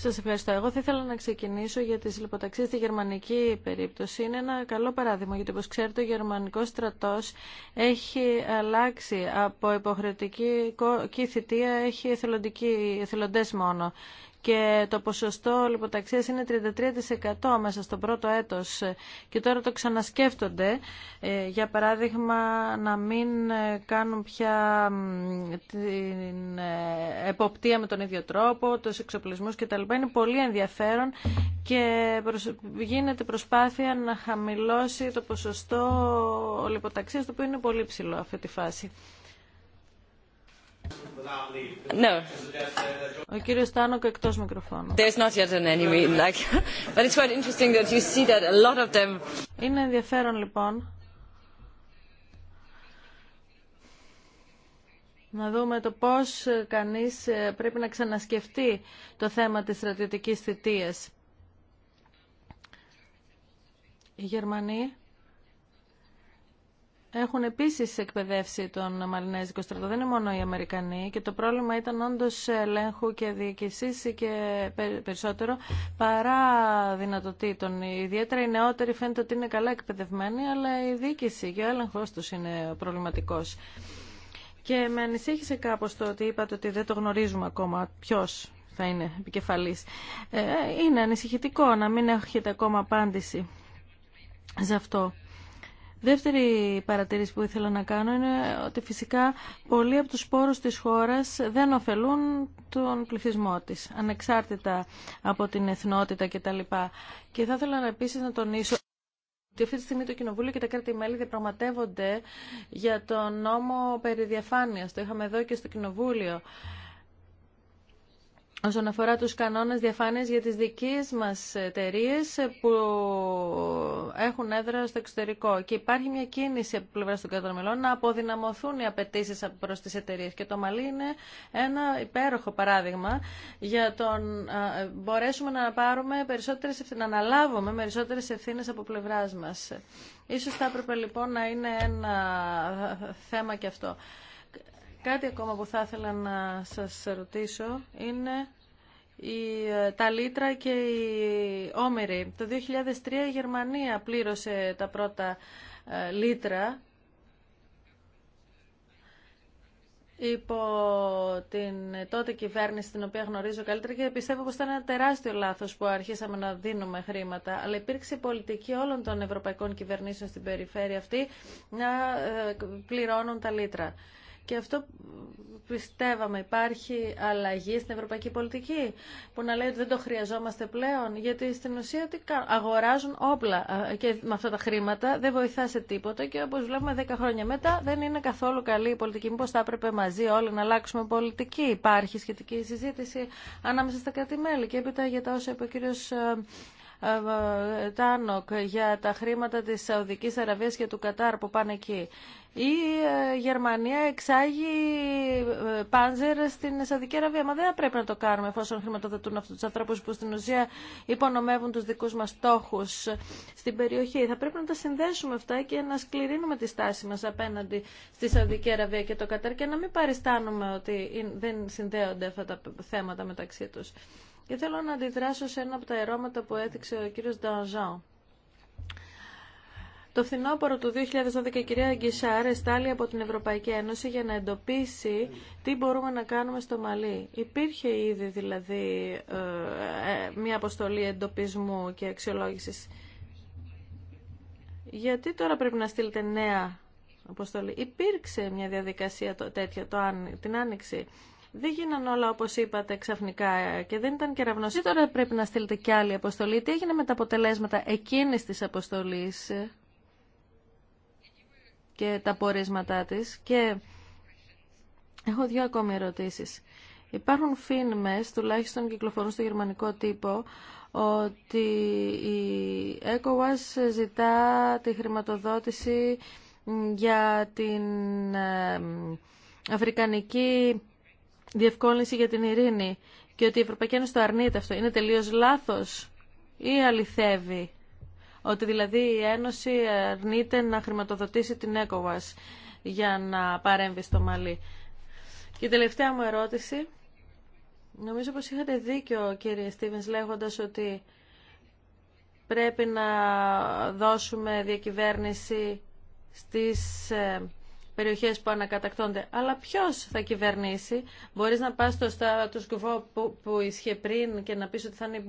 Σας ευχαριστώ. Εγώ θα ήθελα να ξεκινήσω για τις λιποταξίες στη γερμανική περίπτωση. Είναι ένα καλό παράδειγμα, γιατί όπως ξέρετε ο γερμανικός στρατός έχει αλλάξει από υποχρεωτική θητεία, έχει εθελοντέ εθελοντές μόνο και το ποσοστό λιποταξίας είναι 33% μέσα στο πρώτο έτος και τώρα το ξανασκέφτονται ε, για παράδειγμα να μην ε, κάνουν πια την ε, εποπτεία με τον ίδιο τρόπο, τους εξοπλισμούς κτλ. Είναι πολύ ενδιαφέρον και γίνεται προσπάθεια να χαμηλώσει το ποσοστό λιποταξίας το οποίο είναι πολύ ψηλό αυτή τη φάση. Ο κύριο Τάνοκ εκτό μικροφώνου. Είναι ενδιαφέρον λοιπόν να δούμε το πώς κανείς ε, πρέπει να ξανασκεφτεί το θέμα της στρατιωτικής θητείας. Οι Γερμανοί έχουν επίση εκπαιδεύσει τον Μαλινέζικο στρατό. Δεν είναι μόνο οι Αμερικανοί και το πρόβλημα ήταν όντω ελέγχου και διοικησή και περισσότερο παρά δυνατοτήτων. Ιδιαίτερα οι νεότεροι φαίνεται ότι είναι καλά εκπαιδευμένοι, αλλά η διοίκηση και ο ελεγχό του είναι προβληματικό. Και με ανησύχησε κάπως το ότι είπατε ότι δεν το γνωρίζουμε ακόμα ποιο θα είναι επικεφαλής. Ε, είναι ανησυχητικό να μην έχετε ακόμα απάντηση σε αυτό. Δεύτερη παρατήρηση που ήθελα να κάνω είναι ότι φυσικά πολλοί από τους σπόρους της χώρας δεν ωφελούν τον πληθυσμό της, ανεξάρτητα από την εθνότητα κτλ. Και θα ήθελα επίσης να τονίσω ότι αυτή τη στιγμή το Κοινοβούλιο και τα κράτη-μέλη διαπραγματεύονται για τον νόμο περί διαφάνειας. Το είχαμε εδώ και στο Κοινοβούλιο όσον αφορά τους κανόνες διαφάνειας για τις δικές μας εταιρείε που έχουν έδρα στο εξωτερικό. Και υπάρχει μια κίνηση από πλευρά των μελών να αποδυναμωθούν οι απαιτήσει προς τις εταιρείε. Και το Μαλί είναι ένα υπέροχο παράδειγμα για τον ε, μπορέσουμε να πάρουμε περισσότερες ευθύνες, να αναλάβουμε περισσότερε ευθύνε από πλευρά μα. Ίσως θα έπρεπε λοιπόν να είναι ένα θέμα και αυτό. Κάτι ακόμα που θα ήθελα να σας ρωτήσω είναι ε, τα λίτρα και οι όμοιροι. Το 2003 η Γερμανία πλήρωσε τα πρώτα ε, λίτρα υπό την τότε κυβέρνηση την οποία γνωρίζω καλύτερα και πιστεύω πως ήταν ένα τεράστιο λάθος που αρχίσαμε να δίνουμε χρήματα αλλά υπήρξε πολιτική όλων των ευρωπαϊκών κυβερνήσεων στην περιφέρεια αυτή να ε, πληρώνουν τα λίτρα. Και αυτό πιστεύαμε υπάρχει αλλαγή στην ευρωπαϊκή πολιτική που να λέει ότι δεν το χρειαζόμαστε πλέον γιατί στην ουσία αγοράζουν όπλα και με αυτά τα χρήματα δεν βοηθά σε τίποτα και όπως βλέπουμε δέκα χρόνια μετά δεν είναι καθόλου καλή η πολιτική. Μήπως θα έπρεπε μαζί όλοι να αλλάξουμε πολιτική. Υπάρχει σχετική συζήτηση ανάμεσα στα κράτη-μέλη και έπειτα για τα όσα είπε ο κύριος ε, ε, ε, Τάνοκ για τα χρήματα της Σαουδικής Αραβίας και του Κατάρ που πάνε εκεί. Η ε, Γερμανία εξάγει ε, πάνζερ στην Σαουδική Αραβία. Μα δεν θα πρέπει να το κάνουμε εφόσον χρηματοδοτούν αυτού του ανθρώπου που στην ουσία υπονομεύουν του δικού μα στόχου στην περιοχή. Θα πρέπει να τα συνδέσουμε αυτά και να σκληρύνουμε τη στάση μα απέναντι στη Σαουδική Αραβία και το Κατάρ και να μην παριστάνουμε ότι δεν συνδέονται αυτά τα θέματα μεταξύ του. Και θέλω να αντιδράσω σε ένα από τα ερώματα που έδειξε ο κύριος Ντανζάν. Το φθινόπωρο του 2012 η κυρία Γκισάρ εστάλει από την Ευρωπαϊκή Ένωση για να εντοπίσει τι μπορούμε να κάνουμε στο Μαλί. Υπήρχε ήδη δηλαδή ε, ε, μια αποστολή εντοπισμού και αξιολόγησης. Γιατί τώρα πρέπει να στείλετε νέα αποστολή. Υπήρξε μια διαδικασία τέτοια το, την Άνοιξη. Δεν γίναν όλα όπω είπατε ξαφνικά ε, και δεν ήταν κεραυνό. Τώρα πρέπει να στείλετε κι άλλη αποστολή. Τι έγινε με τα αποτελέσματα εκείνη τη αποστολή και τα πορίσματά της. Και έχω δύο ακόμη ερωτήσεις. Υπάρχουν φήμες, τουλάχιστον κυκλοφορούν στο γερμανικό τύπο, ότι η ECOWAS ζητά τη χρηματοδότηση για την ε, Αφρικανική Διευκόλυνση για την Ειρήνη και ότι η Ευρωπαϊκή Ένωση το αρνείται αυτό. Είναι τελείως λάθος ή αληθεύει ότι δηλαδή η Ένωση αρνείται να χρηματοδοτήσει την ΕΚΟΒΑΣ για να παρέμβει στο Μαλί. Και η τελευταία μου ερώτηση, νομίζω πως είχατε δίκιο κύριε Στίβενς λέγοντας ότι πρέπει να δώσουμε διακυβέρνηση στις ε, περιοχές που ανακατακτώνται. Αλλά ποιο θα κυβερνήσει. Μπορείς να πας στο στάτου κουβό που, που ισχύει πριν και να πει ότι θα είναι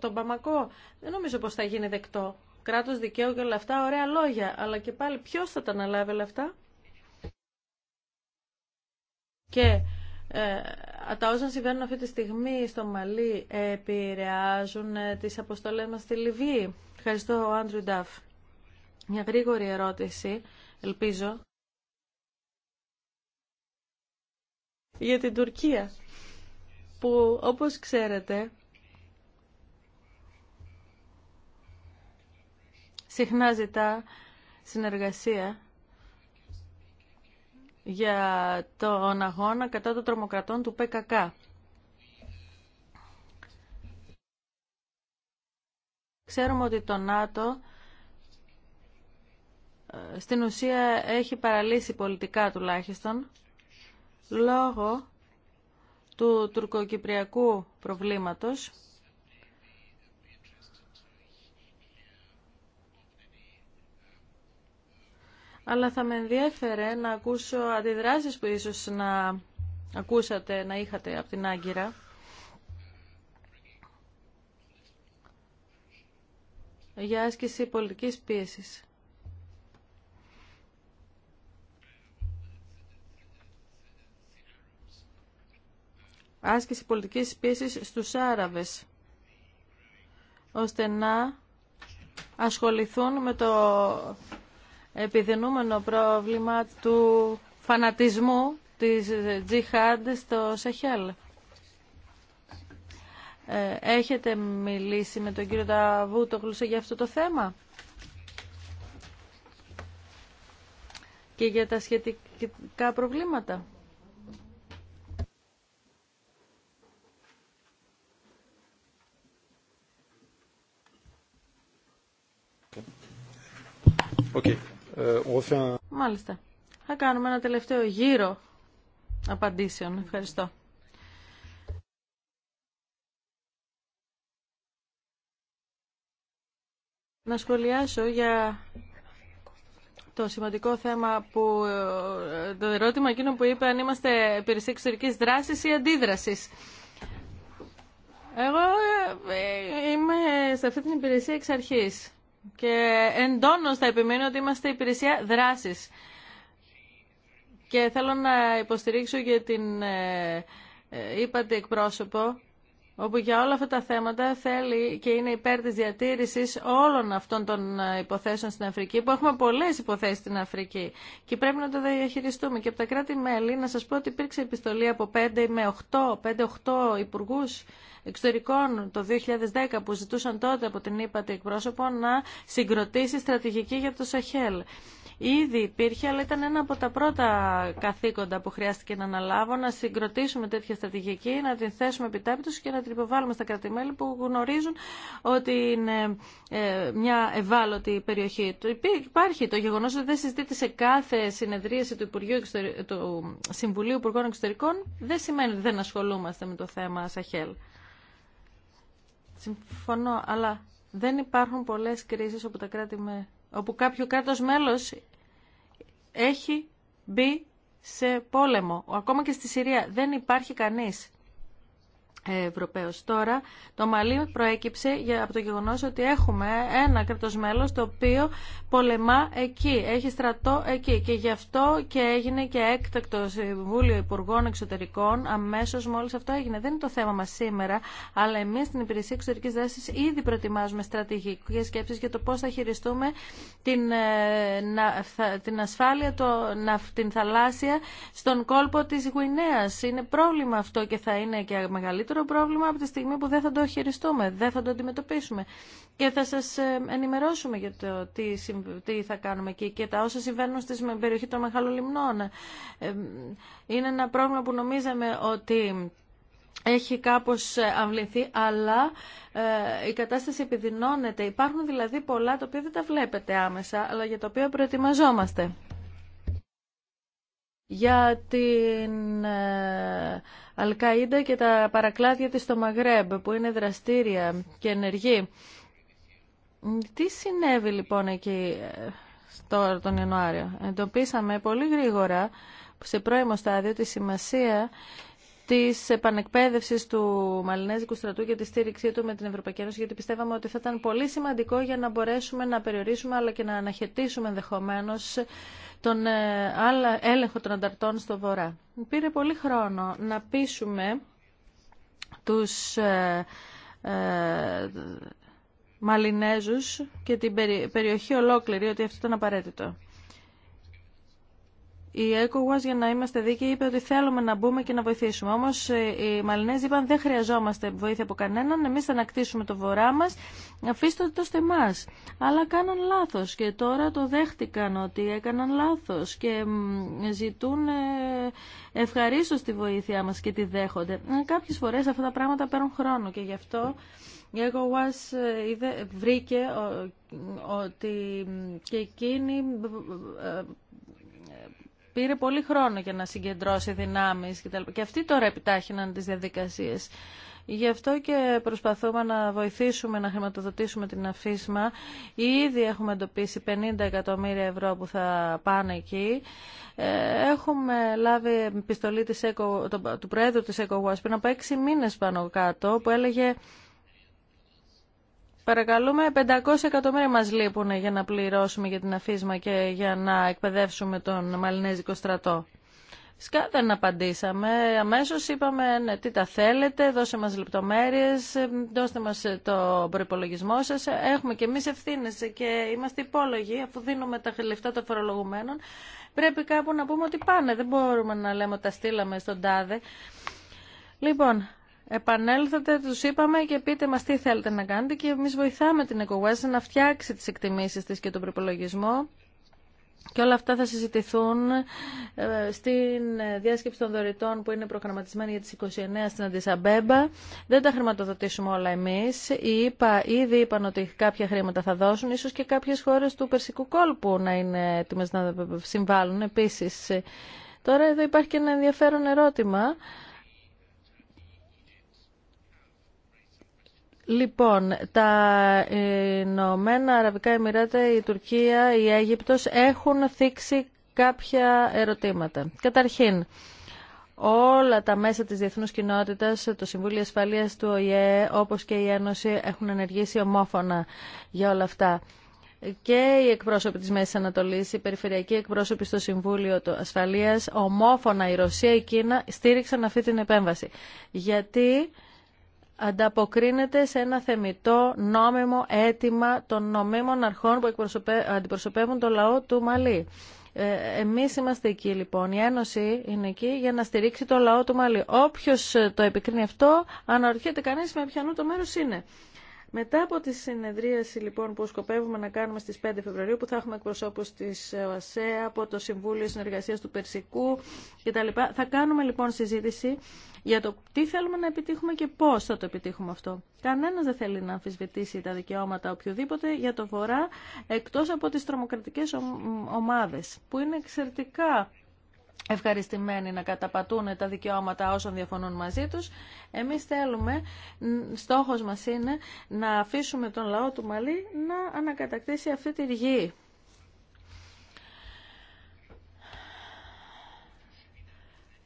τον Παμακό. Δεν νομίζω πως θα γίνει δεκτό. Κράτο δικαίου και όλα αυτά, ωραία λόγια. Αλλά και πάλι ποιο θα τα αναλάβει όλα αυτά. Και ε, τα όσα συμβαίνουν αυτή τη στιγμή στο Μαλί επηρεάζουν ε, τις αποστολές μας στη Λιβύη. Ευχαριστώ, Άντρου Νταφ. Μια γρήγορη ερώτηση, ελπίζω. για την Τουρκία που όπως ξέρετε συχνά ζητά συνεργασία για τον αγώνα κατά των τρομοκρατών του ΠΚΚ. Ξέρουμε ότι το ΝΑΤΟ ε, στην ουσία έχει παραλύσει πολιτικά τουλάχιστον λόγω του τουρκοκυπριακού προβλήματος αλλά θα με ενδιέφερε να ακούσω αντιδράσεις που ίσως να ακούσατε, να είχατε από την Άγκυρα. για άσκηση πολιτικής πίεσης. άσκηση πολιτικής πίεσης στους Άραβες ώστε να ασχοληθούν με το επιδενούμενο πρόβλημα του φανατισμού της τζιχάντ στο Σαχέλ. Ε, έχετε μιλήσει με τον κύριο Ταβούτογλουσε για αυτό το θέμα και για τα σχετικά προβλήματα. Euh, Μάλιστα. Θα κάνουμε ένα τελευταίο γύρο απαντήσεων. Ευχαριστώ. Να σχολιάσω για το σημαντικό θέμα που ε, το ερώτημα εκείνο που είπε αν είμαστε υπηρεσία εξωτερικής δράσης ή αντίδρασης. Εγώ ε, ε, είμαι σε αυτή την υπηρεσία εξ αρχής και εντόνως θα επιμείνω ότι είμαστε υπηρεσία δράσης. Και θέλω να υποστηρίξω για την ε, ε, είπατε εκπρόσωπο όπου για όλα αυτά τα θέματα θέλει και είναι υπέρ της διατήρησης όλων αυτών των ε, υποθέσεων στην Αφρική, που έχουμε πολλές υποθέσεις στην Αφρική και πρέπει να το διαχειριστούμε. Και από τα κράτη-μέλη, να σας πω ότι υπήρξε επιστολή από 5 με 8, 5-8 υπουργού εξωτερικών το 2010 που ζητούσαν τότε από την ύπατη εκπρόσωπο να συγκροτήσει στρατηγική για το Σαχέλ. Ήδη υπήρχε, αλλά ήταν ένα από τα πρώτα καθήκοντα που χρειάστηκε να αναλάβω, να συγκροτήσουμε τέτοια στρατηγική, να την θέσουμε επιτάπητος και να την υποβάλλουμε στα κρατημέλη που γνωρίζουν ότι είναι ε, μια ευάλωτη περιοχή. Υπάρχει το γεγονός ότι δεν συζητείται σε κάθε συνεδρίαση του, Υπουργείου του Συμβουλίου Υπουργών Εξωτερικών δεν σημαίνει ότι δεν ασχολούμαστε με το θέμα Σαχέλ. Συμφωνώ, αλλά δεν υπάρχουν πολλές κρίσεις όπου, τα όπου κάποιο κράτος μέλος έχει μπει σε πόλεμο. Ακόμα και στη Συρία δεν υπάρχει κανείς. Ευρωπαίος. Τώρα, το Μαλί προέκυψε από το γεγονός ότι έχουμε ένα κράτος το οποίο πολεμά εκεί, έχει στρατό εκεί και γι' αυτό και έγινε και έκτακτο Συμβούλιο Υπουργών Εξωτερικών αμέσως μόλις αυτό έγινε. Δεν είναι το θέμα μας σήμερα, αλλά εμείς στην Υπηρεσία Εξωτερικής Δράσης ήδη προετοιμάζουμε στρατηγικές σκέψεις για το πώς θα χειριστούμε την, ε, την ασφάλεια, το, την θαλάσσια στον κόλπο της Γουινέας. Είναι πρόβλημα αυτό και θα είναι και μεγαλύτερο μεγαλύτερο πρόβλημα από τη στιγμή που δεν θα το χειριστούμε, δεν θα το αντιμετωπίσουμε. Και θα σας ε, ενημερώσουμε για το τι, τι θα κάνουμε εκεί και τα όσα συμβαίνουν στην περιοχή των Μεγάλων Λιμνών. Ε, είναι ένα πρόβλημα που νομίζαμε ότι έχει κάπως ε, αυληθεί αλλά η κατάσταση επιδεινώνεται. Υπάρχουν δηλαδή πολλά τα οποία δεν τα βλέπετε άμεσα, αλλά για τα οποία προετοιμαζόμαστε για την ε, αλκαϊδα και τα παρακλάδια της στο Μαγρέμπ που είναι δραστήρια και ενεργή. Τι συνέβη λοιπόν εκεί ε, τώρα τον Ιανουάριο. Εντοπίσαμε πολύ γρήγορα σε πρώιμο στάδιο τη σημασία της επανεκπαίδευσης του Μαλινέζικου στρατού και τη στήριξή του με την Ευρωπαϊκή Ένωση, γιατί πιστεύαμε ότι θα ήταν πολύ σημαντικό για να μπορέσουμε να περιορίσουμε αλλά και να αναχαιτήσουμε ενδεχομένω τον ε, έλεγχο των ανταρτών στο βορρά. Πήρε πολύ χρόνο να πείσουμε τους ε, ε, Μαλινέζους και την περιοχή ολόκληρη ότι αυτό ήταν απαραίτητο. Η ECOWAS, για να είμαστε δίκαιοι, είπε ότι θέλουμε να μπούμε και να βοηθήσουμε. Όμω ε, οι Μαλινέζοι είπαν δεν χρειαζόμαστε βοήθεια από κανέναν. Εμεί θα ανακτήσουμε το βορρά μα. Αφήστε το σε εμά. Αλλά κάναν λάθο και τώρα το δέχτηκαν ότι έκαναν λάθο και ζητούν ε, ευχαρίστω τη βοήθειά μα και τη δέχονται. Ε, Κάποιε φορέ αυτά τα πράγματα παίρνουν χρόνο και γι' αυτό. Η ECOWAS βρήκε ότι και εκείνη πήρε πολύ χρόνο για να συγκεντρώσει δυνάμεις λοιπά. Και αυτοί τώρα επιτάχυναν τις διαδικασίες. Γι' αυτό και προσπαθούμε να βοηθήσουμε να χρηματοδοτήσουμε την αφίσμα. Ήδη έχουμε εντοπίσει 50 εκατομμύρια ευρώ που θα πάνε εκεί. Ε, έχουμε λάβει επιστολή του Πρόεδρου της ECOWAS πριν από 6 μήνες πάνω κάτω που έλεγε παρακαλούμε, 500 εκατομμύρια μας λείπουν για να πληρώσουμε για την αφίσμα και για να εκπαιδεύσουμε τον Μαλινέζικο στρατό. Φυσικά δεν απαντήσαμε. Αμέσως είπαμε ναι, τι τα θέλετε, δώσε μας λεπτομέρειες, δώστε μας ε, το προπολογισμό σας. Έχουμε και εμείς ευθύνε και είμαστε υπόλογοι αφού δίνουμε τα λεφτά των φορολογουμένων. Πρέπει κάπου να πούμε ότι πάνε, δεν μπορούμε να λέμε ότι τα στείλαμε στον τάδε. Λοιπόν, επανέλθετε, τους είπαμε και πείτε μας τι θέλετε να κάνετε και εμείς βοηθάμε την EcoWest να φτιάξει τις εκτιμήσεις της και τον προπολογισμό. Και όλα αυτά θα συζητηθούν ε, στην ε, διάσκεψη των δωρητών που είναι προγραμματισμένη για τις 29 στην Αντισαμπέμπα. Δεν τα χρηματοδοτήσουμε όλα εμείς. Οι ήδη είπαν ότι κάποια χρήματα θα δώσουν. Ίσως και κάποιες χώρες του Περσικού κόλπου να είναι έτοιμες να συμβάλλουν επίσης. Ε, τώρα εδώ υπάρχει και ένα ενδιαφέρον ερώτημα Λοιπόν, τα Ηνωμένα Αραβικά Εμμυράτα, η Τουρκία, η Αίγυπτος έχουν θίξει κάποια ερωτήματα. Καταρχήν, όλα τα μέσα της διεθνούς κοινότητας, το Συμβούλιο Ασφαλείας του ΟΗΕ, όπως και η Ένωση, έχουν ενεργήσει ομόφωνα για όλα αυτά και οι εκπρόσωποι της Μέσης Ανατολής, οι περιφερειακοί εκπρόσωποι στο Συμβούλιο Ασφαλείας, ομόφωνα η Ρωσία, η Κίνα στήριξαν αυτή την επέμβαση. Γιατί ανταποκρίνεται σε ένα θεμητό νόμιμο αίτημα των νομίμων αρχών που αντιπροσωπεύουν το λαό του Μαλή. Ε, εμείς είμαστε εκεί λοιπόν, η Ένωση είναι εκεί για να στηρίξει το λαό του Μαλή. Όποιος ε, το επικρίνει αυτό, αναρωτιέται κανείς με ποιανού το μέρος είναι. Μετά από τη συνεδρίαση λοιπόν που σκοπεύουμε να κάνουμε στις 5 Φεβρουαρίου που θα έχουμε εκπροσώπους της ΟΑΣΕΑ από το Συμβούλιο Συνεργασίας του Περσικού κτλ. Θα κάνουμε λοιπόν συζήτηση για το τι θέλουμε να επιτύχουμε και πώς θα το επιτύχουμε αυτό. Κανένας δεν θέλει να αμφισβητήσει τα δικαιώματα οποιοδήποτε για το Βορρά εκτός από τις τρομοκρατικές ομάδες που είναι εξαιρετικά ευχαριστημένοι να καταπατούν τα δικαιώματα όσων διαφωνούν μαζί τους. Εμείς θέλουμε, στόχος μας είναι να αφήσουμε τον λαό του Μαλή να ανακατακτήσει αυτή τη γη.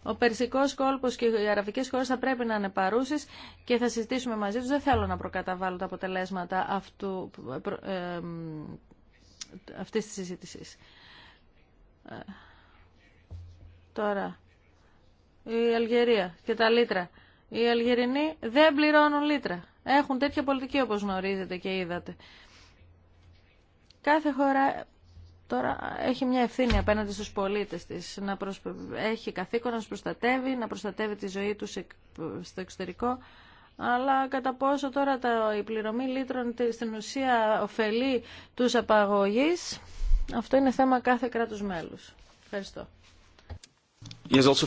Ο περσικό κόλπο και οι αραβικέ χώρε θα πρέπει να είναι παρούσει και θα συζητήσουμε μαζί του. Δεν θέλω να προκαταβάλω τα αποτελέσματα αυτού, ε, ε, αυτής Τώρα, η Αλγερία και τα λίτρα. Οι Αλγερινοί δεν πληρώνουν λίτρα. Έχουν τέτοια πολιτική όπως γνωρίζετε και είδατε. Κάθε χώρα τώρα έχει μια ευθύνη απέναντι στους πολίτες της. Να Έχει καθήκον να προστατεύει, να προστατεύει τη ζωή τους στο εξωτερικό. Αλλά κατά πόσο τώρα τα... η πληρωμή λίτρων στην ουσία ωφελεί τους απαγωγείς, αυτό είναι θέμα κάθε κράτους μέλους. Ευχαριστώ. Yes, also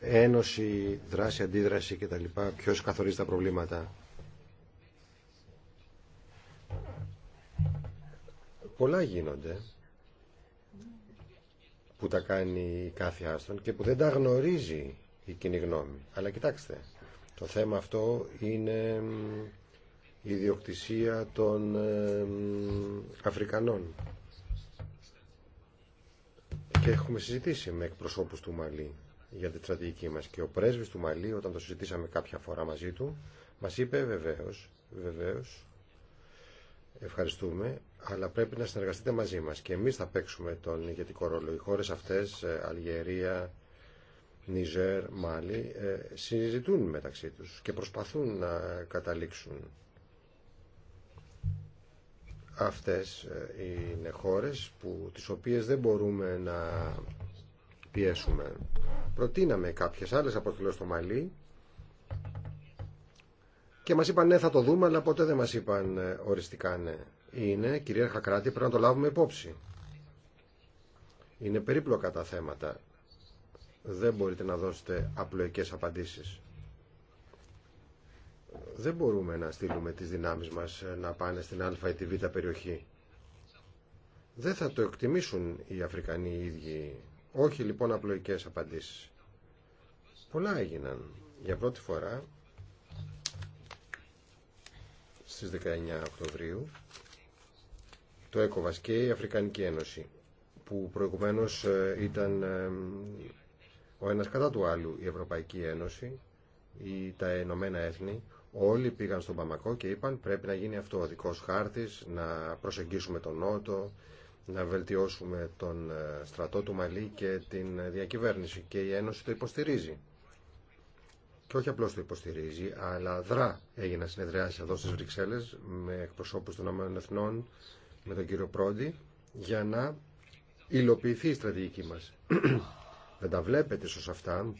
Ένωση, δράση, αντίδραση κτλ. Ποιος καθορίζει τα προβλήματα. Πολλά γίνονται που τα κάνει κάθε άστον και που δεν τα γνωρίζει η κοινή γνώμη. Αλλά κοιτάξτε, το θέμα αυτό είναι η ιδιοκτησία των Αφρικανών. Και έχουμε συζητήσει με εκπροσώπους του Μαλή για τη στρατηγική μας και ο πρέσβης του Μαλή όταν το συζητήσαμε κάποια φορά μαζί του μας είπε βεβαίως, βεβαίως ευχαριστούμε αλλά πρέπει να συνεργαστείτε μαζί μας και εμείς θα παίξουμε τον ηγετικό ρόλο. Οι χώρες αυτές, ε, Αλγερία, Νιζέρ, Μάλι, ε, συζητούν μεταξύ τους και προσπαθούν να καταλήξουν Αυτές ε, είναι χώρες που, τις οποίες δεν μπορούμε να πιέσουμε. Προτείναμε κάποιες άλλες το στο Μαλί και μας είπαν ναι θα το δούμε αλλά ποτέ δεν μας είπαν ε, οριστικά ναι. Είναι κυρίαρχα κράτη πρέπει να το λάβουμε υπόψη. Είναι περίπλοκα τα θέματα. Δεν μπορείτε να δώσετε απλοϊκές απαντήσεις δεν μπορούμε να στείλουμε τις δυνάμεις μας ε, να πάνε στην α ή τη β περιοχή. Δεν θα το εκτιμήσουν οι Αφρικανοί οι ίδιοι. Όχι λοιπόν απλοϊκές απαντήσεις. Πολλά έγιναν. Για πρώτη φορά στις 19 Οκτωβρίου το ΕΚΟΒΑΣ και η Αφρικανική Ένωση που προηγουμένως ε, ήταν ε, ο ένας κατά του άλλου η Ευρωπαϊκή Ένωση ή τα Ενωμένα Έθνη Όλοι πήγαν στον Παμακό και είπαν πρέπει να γίνει αυτό ο δικός χάρτης, να προσεγγίσουμε τον Νότο, να βελτιώσουμε τον ε, στρατό του Μαλή και την ε, διακυβέρνηση. Και η Ένωση το υποστηρίζει. Και όχι απλώς το υποστηρίζει, αλλά δρά έγινα συνεδριάσει εδώ στις Βρυξέλλες με εκπροσώπους των Εθνών, με τον κύριο Πρόντι, για να υλοποιηθεί η στρατηγική μας. δεν τα βλέπετε σωστά αυτά,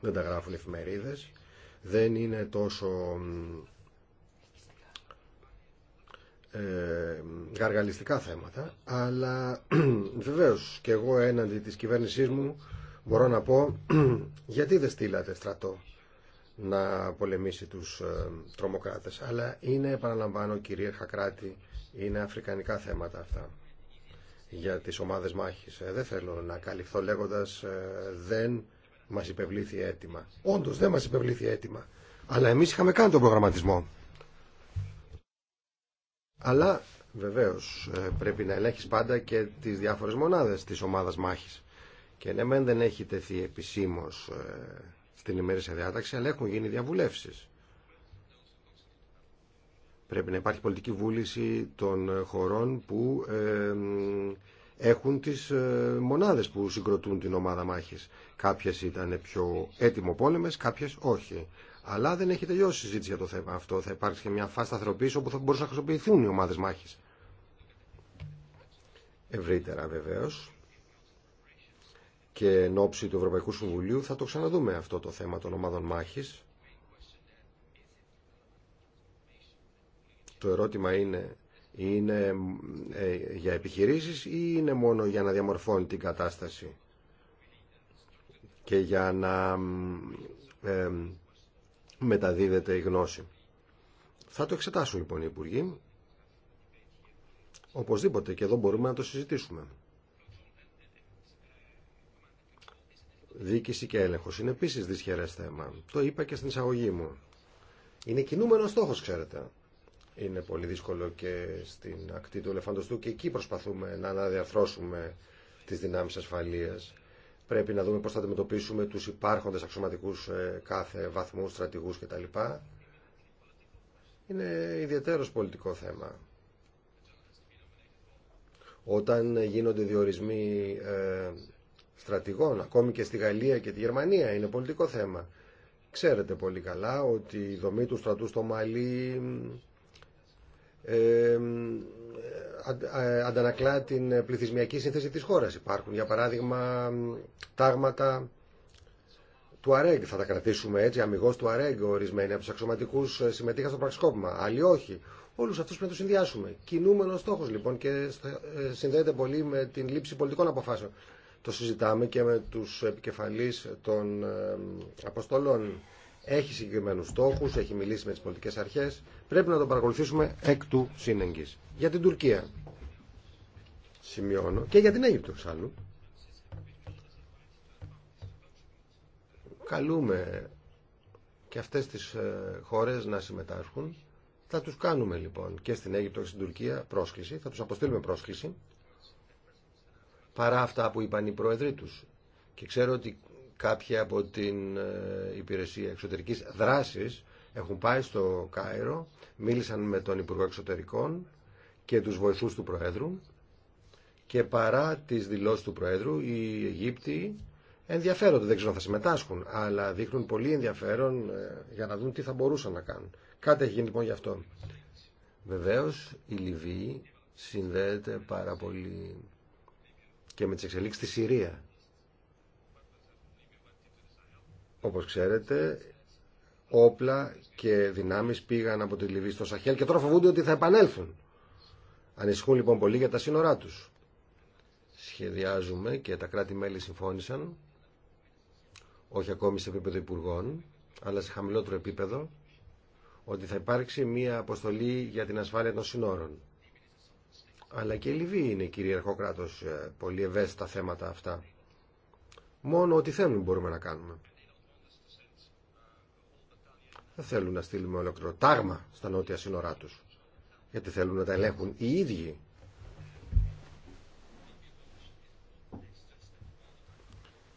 δεν τα γράφουν εφημερίδες, δεν είναι τόσο ε, γαργαλιστικά θέματα, αλλά βεβαίως και εγώ έναντι της κυβέρνησής μου μπορώ να πω γιατί δεν στείλατε στρατό να πολεμήσει τους ε, τρομοκράτες. Αλλά είναι, επαναλαμβάνω, κυρίαρχα κράτη, είναι αφρικανικά θέματα αυτά για τις ομάδες μάχης. Ε, δεν θέλω να καλυφθώ λέγοντας δεν Μα υπευλήθη έτοιμα. Όντω δεν μας υπευλήθη έτοιμα. Αλλά εμείς είχαμε κάνει τον προγραμματισμό. Αλλά βεβαίως ε, πρέπει να ελέγχεις πάντα και τις διάφορες μονάδες τη ομάδα μάχης. Και ναι, μεν δεν έχει τεθεί επισήμω ε, στην ημερήσια διάταξη, αλλά έχουν γίνει διαβουλεύσει. Πρέπει να υπάρχει πολιτική βούληση των χωρών που ε, έχουν τις ε, μονάδες που συγκροτούν την ομάδα μάχης. Κάποιες ήταν πιο έτοιμο πόλεμες, κάποιες όχι. Αλλά δεν έχει τελειώσει η συζήτηση για το θέμα αυτό. Θα υπάρξει και μια φάση σταθεροποίηση όπου θα μπορούσαν να χρησιμοποιηθούν οι ομάδες μάχης. Ευρύτερα βεβαίως και εν ώψη του Ευρωπαϊκού Συμβουλίου θα το ξαναδούμε αυτό το θέμα των ομάδων μάχης. Το ερώτημα είναι είναι ε, για επιχειρήσεις ή είναι μόνο για να διαμορφώνει την κατάσταση και για να ε, μεταδίδεται η γνώση. Θα το εξετάσουν λοιπόν οι Υπουργοί. Οπωσδήποτε και εδώ μπορούμε να το συζητήσουμε. Δίκηση και έλεγχος είναι επίσης δυσχερές θέμα. Το είπα και στην εισαγωγή μου. Είναι κινούμενος στόχος, ξέρετε είναι πολύ δύσκολο και στην ακτή του ελεφαντοστού και εκεί προσπαθούμε να αναδιαρθρώσουμε τις δυνάμεις ασφαλείας. Πρέπει να δούμε πώς θα αντιμετωπίσουμε τους υπάρχοντες αξιωματικούς ε, κάθε βαθμού, στρατηγούς κτλ. Είναι ιδιαίτερο πολιτικό θέμα. Όταν γίνονται διορισμοί ε, στρατηγών, ακόμη και στη Γαλλία και τη Γερμανία, είναι πολιτικό θέμα. Ξέρετε πολύ καλά ότι η δομή του στρατού στο Μαλί ε, αντανακλά την πληθυσμιακή σύνθεση της χώρας. Υπάρχουν, για παράδειγμα, τάγματα του ΑΡΕΓ. Θα τα κρατήσουμε έτσι, αμυγός του ΑΡΕΓ ορισμένοι από τους αξιωματικούς ε, συμμετείχαν στο πραξικόπημα. Άλλοι όχι. Όλους αυτούς πρέπει να τους συνδυάσουμε. Κινούμενος στόχος λοιπόν και ε, συνδέεται πολύ με την λήψη πολιτικών αποφάσεων. Το συζητάμε και με τους επικεφαλείς των αποστολών έχει συγκεκριμένους στόχου, έχει μιλήσει με τις πολιτικές αρχές. Πρέπει να τον παρακολουθήσουμε εκ του σύνεγγυ. Για την Τουρκία, σημειώνω, και για την Αίγυπτο εξάλλου. Καλούμε και αυτές τις ε, χώρες να συμμετάσχουν. Θα τους κάνουμε λοιπόν και στην Αίγυπτο και στην Τουρκία πρόσκληση, θα τους αποστείλουμε πρόσκληση παρά αυτά που είπαν οι πρόεδροι τους. Και ξέρω ότι κάποια από την ε, υπηρεσία εξωτερικής δράσης έχουν πάει στο Κάιρο, μίλησαν με τον Υπουργό Εξωτερικών και τους βοηθούς του Προέδρου και παρά τις δηλώσεις του Προέδρου οι Αιγύπτιοι ενδιαφέρονται, δεν ξέρω αν θα συμμετάσχουν, αλλά δείχνουν πολύ ενδιαφέρον ε, για να δουν τι θα μπορούσαν να κάνουν. Κάτι έχει γίνει λοιπόν γι' αυτό. Βεβαίως η Λιβύη συνδέεται πάρα πολύ και με τις εξελίξεις στη Συρία. Όπως ξέρετε, όπλα και δυνάμεις πήγαν από τη Λιβύη στο Σαχέλ και τώρα φοβούνται ότι θα επανέλθουν. Ανησυχούν λοιπόν πολύ για τα σύνορά τους. Σχεδιάζουμε και τα κράτη-μέλη συμφώνησαν, όχι ακόμη σε επίπεδο υπουργών, αλλά σε χαμηλότερο επίπεδο, ότι θα υπάρξει μία αποστολή για την ασφάλεια των σύνορων. Αλλά και η Λιβύη είναι κυριαρχό κράτος, ε, πολύ ευαίσθητα θέματα αυτά. Μόνο ό,τι θέλουν μπορούμε να κάνουμε δεν θέλουν να στείλουμε ολόκληρο τάγμα στα νότια σύνορά τους. Γιατί θέλουν να τα ελέγχουν οι ίδιοι.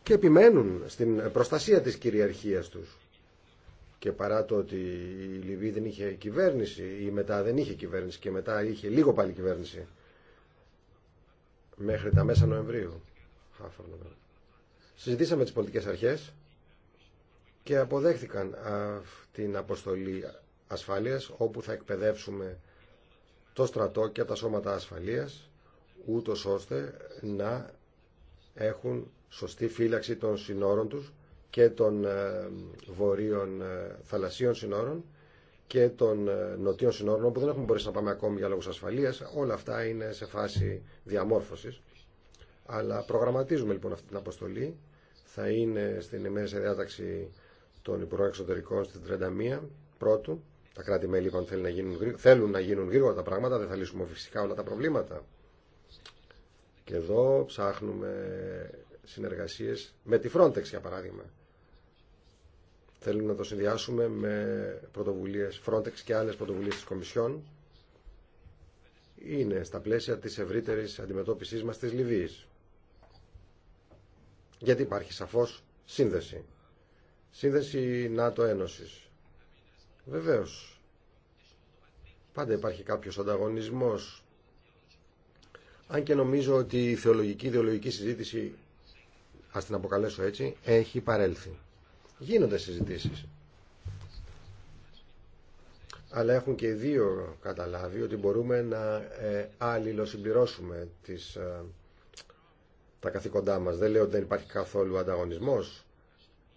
Και επιμένουν στην προστασία της κυριαρχίας τους. Και παρά το ότι η Λιβύη δεν είχε κυβέρνηση ή μετά δεν είχε κυβέρνηση και μετά είχε λίγο πάλι κυβέρνηση μέχρι τα μέσα Νοεμβρίου. Συζητήσαμε τις πολιτικές αρχές και αποδέχθηκαν την αποστολή ασφάλειας όπου θα εκπαιδεύσουμε το στρατό και τα σώματα ασφαλείας ούτως ώστε να έχουν σωστή φύλαξη των συνόρων τους και των ε, βορείων ε, θαλασσίων συνόρων και των ε, νοτίων συνόρων όπου δεν έχουμε μπορέσει να πάμε ακόμη για λόγους ασφαλείας. Όλα αυτά είναι σε φάση διαμόρφωσης. Αλλά προγραμματίζουμε λοιπόν αυτή την αποστολή. Θα είναι στην ημέρα σε διάταξη τον Υπουργών Εξωτερικών στην 31 πρώτου. Τα κράτη-μέλη λοιπόν, θέλουν να, γίνουν, θέλουν να γίνουν γρήγορα τα πράγματα, δεν θα λύσουμε φυσικά όλα τα προβλήματα. Και εδώ ψάχνουμε συνεργασίες με τη Frontex για παράδειγμα. Θέλουμε να το συνδυάσουμε με πρωτοβουλίες Frontex και άλλες πρωτοβουλίες της Κομισιόν. Είναι στα πλαίσια της ευρύτερη αντιμετώπισης μας της Λιβύης. Γιατί υπάρχει σαφώς σύνδεση. Σύνδεση ΝΑΤΟ-Ένωσης. Βεβαίως, πάντα υπάρχει κάποιος ανταγωνισμός. Αν και νομίζω ότι η θεολογική, ιδεολογική συζήτηση, ας την αποκαλέσω έτσι, έχει παρέλθει. Γίνονται συζητήσεις. Αλλά έχουν και οι δύο καταλάβει ότι μπορούμε να ε, αλληλοσυμπληρώσουμε τις, ε, τα καθήκοντά μας. Δεν λέω ότι δεν υπάρχει καθόλου ανταγωνισμός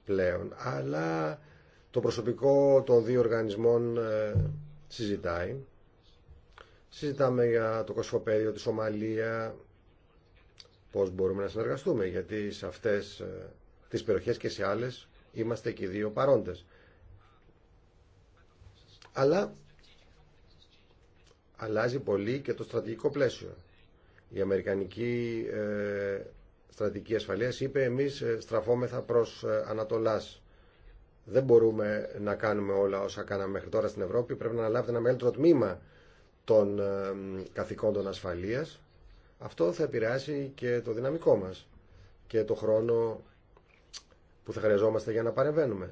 πλέον, αλλά το προσωπικό των δύο οργανισμών ε, συζητάει. Συζητάμε για το κοσφοπέδιο, της Ομαλία πώς μπορούμε να συνεργαστούμε, γιατί σε αυτές ε, τις περιοχές και σε άλλες είμαστε και οι δύο παρόντες. Αλλά αλλάζει πολύ και το στρατηγικό πλαίσιο. Η αμερικανική ε, στρατηγική ασφαλείας είπε εμείς ε, στραφόμεθα προς ε, Ανατολάς. Δεν μπορούμε να κάνουμε όλα όσα κάναμε μέχρι τώρα στην Ευρώπη. Πρέπει να αναλάβετε ένα μεγαλύτερο τμήμα των ε, καθηκόντων ασφαλείας. Αυτό θα επηρεάσει και το δυναμικό μας και το χρόνο που θα χρειαζόμαστε για να παρεμβαίνουμε.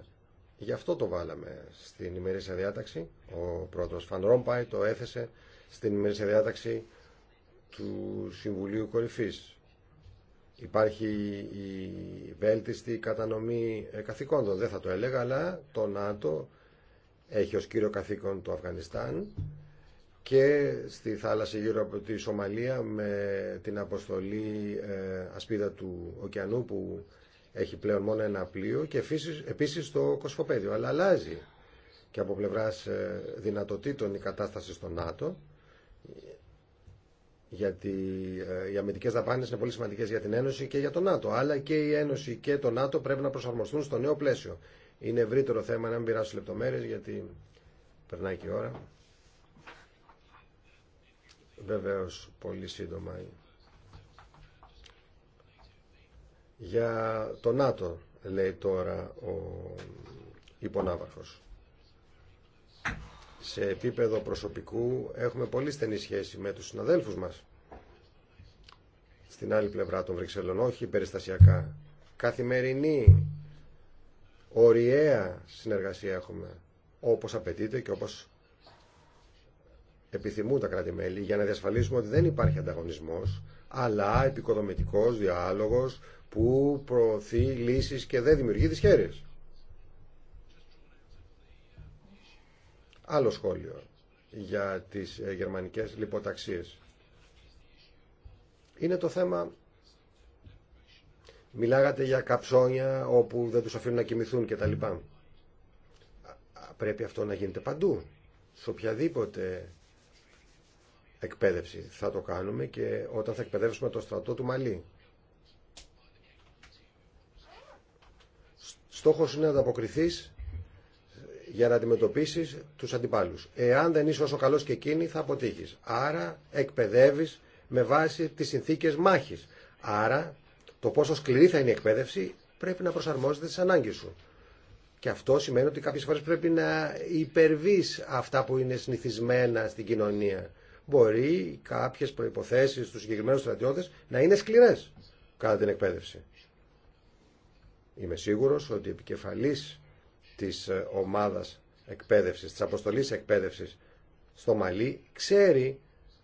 Γι' αυτό το βάλαμε στην ημερήσια διάταξη. Ο πρόεδρος Φαν Ρόμπαϊ το έθεσε στην ημερήσια διάταξη του Συμβουλίου Κορυφής Υπάρχει η βέλτιστη κατανομή ε, καθηκόντων. Δεν θα το έλεγα, αλλά το ΝΑΤΟ έχει ως κύριο καθήκον το Αφγανιστάν και στη θάλασσα γύρω από τη Σομαλία με την αποστολή ε, ασπίδα του ωκεανού που έχει πλέον μόνο ένα πλοίο και επίσης το κοσφοπέδιο. Αλλά αλλάζει και από πλευράς ε, δυνατοτήτων η κατάσταση στο ΝΑΤΟ γιατί ε, οι αμυντικέ δαπάνε είναι πολύ σημαντικέ για την Ένωση και για το ΝΑΤΟ, αλλά και η Ένωση και το ΝΑΤΟ πρέπει να προσαρμοστούν στο νέο πλαίσιο. Είναι ευρύτερο θέμα να μην πειράσω λεπτομέρειε γιατί περνάει και η ώρα. Βεβαίω πολύ σύντομα. Για το ΝΑΤΟ, λέει τώρα ο υπονάβαρχος σε επίπεδο προσωπικού έχουμε πολύ στενή σχέση με τους συναδέλφους μας στην άλλη πλευρά των Βρυξελών, όχι περιστασιακά. Καθημερινή, ωριαία συνεργασία έχουμε, όπως απαιτείται και όπως επιθυμούν τα κράτη-μέλη, για να διασφαλίσουμε ότι δεν υπάρχει ανταγωνισμός, αλλά επικοδομητικός διάλογος που προωθεί λύσεις και δεν δημιουργεί δυσχέρειες. Άλλο σχόλιο για τις ε, γερμανικές λιποταξίες. Είναι το θέμα... Μιλάγατε για καψόνια όπου δεν τους αφήνουν να κοιμηθούν κτλ. Πρέπει αυτό να γίνεται παντού, σε οποιαδήποτε εκπαίδευση. Θα το κάνουμε και όταν θα εκπαιδεύσουμε το στρατό του Μαλή. Στόχος είναι να ανταποκριθείς για να αντιμετωπίσει του αντιπάλου. Εάν δεν είσαι όσο καλό και εκείνη θα αποτύχει. Άρα εκπαιδεύει με βάση τις συνθήκε μάχη. Άρα το πόσο σκληρή θα είναι η εκπαίδευση πρέπει να προσαρμόζεται στι ανάγκε σου. Και αυτό σημαίνει ότι κάποιες φορέ πρέπει να υπερβεί αυτά που είναι συνηθισμένα στην κοινωνία. Μπορεί κάποιε προποθέσει του συγκεκριμένου στρατιώτε να είναι σκληρέ κατά την εκπαίδευση. Είμαι σίγουρο ότι επικεφαλή της ε, ομάδας εκπαίδευσης, της αποστολής εκπαίδευσης στο Μαλί ξέρει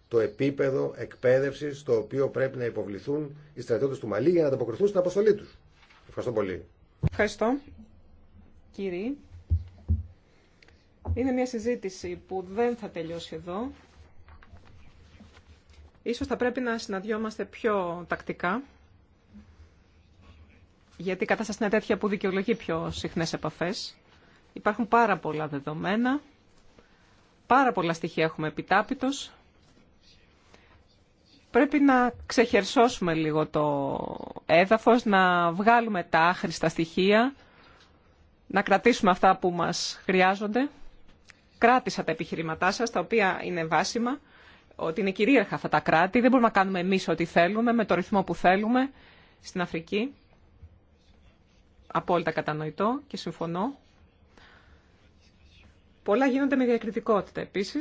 το επίπεδο εκπαίδευση στο οποίο πρέπει να υποβληθούν οι στρατιώτε του Μαλί για να ανταποκριθούν στην αποστολή του. Ευχαριστώ πολύ. Ευχαριστώ. Κύριε. Είναι μια συζήτηση που δεν θα τελειώσει εδώ. Ίσως θα πρέπει να συναντιόμαστε πιο τακτικά, γιατί η κατάσταση είναι τέτοια που δικαιολογεί πιο συχνές επαφές. Υπάρχουν πάρα πολλά δεδομένα, πάρα πολλά στοιχεία έχουμε επιτάπητος. Πρέπει να ξεχερσώσουμε λίγο το έδαφος, να βγάλουμε τα άχρηστα στοιχεία, να κρατήσουμε αυτά που μας χρειάζονται. Κράτησα τα επιχειρηματά σας, τα οποία είναι βάσιμα, ότι είναι κυρίαρχα αυτά τα κράτη. Δεν μπορούμε να κάνουμε εμείς ό,τι θέλουμε, με το ρυθμό που θέλουμε στην Αφρική. Απόλυτα κατανοητό και συμφωνώ. Πολλά γίνονται με διακριτικότητα επίση,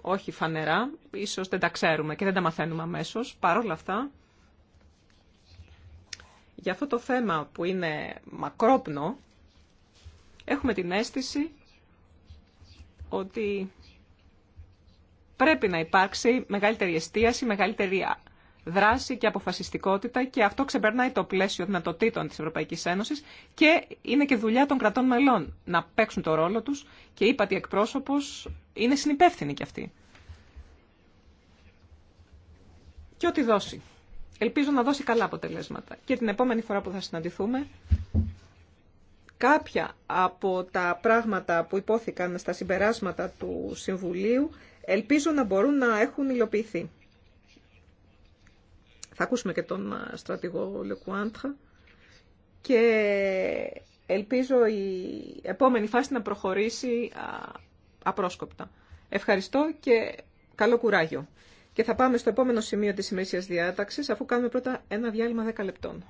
όχι φανερά, ίσως δεν τα ξέρουμε και δεν τα μαθαίνουμε αμέσω. Παρ' όλα αυτά, για αυτό το θέμα που είναι μακρόπνο, έχουμε την αίσθηση ότι πρέπει να υπάρξει μεγαλύτερη εστίαση, μεγαλύτερη δράση και αποφασιστικότητα και αυτό ξεπερνάει το πλαίσιο δυνατοτήτων της Ευρωπαϊκής Ένωσης και είναι και δουλειά των κρατών μελών να παίξουν το ρόλο τους και είπα ότι εκπρόσωπος είναι συνυπεύθυνοι κι αυτοί Και ό,τι δώσει. Ελπίζω να δώσει καλά αποτελέσματα. Και την επόμενη φορά που θα συναντηθούμε, κάποια από τα πράγματα που υπόθηκαν στα συμπεράσματα του Συμβουλίου, ελπίζω να μπορούν να έχουν υλοποιηθεί. Θα ακούσουμε και τον ε, στρατηγό Λεκουάντχα και ελπίζω η επόμενη φάση να προχωρήσει απρόσκοπτα. Ευχαριστώ και καλό κουράγιο. Και θα πάμε στο επόμενο σημείο της ημερήσιας διάταξης, αφού κάνουμε πρώτα ένα διάλειμμα 10 λεπτών.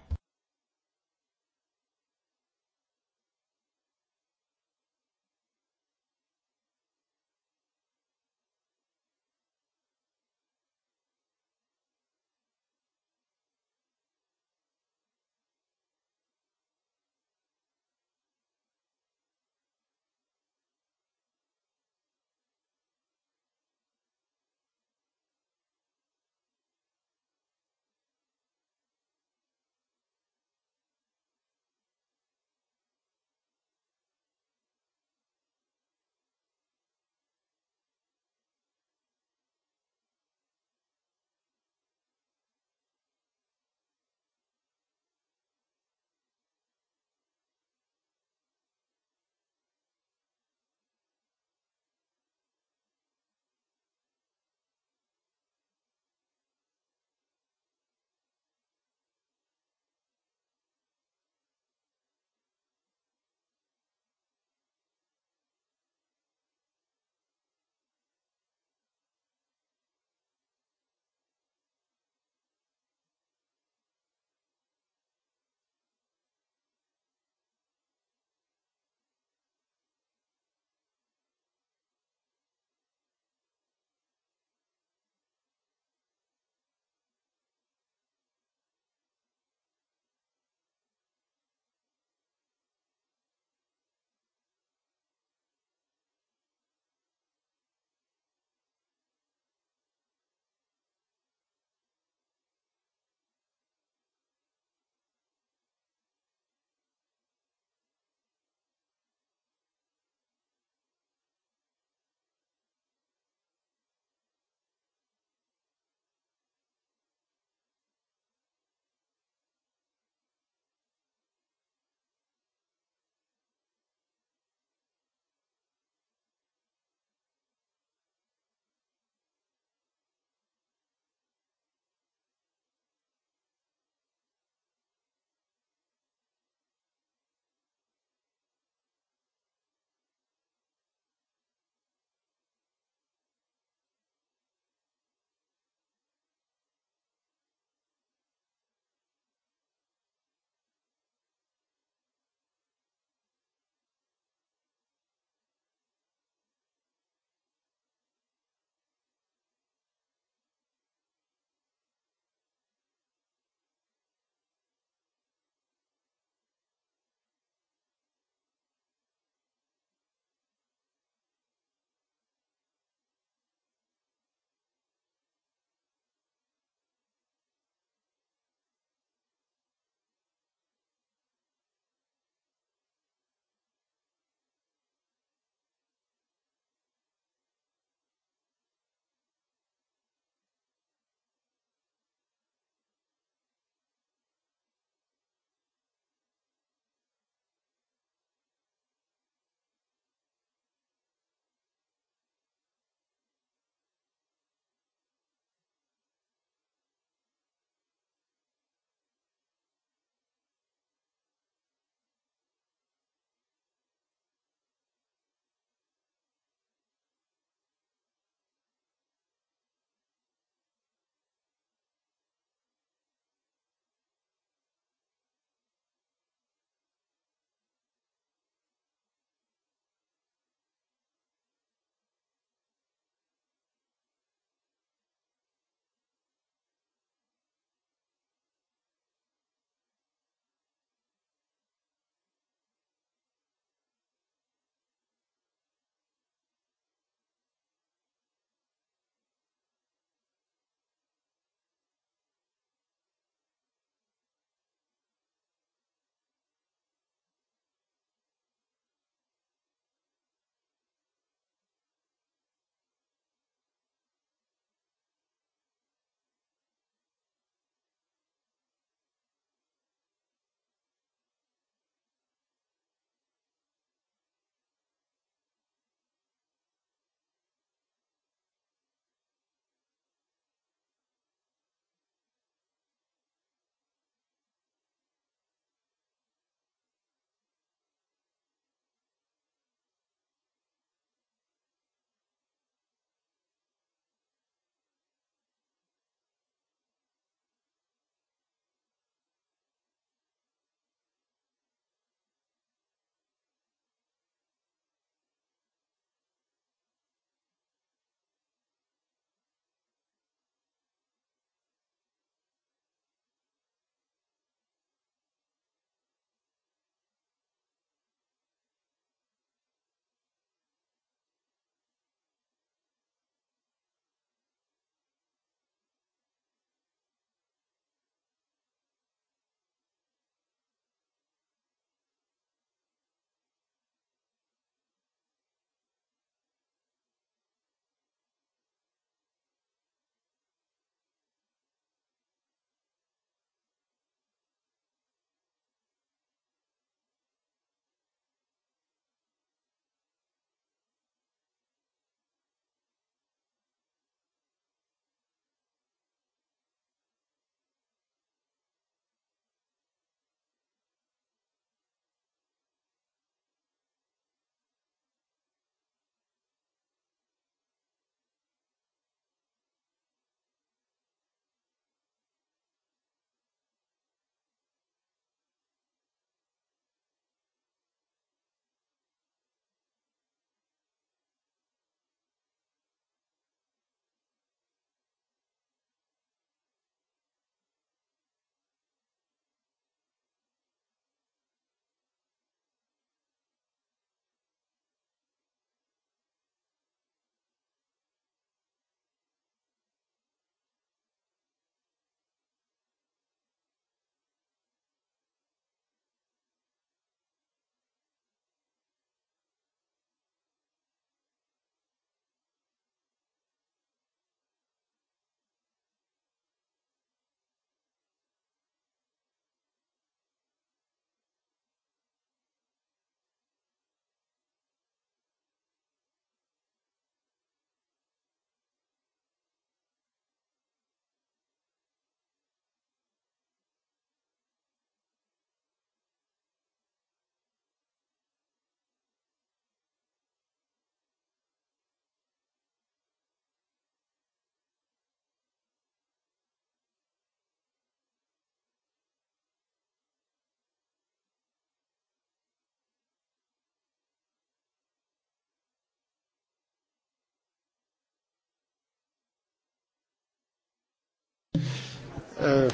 Euh,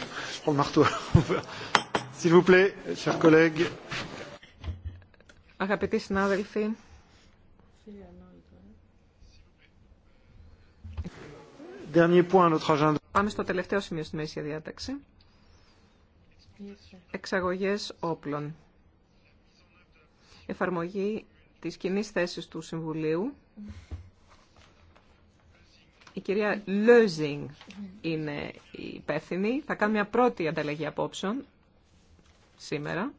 Αγαπητοί συνάδελφοι, Πάμε στο τελευταίο σημείο στη μέση διάταξη. Εξαγωγές όπλων. Εφαρμογή της κοινή θέσης του Συμβουλίου η κυρία Λόζινγκ είναι η υπεύθυνη. Θα κάνουμε μια πρώτη ανταλλαγή απόψεων σήμερα.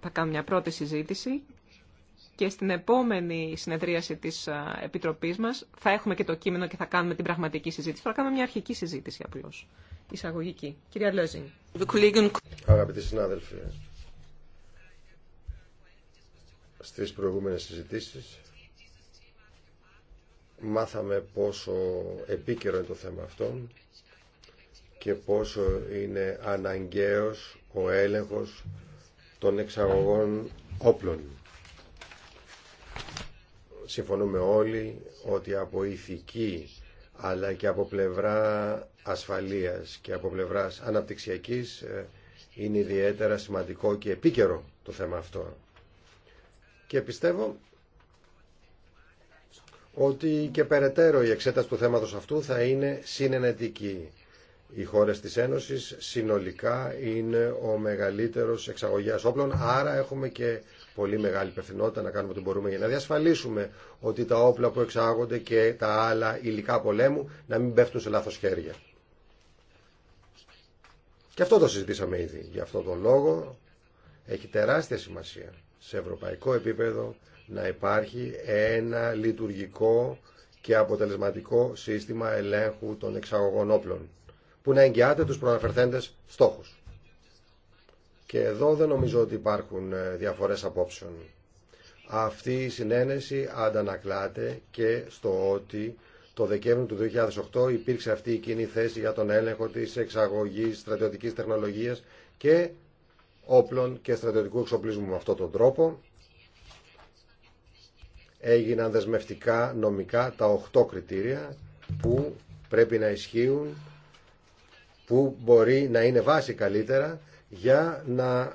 Θα κάνουμε μια πρώτη συζήτηση και στην επόμενη συνεδρίαση της Επιτροπής μας θα έχουμε και το κείμενο και θα κάνουμε την πραγματική συζήτηση. Θα κάνουμε μια αρχική συζήτηση απλώς, εισαγωγική. Κυρία Λόζινγκ. Αγαπητοί συνάδελφοι, στις προηγούμενες συζητήσεις μάθαμε πόσο επίκαιρο είναι το θέμα αυτό και πόσο είναι αναγκαίος ο έλεγχος των εξαγωγών όπλων. Συμφωνούμε όλοι ότι από ηθική αλλά και από πλευρά ασφαλείας και από πλευράς αναπτυξιακής ε, είναι ιδιαίτερα σημαντικό και επίκαιρο το θέμα αυτό. Και πιστεύω ότι και περαιτέρω η εξέταση του θέματος αυτού θα είναι συνενετική. Οι χώρες της Ένωσης συνολικά είναι ο μεγαλύτερος εξαγωγέας όπλων, άρα έχουμε και πολύ μεγάλη υπευθυνότητα να κάνουμε ό,τι μπορούμε για να διασφαλίσουμε ότι τα όπλα που εξάγονται και τα άλλα υλικά πολέμου να μην πέφτουν σε λάθος χέρια. Και αυτό το συζητήσαμε ήδη. Γι' αυτό τον λόγο έχει τεράστια σημασία σε ευρωπαϊκό επίπεδο να υπάρχει ένα λειτουργικό και αποτελεσματικό σύστημα ελέγχου των εξαγωγών όπλων που να εγγυάται τους προαναφερθέντες στόχους. Και εδώ δεν νομίζω ότι υπάρχουν ε, διαφορές απόψεων. Αυτή η συνένεση αντανακλάται και στο ότι το Δεκέμβριο του 2008 υπήρξε αυτή η κοινή θέση για τον έλεγχο της εξαγωγής στρατιωτικής τεχνολογίας και όπλων και στρατιωτικού εξοπλισμού με αυτόν τον τρόπο έγιναν δεσμευτικά νομικά τα 8 κριτήρια που πρέπει να ισχύουν, που μπορεί να είναι βάση καλύτερα για να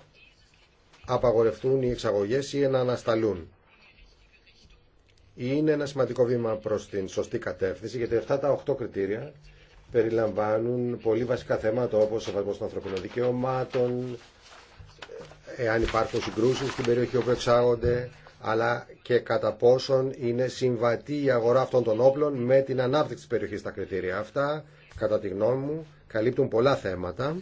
απαγορευτούν οι εξαγωγές ή να ανασταλούν. Είναι ένα σημαντικό βήμα προς την σωστή κατεύθυνση, γιατί αυτά τα 8 κριτήρια περιλαμβάνουν πολύ βασικά θέματα όπως ο βασμός των ανθρωπίνων δικαιωμάτων, εάν υπάρχουν συγκρούσεις στην περιοχή όπου εξάγονται, αλλά και κατά πόσον είναι συμβατή η αγορά αυτών των όπλων με την ανάπτυξη της περιοχής στα κριτήρια αυτά, κατά τη γνώμη μου, καλύπτουν πολλά θέματα.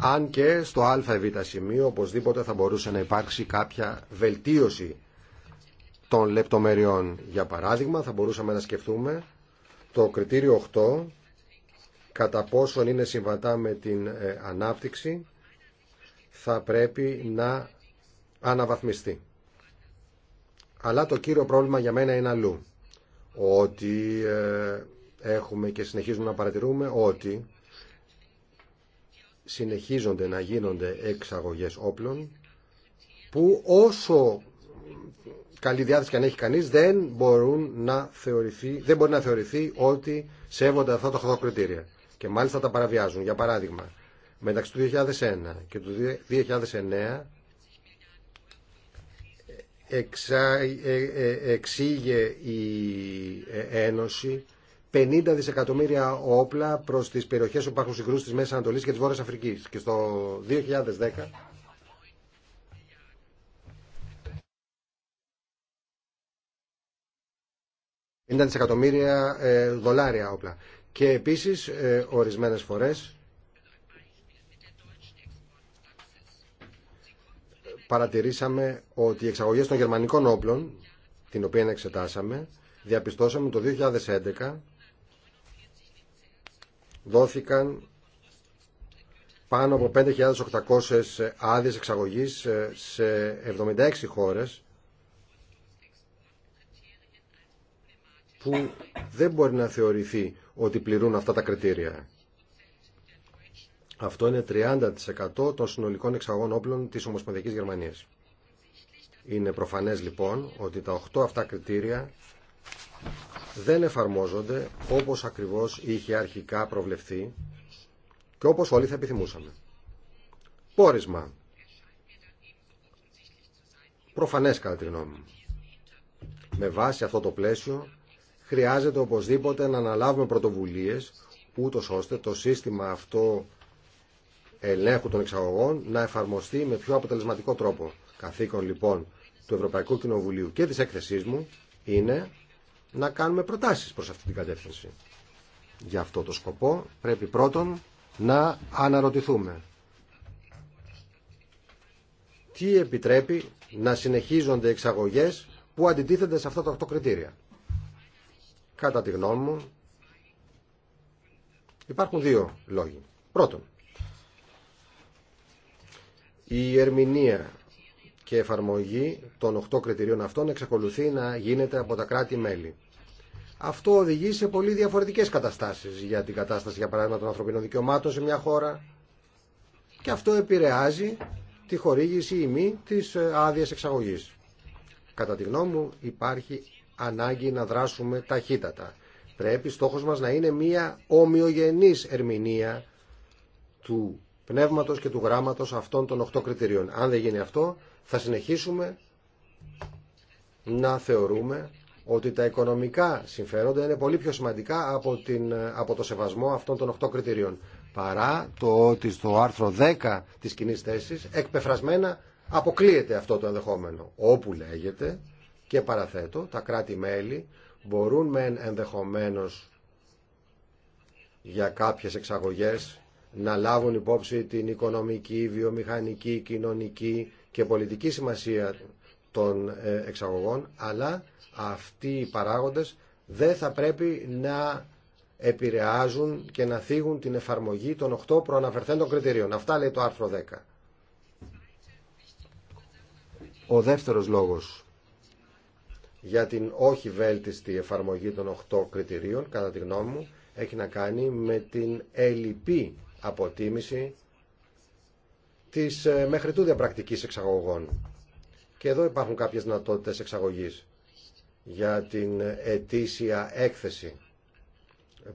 Αν και στο ΑΕΒ σημείο οπωσδήποτε θα μπορούσε να υπάρξει κάποια βελτίωση των λεπτομεριών. Για παράδειγμα θα μπορούσαμε να σκεφτούμε το κριτήριο 8 κατά πόσον είναι συμβατά με την ε, ανάπτυξη θα πρέπει να αναβαθμιστεί. Αλλά το κύριο πρόβλημα για μένα είναι αλλού. Ότι ε, έχουμε και συνεχίζουμε να παρατηρούμε ότι συνεχίζονται να γίνονται εξαγωγές όπλων που όσο καλή διάθεση και αν έχει κανείς δεν, μπορούν να θεωρηθεί, δεν μπορεί να θεωρηθεί ότι σέβονται αυτά τα χωροκριτήρια κριτήρια και μάλιστα τα παραβιάζουν. Για παράδειγμα, μεταξύ του 2001 και του 2009 εξά, ε, ε, εξήγε η ε, Ένωση 50 δισεκατομμύρια όπλα προς τις περιοχές που υπάρχουν συγκρούσεις της Μέσης Ανατολής και της Βόρειας Αφρικής. Και στο 2010 50 δισεκατομμύρια δολάρια όπλα. Και επίσης ορισμένες φορές παρατηρήσαμε ότι οι εξαγωγές των γερμανικών όπλων, την οποία εξετάσαμε, διαπιστώσαμε το 2011 δόθηκαν πάνω από 5.800 άδειες εξαγωγής ε, σε 76 χώρες που δεν μπορεί να θεωρηθεί ότι πληρούν αυτά τα κριτήρια. Αυτό είναι 30% των συνολικών εξαγών όπλων της Ομοσπονδιακής Γερμανίας. Είναι προφανές λοιπόν ότι τα 8 αυτά κριτήρια δεν εφαρμόζονται όπως ακριβώς είχε αρχικά προβλεφθεί και όπως όλοι θα επιθυμούσαμε. Πόρισμα. Προφανές κατά τη γνώμη μου. Με βάση αυτό το πλαίσιο χρειάζεται οπωσδήποτε να αναλάβουμε πρωτοβουλίες ούτως ώστε το σύστημα αυτό ελέγχου των εξαγωγών να εφαρμοστεί με πιο αποτελεσματικό τρόπο. Καθήκον λοιπόν του Ευρωπαϊκού Κοινοβουλίου και της έκθεσή μου είναι να κάνουμε προτάσει προς αυτή την κατεύθυνση. Για αυτό το σκοπό πρέπει πρώτον να αναρωτηθούμε τι επιτρέπει να συνεχίζονται εξαγωγές που αντιτίθενται σε αυτά τα οκτώ κριτήρια. Κατά τη γνώμη μου υπάρχουν δύο λόγοι. Πρώτον, η ερμηνεία και εφαρμογή των 8 κριτηρίων αυτών εξακολουθεί να γίνεται από τα κράτη-μέλη. Αυτό οδηγεί σε πολύ διαφορετικές καταστάσεις για την κατάσταση, για παράδειγμα, των ανθρωπίνων δικαιωμάτων σε μια χώρα και αυτό επηρεάζει τη χορήγηση ή μη της ε, άδειας εξαγωγής. Κατά τη γνώμη μου υπάρχει ανάγκη να δράσουμε ταχύτατα. Πρέπει στόχος μας να είναι μια ομοιογενής ερμηνεία του πνεύματος και του γράμματος αυτών των 8 κριτηρίων. Αν δεν γίνει αυτό, θα συνεχίσουμε να θεωρούμε ότι τα οικονομικά συμφέροντα είναι πολύ πιο σημαντικά από, την, από το σεβασμό αυτών των 8 κριτηρίων. Παρά το ότι στο άρθρο 10 της κοινή θέση εκπεφρασμένα αποκλείεται αυτό το ενδεχόμενο. Όπου λέγεται και παραθέτω, τα κράτη-μέλη μπορούν με ενδεχομένως για κάποιες εξαγωγές να λάβουν υπόψη την οικονομική, βιομηχανική, κοινωνική και πολιτική σημασία των ε, εξαγωγών, αλλά αυτοί οι παράγοντες δεν θα πρέπει να επηρεάζουν και να θίγουν την εφαρμογή των 8 προαναφερθέντων κριτηρίων. Αυτά λέει το άρθρο 10. Ο δεύτερος λόγος για την όχι βέλτιστη εφαρμογή των 8 κριτηρίων, κατά τη γνώμη μου, έχει να κάνει με την ελλειπή αποτίμηση της ε, μέχρι τούδια πρακτικής εξαγωγών. Και εδώ υπάρχουν κάποιες δυνατότητες εξαγωγής για την ετήσια έκθεση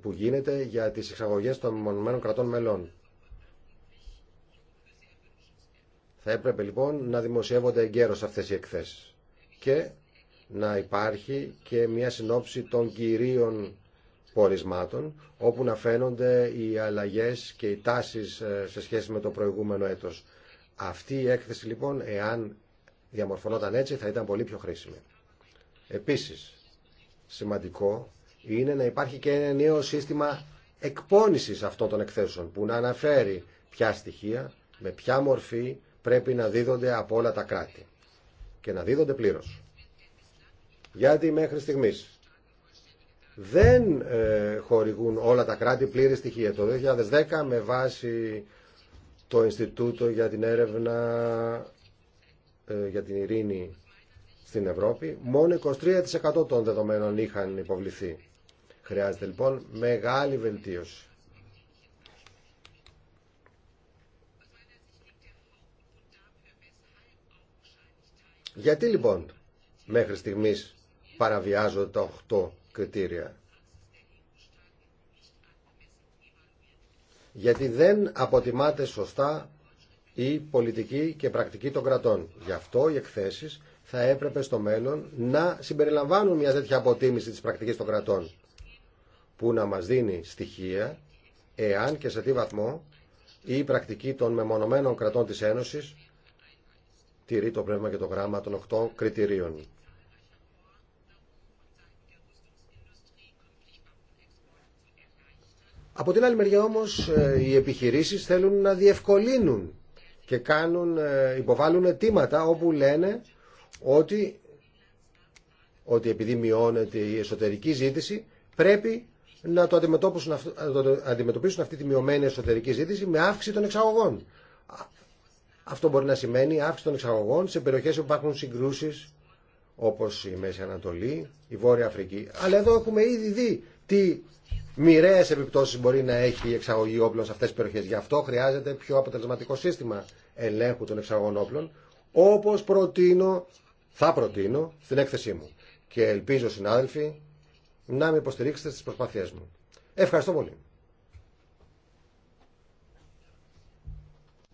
που γίνεται για τις εξαγωγές των μονομένων κρατών μελών. Θα έπρεπε λοιπόν να δημοσιεύονται εγκαίρως αυτές οι εκθέσεις και να υπάρχει και μια συνόψη των κυρίων πορισμάτων όπου να φαίνονται οι αλλαγές και οι τάσεις ε, σε σχέση με το προηγούμενο έτος. Αυτή η έκθεση λοιπόν, εάν διαμορφωνόταν έτσι, θα ήταν πολύ πιο χρήσιμη. Επίσης, σημαντικό είναι να υπάρχει και ένα νέο σύστημα εκπόνησης αυτών των εκθέσεων που να αναφέρει ποια στοιχεία, με ποια μορφή πρέπει να δίδονται από όλα τα κράτη και να δίδονται πλήρως. Γιατί μέχρι στιγμής δεν ε, χορηγούν όλα τα κράτη πλήρη στοιχεία. Το 2010 με βάση το Ινστιτούτο για την έρευνα ε, για την ειρήνη στην Ευρώπη, μόνο 23% των δεδομένων είχαν υποβληθεί. Χρειάζεται λοιπόν μεγάλη βελτίωση. Γιατί λοιπόν μέχρι στιγμής παραβιάζονται τα 8 κριτήρια. Γιατί δεν αποτιμάται σωστά η πολιτική και πρακτική των κρατών. Γι' αυτό οι εκθέσεις θα έπρεπε στο μέλλον να συμπεριλαμβάνουν μια τέτοια αποτίμηση της πρακτικής των κρατών που να μας δίνει στοιχεία εάν και σε τι βαθμό η πρακτική των μεμονωμένων κρατών της Ένωσης τηρεί το πνεύμα και το γράμμα των 8 κριτηρίων. Από την άλλη μεριά όμως ε, οι επιχειρήσεις θέλουν να διευκολύνουν και κάνουν, ε, υποβάλλουν αιτήματα όπου λένε ότι, ότι επειδή μειώνεται η εσωτερική ζήτηση πρέπει να το, το αντιμετωπίσουν αυτή τη μειωμένη εσωτερική ζήτηση με αύξηση των εξαγωγών. Αυτό μπορεί να σημαίνει αύξηση των εξαγωγών σε περιοχές που υπάρχουν συγκρούσεις όπως η Μέση Ανατολή, η Βόρεια Αφρική. Αλλά εδώ έχουμε ήδη δει τι μοιραίε επιπτώσει μπορεί να έχει η εξαγωγή όπλων σε αυτέ τι περιοχέ. Γι' αυτό χρειάζεται πιο αποτελεσματικό σύστημα ελέγχου των εξαγωγών όπλων, όπω προτείνω, θα προτείνω στην έκθεσή μου. Και ελπίζω, συνάδελφοι, να με υποστηρίξετε στι προσπάθειέ μου. Ευχαριστώ πολύ.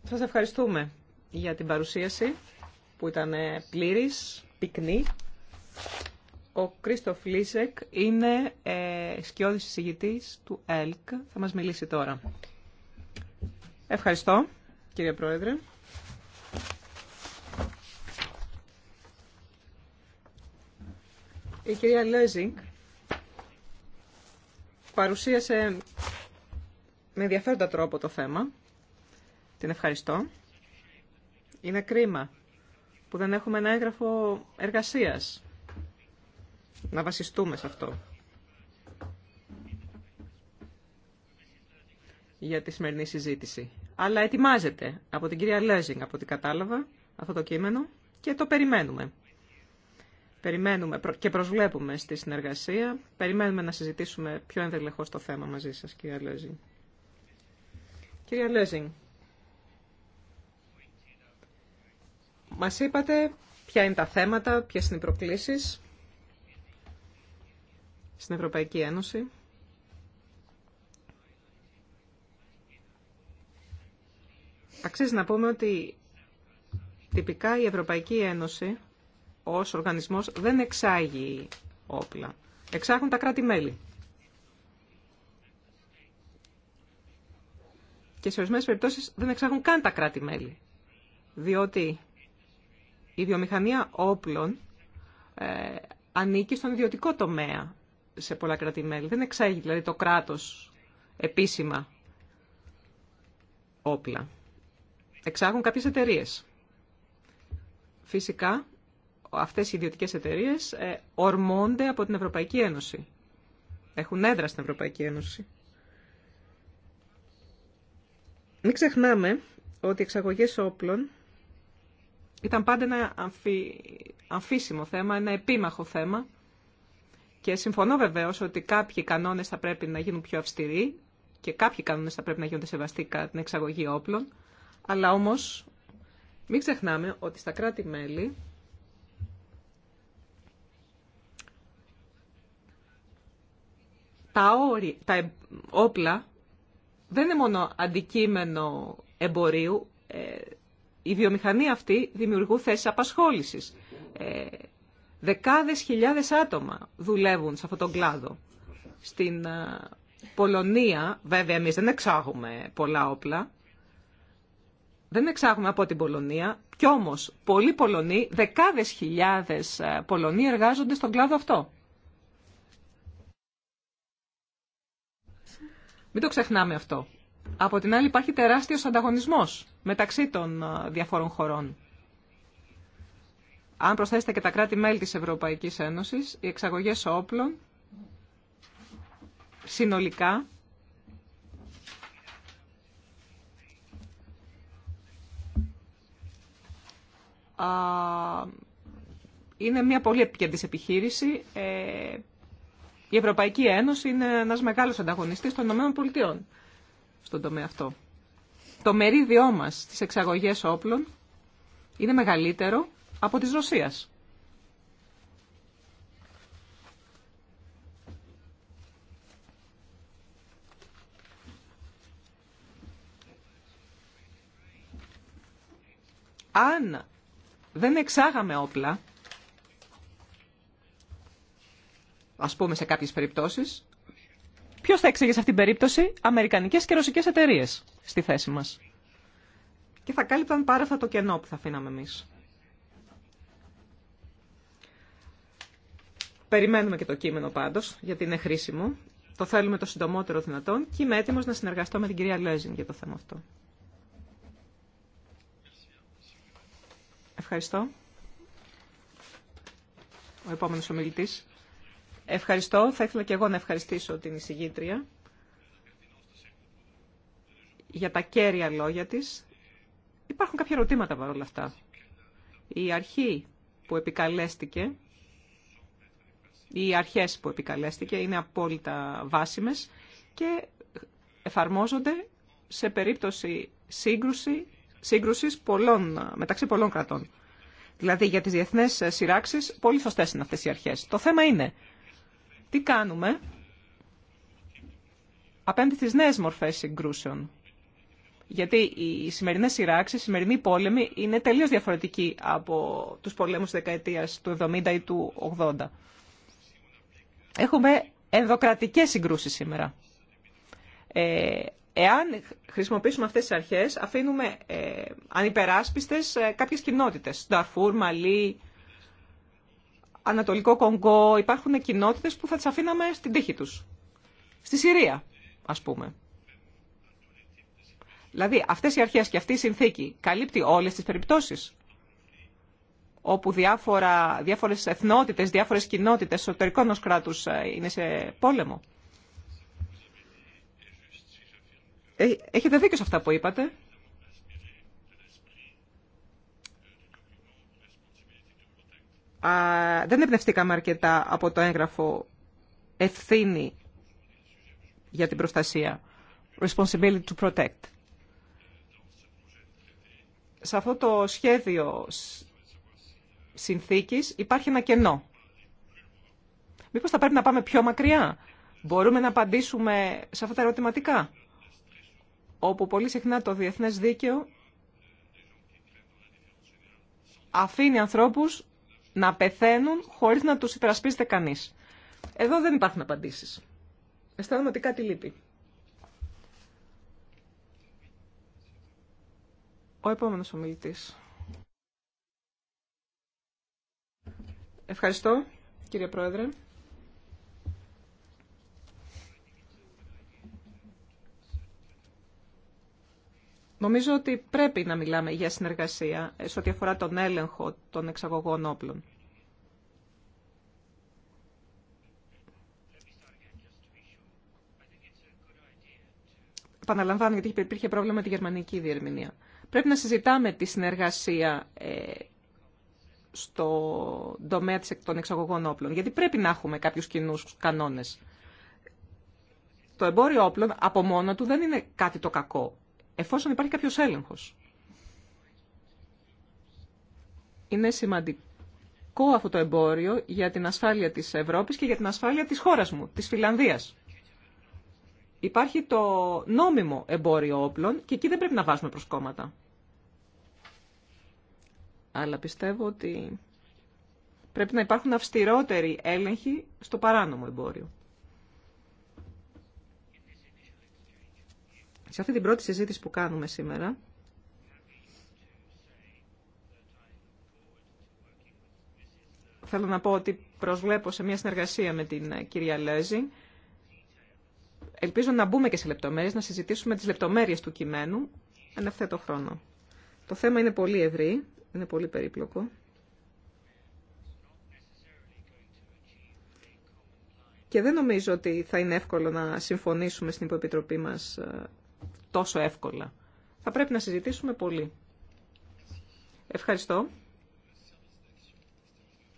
Σας ευχαριστούμε για την παρουσίαση που ήταν πλήρης, πυκνή. Ο Κρίστοφ Λίσεκ είναι ε, σκιώδης του ΕΛΚ. Θα μας μιλήσει τώρα. Ευχαριστώ, κύριε Πρόεδρε. Η κυρία Λέζινγκ παρουσίασε με ενδιαφέροντα τρόπο το θέμα. Την ευχαριστώ. Είναι κρίμα που δεν έχουμε ένα έγγραφο εργασίας να βασιστούμε σε αυτό. για τη σημερινή συζήτηση. Αλλά ετοιμάζεται από την κυρία Λέζινγκ, από ό,τι κατάλαβα, αυτό το κείμενο και το περιμένουμε. Περιμένουμε και προσβλέπουμε στη συνεργασία. Περιμένουμε να συζητήσουμε πιο ενδελεχώς το θέμα μαζί σας, κυρία Λέζινγκ. Κυρία Λέζινγκ, μας είπατε ποια είναι τα θέματα, ποιες είναι οι προκλήσεις στην Ευρωπαϊκή Ένωση. Αξίζει να πούμε ότι τυπικά η Ευρωπαϊκή Ένωση ως οργανισμός δεν εξάγει όπλα. Εξάγουν τα κράτη-μέλη. Και σε ορισμένε περιπτώσεις δεν εξάγουν καν τα κράτη-μέλη. Διότι η βιομηχανία όπλων ε, ανήκει στον ιδιωτικό τομέα σε πολλά Δεν εξάγει δηλαδή το κράτος επίσημα όπλα. Εξάγουν κάποιες εταιρείε. Φυσικά, αυτές οι ιδιωτικές εταιρείε ε, ορμώνται από την Ευρωπαϊκή Ένωση. Έχουν έδρα στην Ευρωπαϊκή Ένωση. Μην ξεχνάμε ότι οι εξαγωγές όπλων ήταν πάντα ένα αμφι... αμφίσιμο θέμα, ένα επίμαχο θέμα και συμφωνώ βεβαίω ότι κάποιοι κανόνε θα πρέπει να γίνουν πιο αυστηροί και κάποιοι κανόνε θα πρέπει να γίνονται σεβαστοί κατά την εξαγωγή όπλων. Αλλά όμω μην ξεχνάμε ότι στα κράτη-μέλη τα, τα όπλα δεν είναι μόνο αντικείμενο εμπορίου. Ε, η βιομηχανία αυτή δημιουργού θέσεις απασχόλησης. Ε, Δεκάδες χιλιάδες άτομα δουλεύουν σε αυτόν τον κλάδο. Στην ε, Πολωνία, βέβαια εμείς δεν εξάγουμε πολλά όπλα, δεν εξάγουμε από την Πολωνία, κι όμως πολλοί Πολωνοί, δεκάδες χιλιάδες ε, Πολωνοί εργάζονται στον κλάδο αυτό. Μην το ξεχνάμε αυτό. Από την άλλη υπάρχει τεράστιος ανταγωνισμός μεταξύ των ε, διαφόρων χωρών. Αν προσθέσετε και τα κράτη-μέλη της Ευρωπαϊκής Ένωσης, οι εξαγωγές όπλων συνολικά είναι μια πολύ επικεντής επιχείρηση. Ε, η Ευρωπαϊκή Ένωση είναι ένας μεγάλος ανταγωνιστής των ΗΠΑ στον τομέα αυτό. Το μερίδιό μας στις εξαγωγές όπλων είναι μεγαλύτερο από της Ρωσίας. Αν δεν εξάγαμε όπλα, ας πούμε σε κάποιες περιπτώσεις, ποιος θα σε αυτήν την περίπτωση, αμερικανικές και ρωσικές εταιρείες στη θέση μας. Και θα κάλυπταν πάρα αυτό το κενό που θα αφήναμε εμείς. Περιμένουμε και το κείμενο πάντως, γιατί είναι χρήσιμο. Το θέλουμε το συντομότερο δυνατόν και είμαι έτοιμος να συνεργαστώ με την κυρία Λέζιν για το θέμα αυτό. Ευχαριστώ. Ο επόμενο ομιλητή. Ευχαριστώ. Θα ήθελα και εγώ να ευχαριστήσω την εισηγήτρια για τα κέρια λόγια της. Υπάρχουν κάποια ερωτήματα παρόλα αυτά. Η αρχή που επικαλέστηκε οι αρχές που επικαλέστηκε είναι απόλυτα βάσιμες και εφαρμόζονται σε περίπτωση σύγκρουση, σύγκρουσης πολλών, μεταξύ πολλών κρατών. Δηλαδή για τις διεθνές σειράξεις πολύ σωστές είναι αυτές οι αρχές. Το θέμα είναι τι κάνουμε απέναντι στις νέες μορφές συγκρούσεων. Γιατί οι σημερινέ σειράξει, οι σημερινοί πόλεμοι είναι τελείω διαφορετικοί από του πολέμου τη δεκαετίας του 70 ή του 80. Έχουμε ενδοκρατικές συγκρούσεις σήμερα. Ε, εάν χρησιμοποιήσουμε αυτές τις αρχές, αφήνουμε ε, ανυπεράσπιστες ε, κάποιες κοινότητες. Νταρφούρ, Μαλή, Ανατολικό Κονγκό, υπάρχουν κοινότητες που θα τις αφήναμε στην τύχη τους. Στη Συρία, ας πούμε. Δηλαδή, αυτές οι αρχές και αυτή η συνθήκη καλύπτει όλες τις περιπτώσεις όπου διάφορα, διάφορες εθνότητες, διάφορες κοινότητες εσωτερικών ως κράτους ε, είναι σε πόλεμο. Ε, έχετε δίκιο σε αυτά που είπατε. δεν εμπνευστήκαμε αρκετά από το έγγραφο ευθύνη για την προστασία. Responsibility to protect. Σε αυτό το σχέδιο συνθήκης υπάρχει ένα κενό. Μήπως θα πρέπει να πάμε πιο μακριά. Μπορούμε να απαντήσουμε σε αυτά τα ερωτηματικά. Όπου πολύ συχνά το διεθνές δίκαιο αφήνει ανθρώπους να πεθαίνουν χωρίς να τους υπερασπίζεται κανείς. Εδώ δεν υπάρχουν απαντήσεις. Αισθάνομαι ότι κάτι λείπει. Ο επόμενος ομιλητής. Ευχαριστώ, κύριε Πρόεδρε. Νομίζω ότι πρέπει να μιλάμε για συνεργασία ε, σε ό,τι αφορά τον έλεγχο των εξαγωγών όπλων. Παναλαμβάνω γιατί υπήρχε πρόβλημα με τη γερμανική διερμηνία. Πρέπει να συζητάμε τη συνεργασία ε, στο τομέα των εξαγωγών όπλων. Γιατί πρέπει να έχουμε κάποιου κοινού κανόνες. Το εμπόριο όπλων από μόνο του δεν είναι κάτι το κακό, εφόσον υπάρχει κάποιο έλεγχος. Είναι σημαντικό αυτό το εμπόριο για την ασφάλεια της Ευρώπης και για την ασφάλεια της χώρας μου, της Φιλανδίας. Υπάρχει το νόμιμο εμπόριο όπλων και εκεί δεν πρέπει να βάζουμε προσκόμματα αλλά πιστεύω ότι πρέπει να υπάρχουν αυστηρότεροι έλεγχοι στο παράνομο εμπόριο. Σε αυτή την πρώτη συζήτηση που κάνουμε σήμερα, θέλω να πω ότι προσβλέπω σε μια συνεργασία με την κυρία Λέζη, Ελπίζω να μπούμε και σε λεπτομέρειες, να συζητήσουμε τις λεπτομέρειες του κειμένου εν ευθέτω χρόνο. Το θέμα είναι πολύ ευρύ είναι πολύ περίπλοκο. Και δεν νομίζω ότι θα είναι εύκολο να συμφωνήσουμε στην υποεπιτροπή μας ε, τόσο εύκολα. Θα πρέπει να συζητήσουμε πολύ. Ευχαριστώ.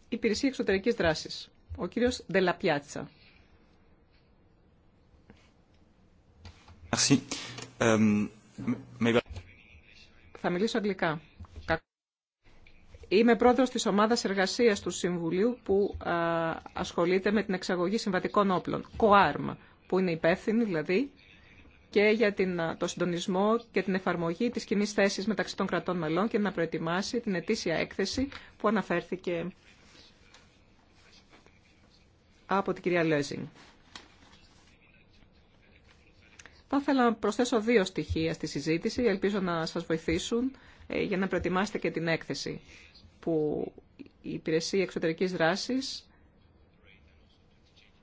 Υπηρεσία Εξωτερικής Δράσης. Ο κύριος Ντελαπιάτσα. Ε, θα μιλήσω αγγλικά. Είμαι πρόεδρος της ομάδας εργασίας του Συμβουλίου που ασχολείται με την εξαγωγή συμβατικών όπλων, COARM, που είναι υπεύθυνη δηλαδή και για την, το συντονισμό και την εφαρμογή της κοινή θέση μεταξύ των κρατών μελών και να προετοιμάσει την ετήσια έκθεση που αναφέρθηκε από την κυρία Λέζινγκ. Θα ήθελα να προσθέσω δύο στοιχεία στη συζήτηση, ελπίζω να σας βοηθήσουν ε, για να προετοιμάσετε και την έκθεση που η Υπηρεσία Εξωτερικής Δράσης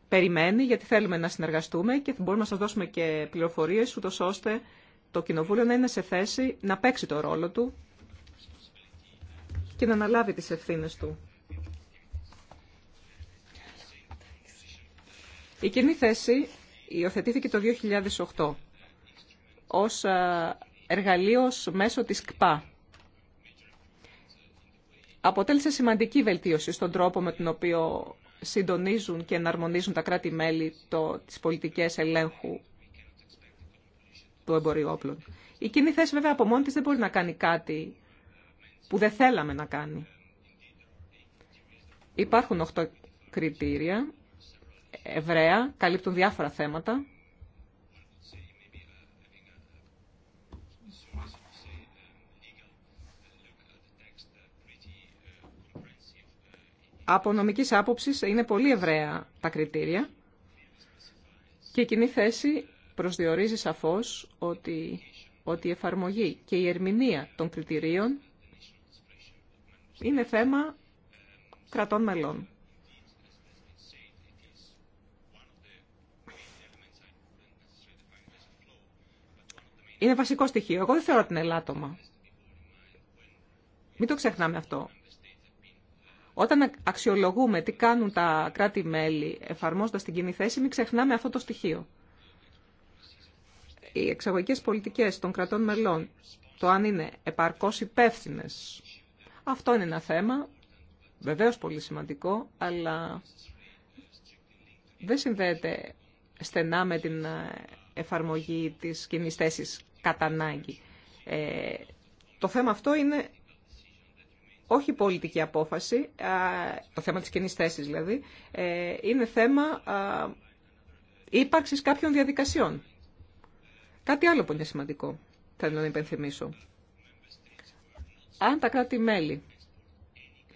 περιμένει, γιατί θέλουμε να συνεργαστούμε και μπορούμε να σας δώσουμε και πληροφορίες, ούτω ώστε το Κοινοβούλιο να είναι σε θέση να παίξει το ρόλο του και να αναλάβει τις ευθύνες του. Η κοινή θέση υιοθετήθηκε το 2008 ως ε, εργαλείο μέσω της ΚΠΑ, αποτέλεσε σημαντική βελτίωση στον τρόπο με τον οποίο συντονίζουν και εναρμονίζουν τα κράτη-μέλη τις πολιτικές ελέγχου του εμπορίου όπλων. Η κοινή θέση βέβαια από μόνη της δεν μπορεί να κάνει κάτι που δεν θέλαμε να κάνει. Υπάρχουν 8 κριτήρια, ευραία, καλύπτουν διάφορα θέματα. Από νομικής άποψης είναι πολύ ευραία τα κριτήρια και η κοινή θέση προσδιορίζει σαφώς ότι, ότι η εφαρμογή και η ερμηνεία των κριτηρίων είναι θέμα κρατών μελών. Είναι βασικό στοιχείο. Εγώ δεν θεωρώ την ελάττωμα. Μην το ξεχνάμε αυτό. Όταν αξιολογούμε τι κάνουν τα κράτη-μέλη εφαρμόζοντας την κοινή θέση, μην ξεχνάμε αυτό το στοιχείο. Οι εξαγωγικές πολιτικές των κρατών μελών, το αν είναι επαρκώς υπεύθυνε. αυτό είναι ένα θέμα, βεβαίως πολύ σημαντικό, αλλά δεν συνδέεται στενά με την ε, εφαρμογή της κοινή θέση κατά ανάγκη. Ε, το θέμα αυτό είναι όχι πολιτική απόφαση, το θέμα της κοινή θέση δηλαδή, ε, είναι θέμα ύπαρξης κάποιων διαδικασιών. Κάτι άλλο που είναι σημαντικό, θέλω να υπενθυμίσω. Αν τα κράτη-μέλη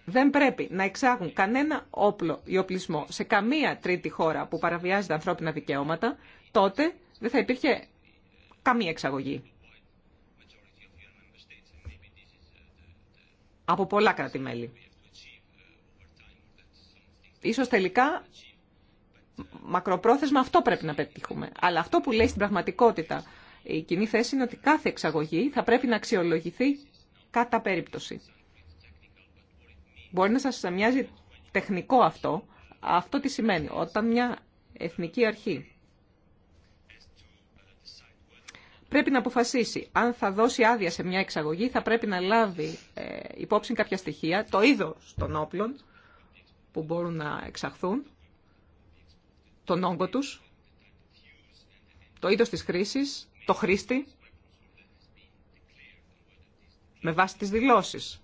δεν πρέπει να εξάγουν κανένα όπλο ή οπλισμό σε καμία τρίτη χώρα που παραβιάζει τα ανθρώπινα δικαιώματα, τότε δεν θα υπήρχε καμία εξαγωγή. από πολλά κράτη-μέλη. Ίσως τελικά μακροπρόθεσμα αυτό πρέπει να πετύχουμε. Αλλά αυτό που λέει στην πραγματικότητα η κοινή θέση είναι ότι κάθε εξαγωγή θα πρέπει να αξιολογηθεί κατά περίπτωση. Μπορεί να σας μοιάζει τεχνικό αυτό. Αυτό τι σημαίνει. Όταν μια εθνική αρχή πρέπει να αποφασίσει αν θα δώσει άδεια σε μια εξαγωγή, θα πρέπει να λάβει ε, υπόψη κάποια στοιχεία, το είδο των όπλων που μπορούν να εξαχθούν, τον όγκο τους, το είδος της χρήσης, το χρήστη, με βάση τις δηλώσεις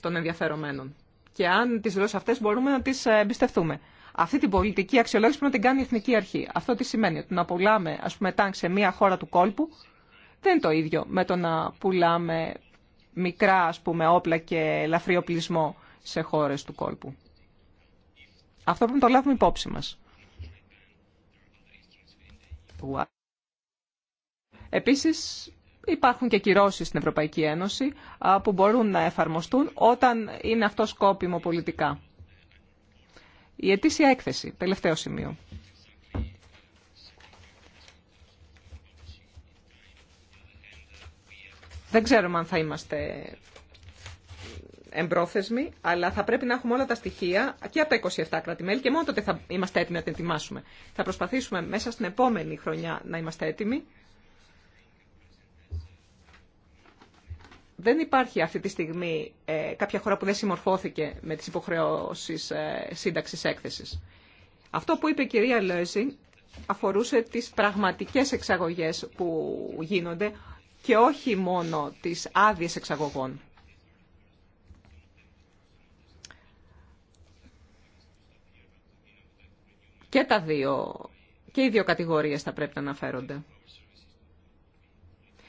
των ενδιαφερομένων. Και αν τις δηλώσεις αυτές μπορούμε να τις ε, εμπιστευτούμε. Αυτή την πολιτική αξιολόγηση πρέπει να την κάνει η Εθνική Αρχή. Αυτό τι σημαίνει, ότι να πουλάμε ας πούμε τάγκ σε μια χώρα του κόλπου δεν είναι το ίδιο με το να πουλάμε μικρά ας πούμε όπλα και ελαφριοπλισμό σε χώρες του κόλπου. Αυτό πρέπει να το λάβουμε υπόψη μας. Επίσης, υπάρχουν και κυρώσει στην Ευρωπαϊκή Ένωση που μπορούν να εφαρμοστούν όταν είναι αυτό σκόπιμο πολιτικά. Η ετήσια έκθεση, τελευταίο σημείο. Δεν ξέρουμε αν θα είμαστε εμπρόθεσμοι, αλλά θα πρέπει να έχουμε όλα τα στοιχεία και από τα 27 κράτη-μέλη και μόνο τότε θα είμαστε έτοιμοι να την ετοιμάσουμε. Θα προσπαθήσουμε μέσα στην επόμενη χρονιά να είμαστε έτοιμοι δεν υπάρχει αυτή τη στιγμή ε, κάποια χώρα που δεν συμμορφώθηκε με τις υποχρεώσεις ε, σύνταξης έκθεσης. Αυτό που είπε η κυρία Λέζιν αφορούσε τις πραγματικές εξαγωγές που γίνονται και όχι μόνο τις άδειες εξαγωγών. Και τα δύο, και οι δύο κατηγορίες θα πρέπει να αναφέρονται.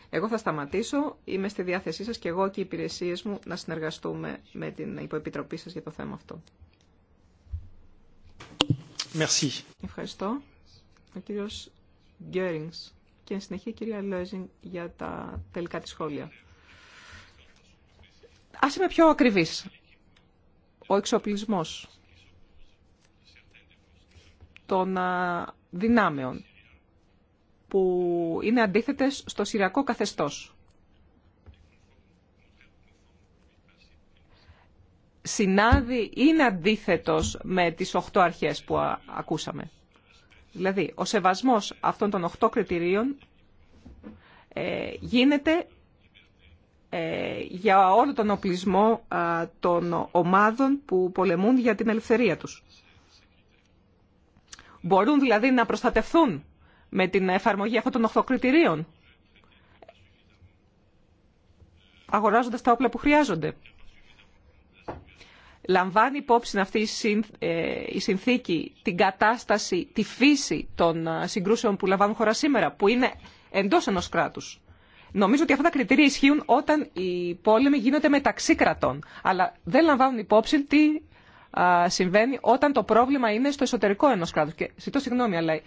Εγώ θα σταματήσω, είμαι στη διάθεσή σας και εγώ και οι υπηρεσίες μου να συνεργαστούμε με την υποεπιτροπή σας για το θέμα αυτό. Merci. Ευχαριστώ. Ο κύριος Γκέρινγκς και εν συνεχεία η κυρία Λόιζινγκ για τα τελικά της σχόλια. Ας είμαι πιο ακριβής. Ο εξοπλισμός των δυνάμεων που είναι αντίθετες στο συριακό καθεστώς. Συνάδει, είναι αντίθετος με τις οχτώ αρχές που ακούσαμε. Δηλαδή, ο σεβασμός αυτών των οχτώ κριτηρίων ε, γίνεται ε, για όλο τον οπλισμό των ομάδων που πολεμούν για την ελευθερία τους. Μπορούν δηλαδή να προστατευθούν με την εφαρμογή αυτών των οχθοκριτηρίων κριτηρίων, αγοράζοντας τα όπλα που χρειάζονται. Λαμβάνει υπόψη αυτή η ε, συνθήκη την κατάσταση, τη φύση των ε, συγκρούσεων που λαμβάνουν χώρα σήμερα, που είναι εντός ενός κράτους. Νομίζω ότι αυτά τα κριτήρια ισχύουν όταν οι πόλεμοι γίνονται μεταξύ κρατών. Αλλά δεν λαμβάνουν υπόψη τι συμβαίνει όταν το πρόβλημα είναι στο εσωτερικό ενό κράτου. Και ζητώ συγγνώμη, αλλά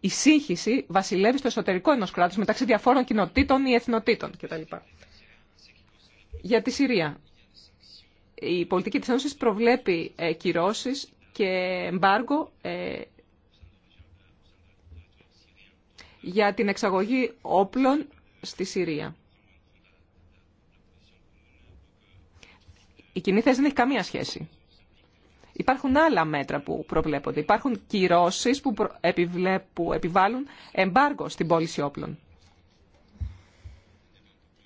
η σύγχυση βασιλεύει στο εσωτερικό ενός κράτους μεταξύ διαφόρων κοινοτήτων ή εθνοτήτων κτλ. Για τη Συρία. Η πολιτική της Ένωσης προβλέπει ε, κυρώσεις και εμπάργκο ε, για την εξαγωγή όπλων στη Συρία. Η κοινή θέση δεν έχει καμία σχέση Υπάρχουν άλλα μέτρα που προβλέπονται. Υπάρχουν κυρώσει που, που επιβάλλουν εμπάργκο στην πώληση όπλων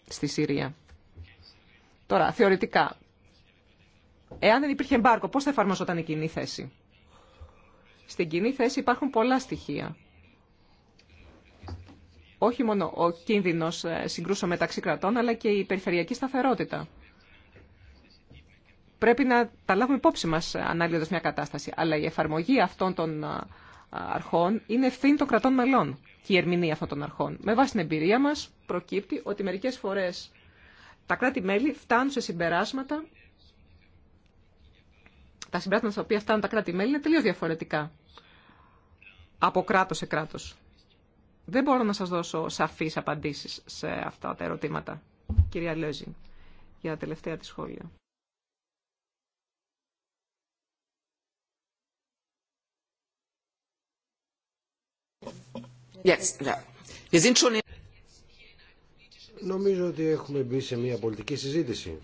στη Συρία. Τώρα, θεωρητικά, εάν δεν υπήρχε εμπάργκο, πώς θα εφαρμοζόταν η κοινή θέση. Στην κοινή θέση υπάρχουν πολλά στοιχεία. Όχι μόνο ο κίνδυνος ε, συγκρούσεων μεταξύ κρατών, αλλά και η περιφερειακή σταθερότητα πρέπει να τα λάβουμε υπόψη μας ε, ανάλυοντας μια κατάσταση. Αλλά η εφαρμογή αυτών των ε, αρχών είναι ευθύνη των κρατών μελών και η ερμηνεία αυτών των αρχών. Με βάση την εμπειρία μας προκύπτει ότι μερικές φορές τα κράτη-μέλη φτάνουν σε συμπεράσματα τα συμπεράσματα στα οποία φτάνουν τα κράτη-μέλη είναι τελείως διαφορετικά από κράτος σε κράτος. Δεν μπορώ να σας δώσω σαφείς απαντήσεις σε αυτά τα ερωτήματα, κυρία Λέζη, για τα τελευταία τη σχόλια. Νομίζω ότι έχουμε μπει σε μια πολιτική συζήτηση.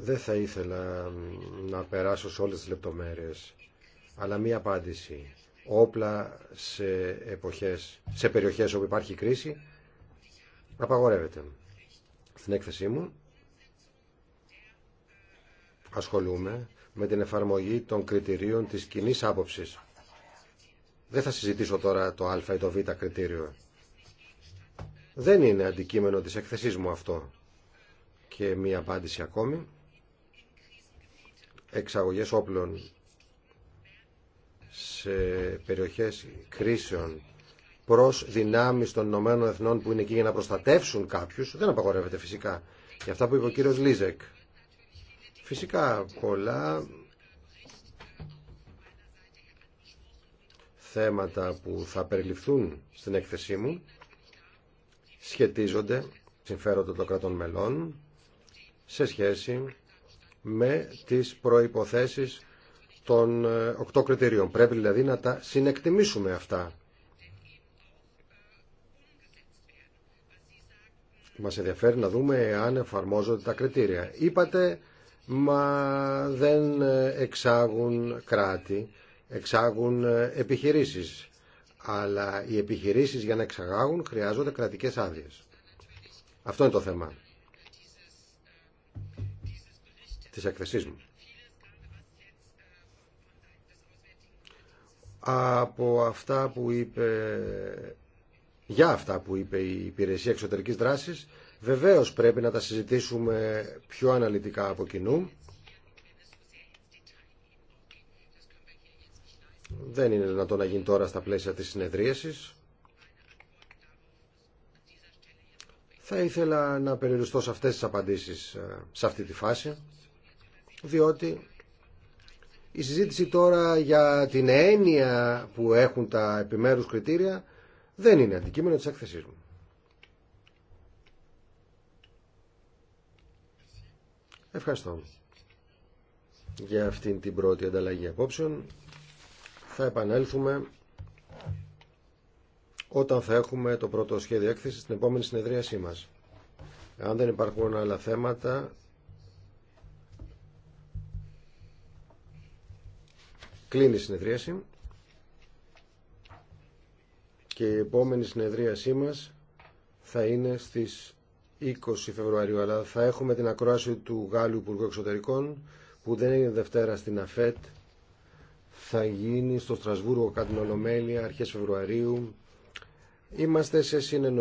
Δεν θα ήθελα να περάσω σε όλες τις λεπτομέρειες, αλλά μια απάντηση. Όπλα σε, εποχές, σε περιοχές όπου υπάρχει κρίση απαγορεύεται. Στην έκθεσή μου ασχολούμαι με την εφαρμογή των κριτηρίων της κοινή άποψης δεν θα συζητήσω τώρα το α ή το β κριτήριο. Δεν είναι αντικείμενο της εκθεσής μου αυτό. Και μία απάντηση ακόμη. Εξαγωγές όπλων σε περιοχές κρίσεων προς δυνάμεις των Ηνωμένων Εθνών που είναι εκεί για να προστατεύσουν κάποιους, δεν απαγορεύεται φυσικά. Για αυτά που είπε ο κύριος Λίζεκ. Φυσικά πολλά θέματα που θα περιληφθούν στην έκθεσή μου σχετίζονται συμφέροντα των κρατών μελών σε σχέση με τις προϋποθέσεις των ε, οκτώ κριτηρίων. Πρέπει δηλαδή να τα συνεκτιμήσουμε αυτά. Μας ενδιαφέρει να δούμε αν εφαρμόζονται τα κριτήρια. Είπατε, μα δεν ε, εξάγουν κράτη εξάγουν ε, επιχειρήσεις. Αλλά οι επιχειρήσεις για να εξαγάγουν χρειάζονται κρατικές άδειες. Αυτό είναι το θέμα της εκθεσής μου. Από αυτά που είπε, για αυτά που είπε η Υπηρεσία Εξωτερικής Δράσης, βεβαίως πρέπει να τα συζητήσουμε πιο αναλυτικά από κοινού δεν είναι δυνατό να γίνει τώρα στα πλαίσια της συνεδρίασης. Θα ήθελα να περιοριστώ σε αυτές τις απαντήσεις ε, σε αυτή τη φάση, διότι η συζήτηση τώρα για την έννοια που έχουν τα επιμέρους κριτήρια δεν είναι αντικείμενο της έκθεσής μου. Ευχαριστώ για αυτήν την πρώτη ανταλλαγή απόψεων θα επανέλθουμε όταν θα έχουμε το πρώτο σχέδιο έκθεση στην επόμενη συνεδρίασή μας. Αν δεν υπάρχουν άλλα θέματα, κλείνει η συνεδρίαση και η επόμενη συνεδρίασή μας θα είναι στις 20 Φεβρουαρίου, αλλά θα έχουμε την ακρόαση του Γάλλου Υπουργού Εξωτερικών που δεν είναι Δευτέρα στην ΑΦΕΤ θα γίνει στο Στρασβούργο κατά την Ολομέλεια αρχές Φεβρουαρίου. Είμαστε σε συνεννόηση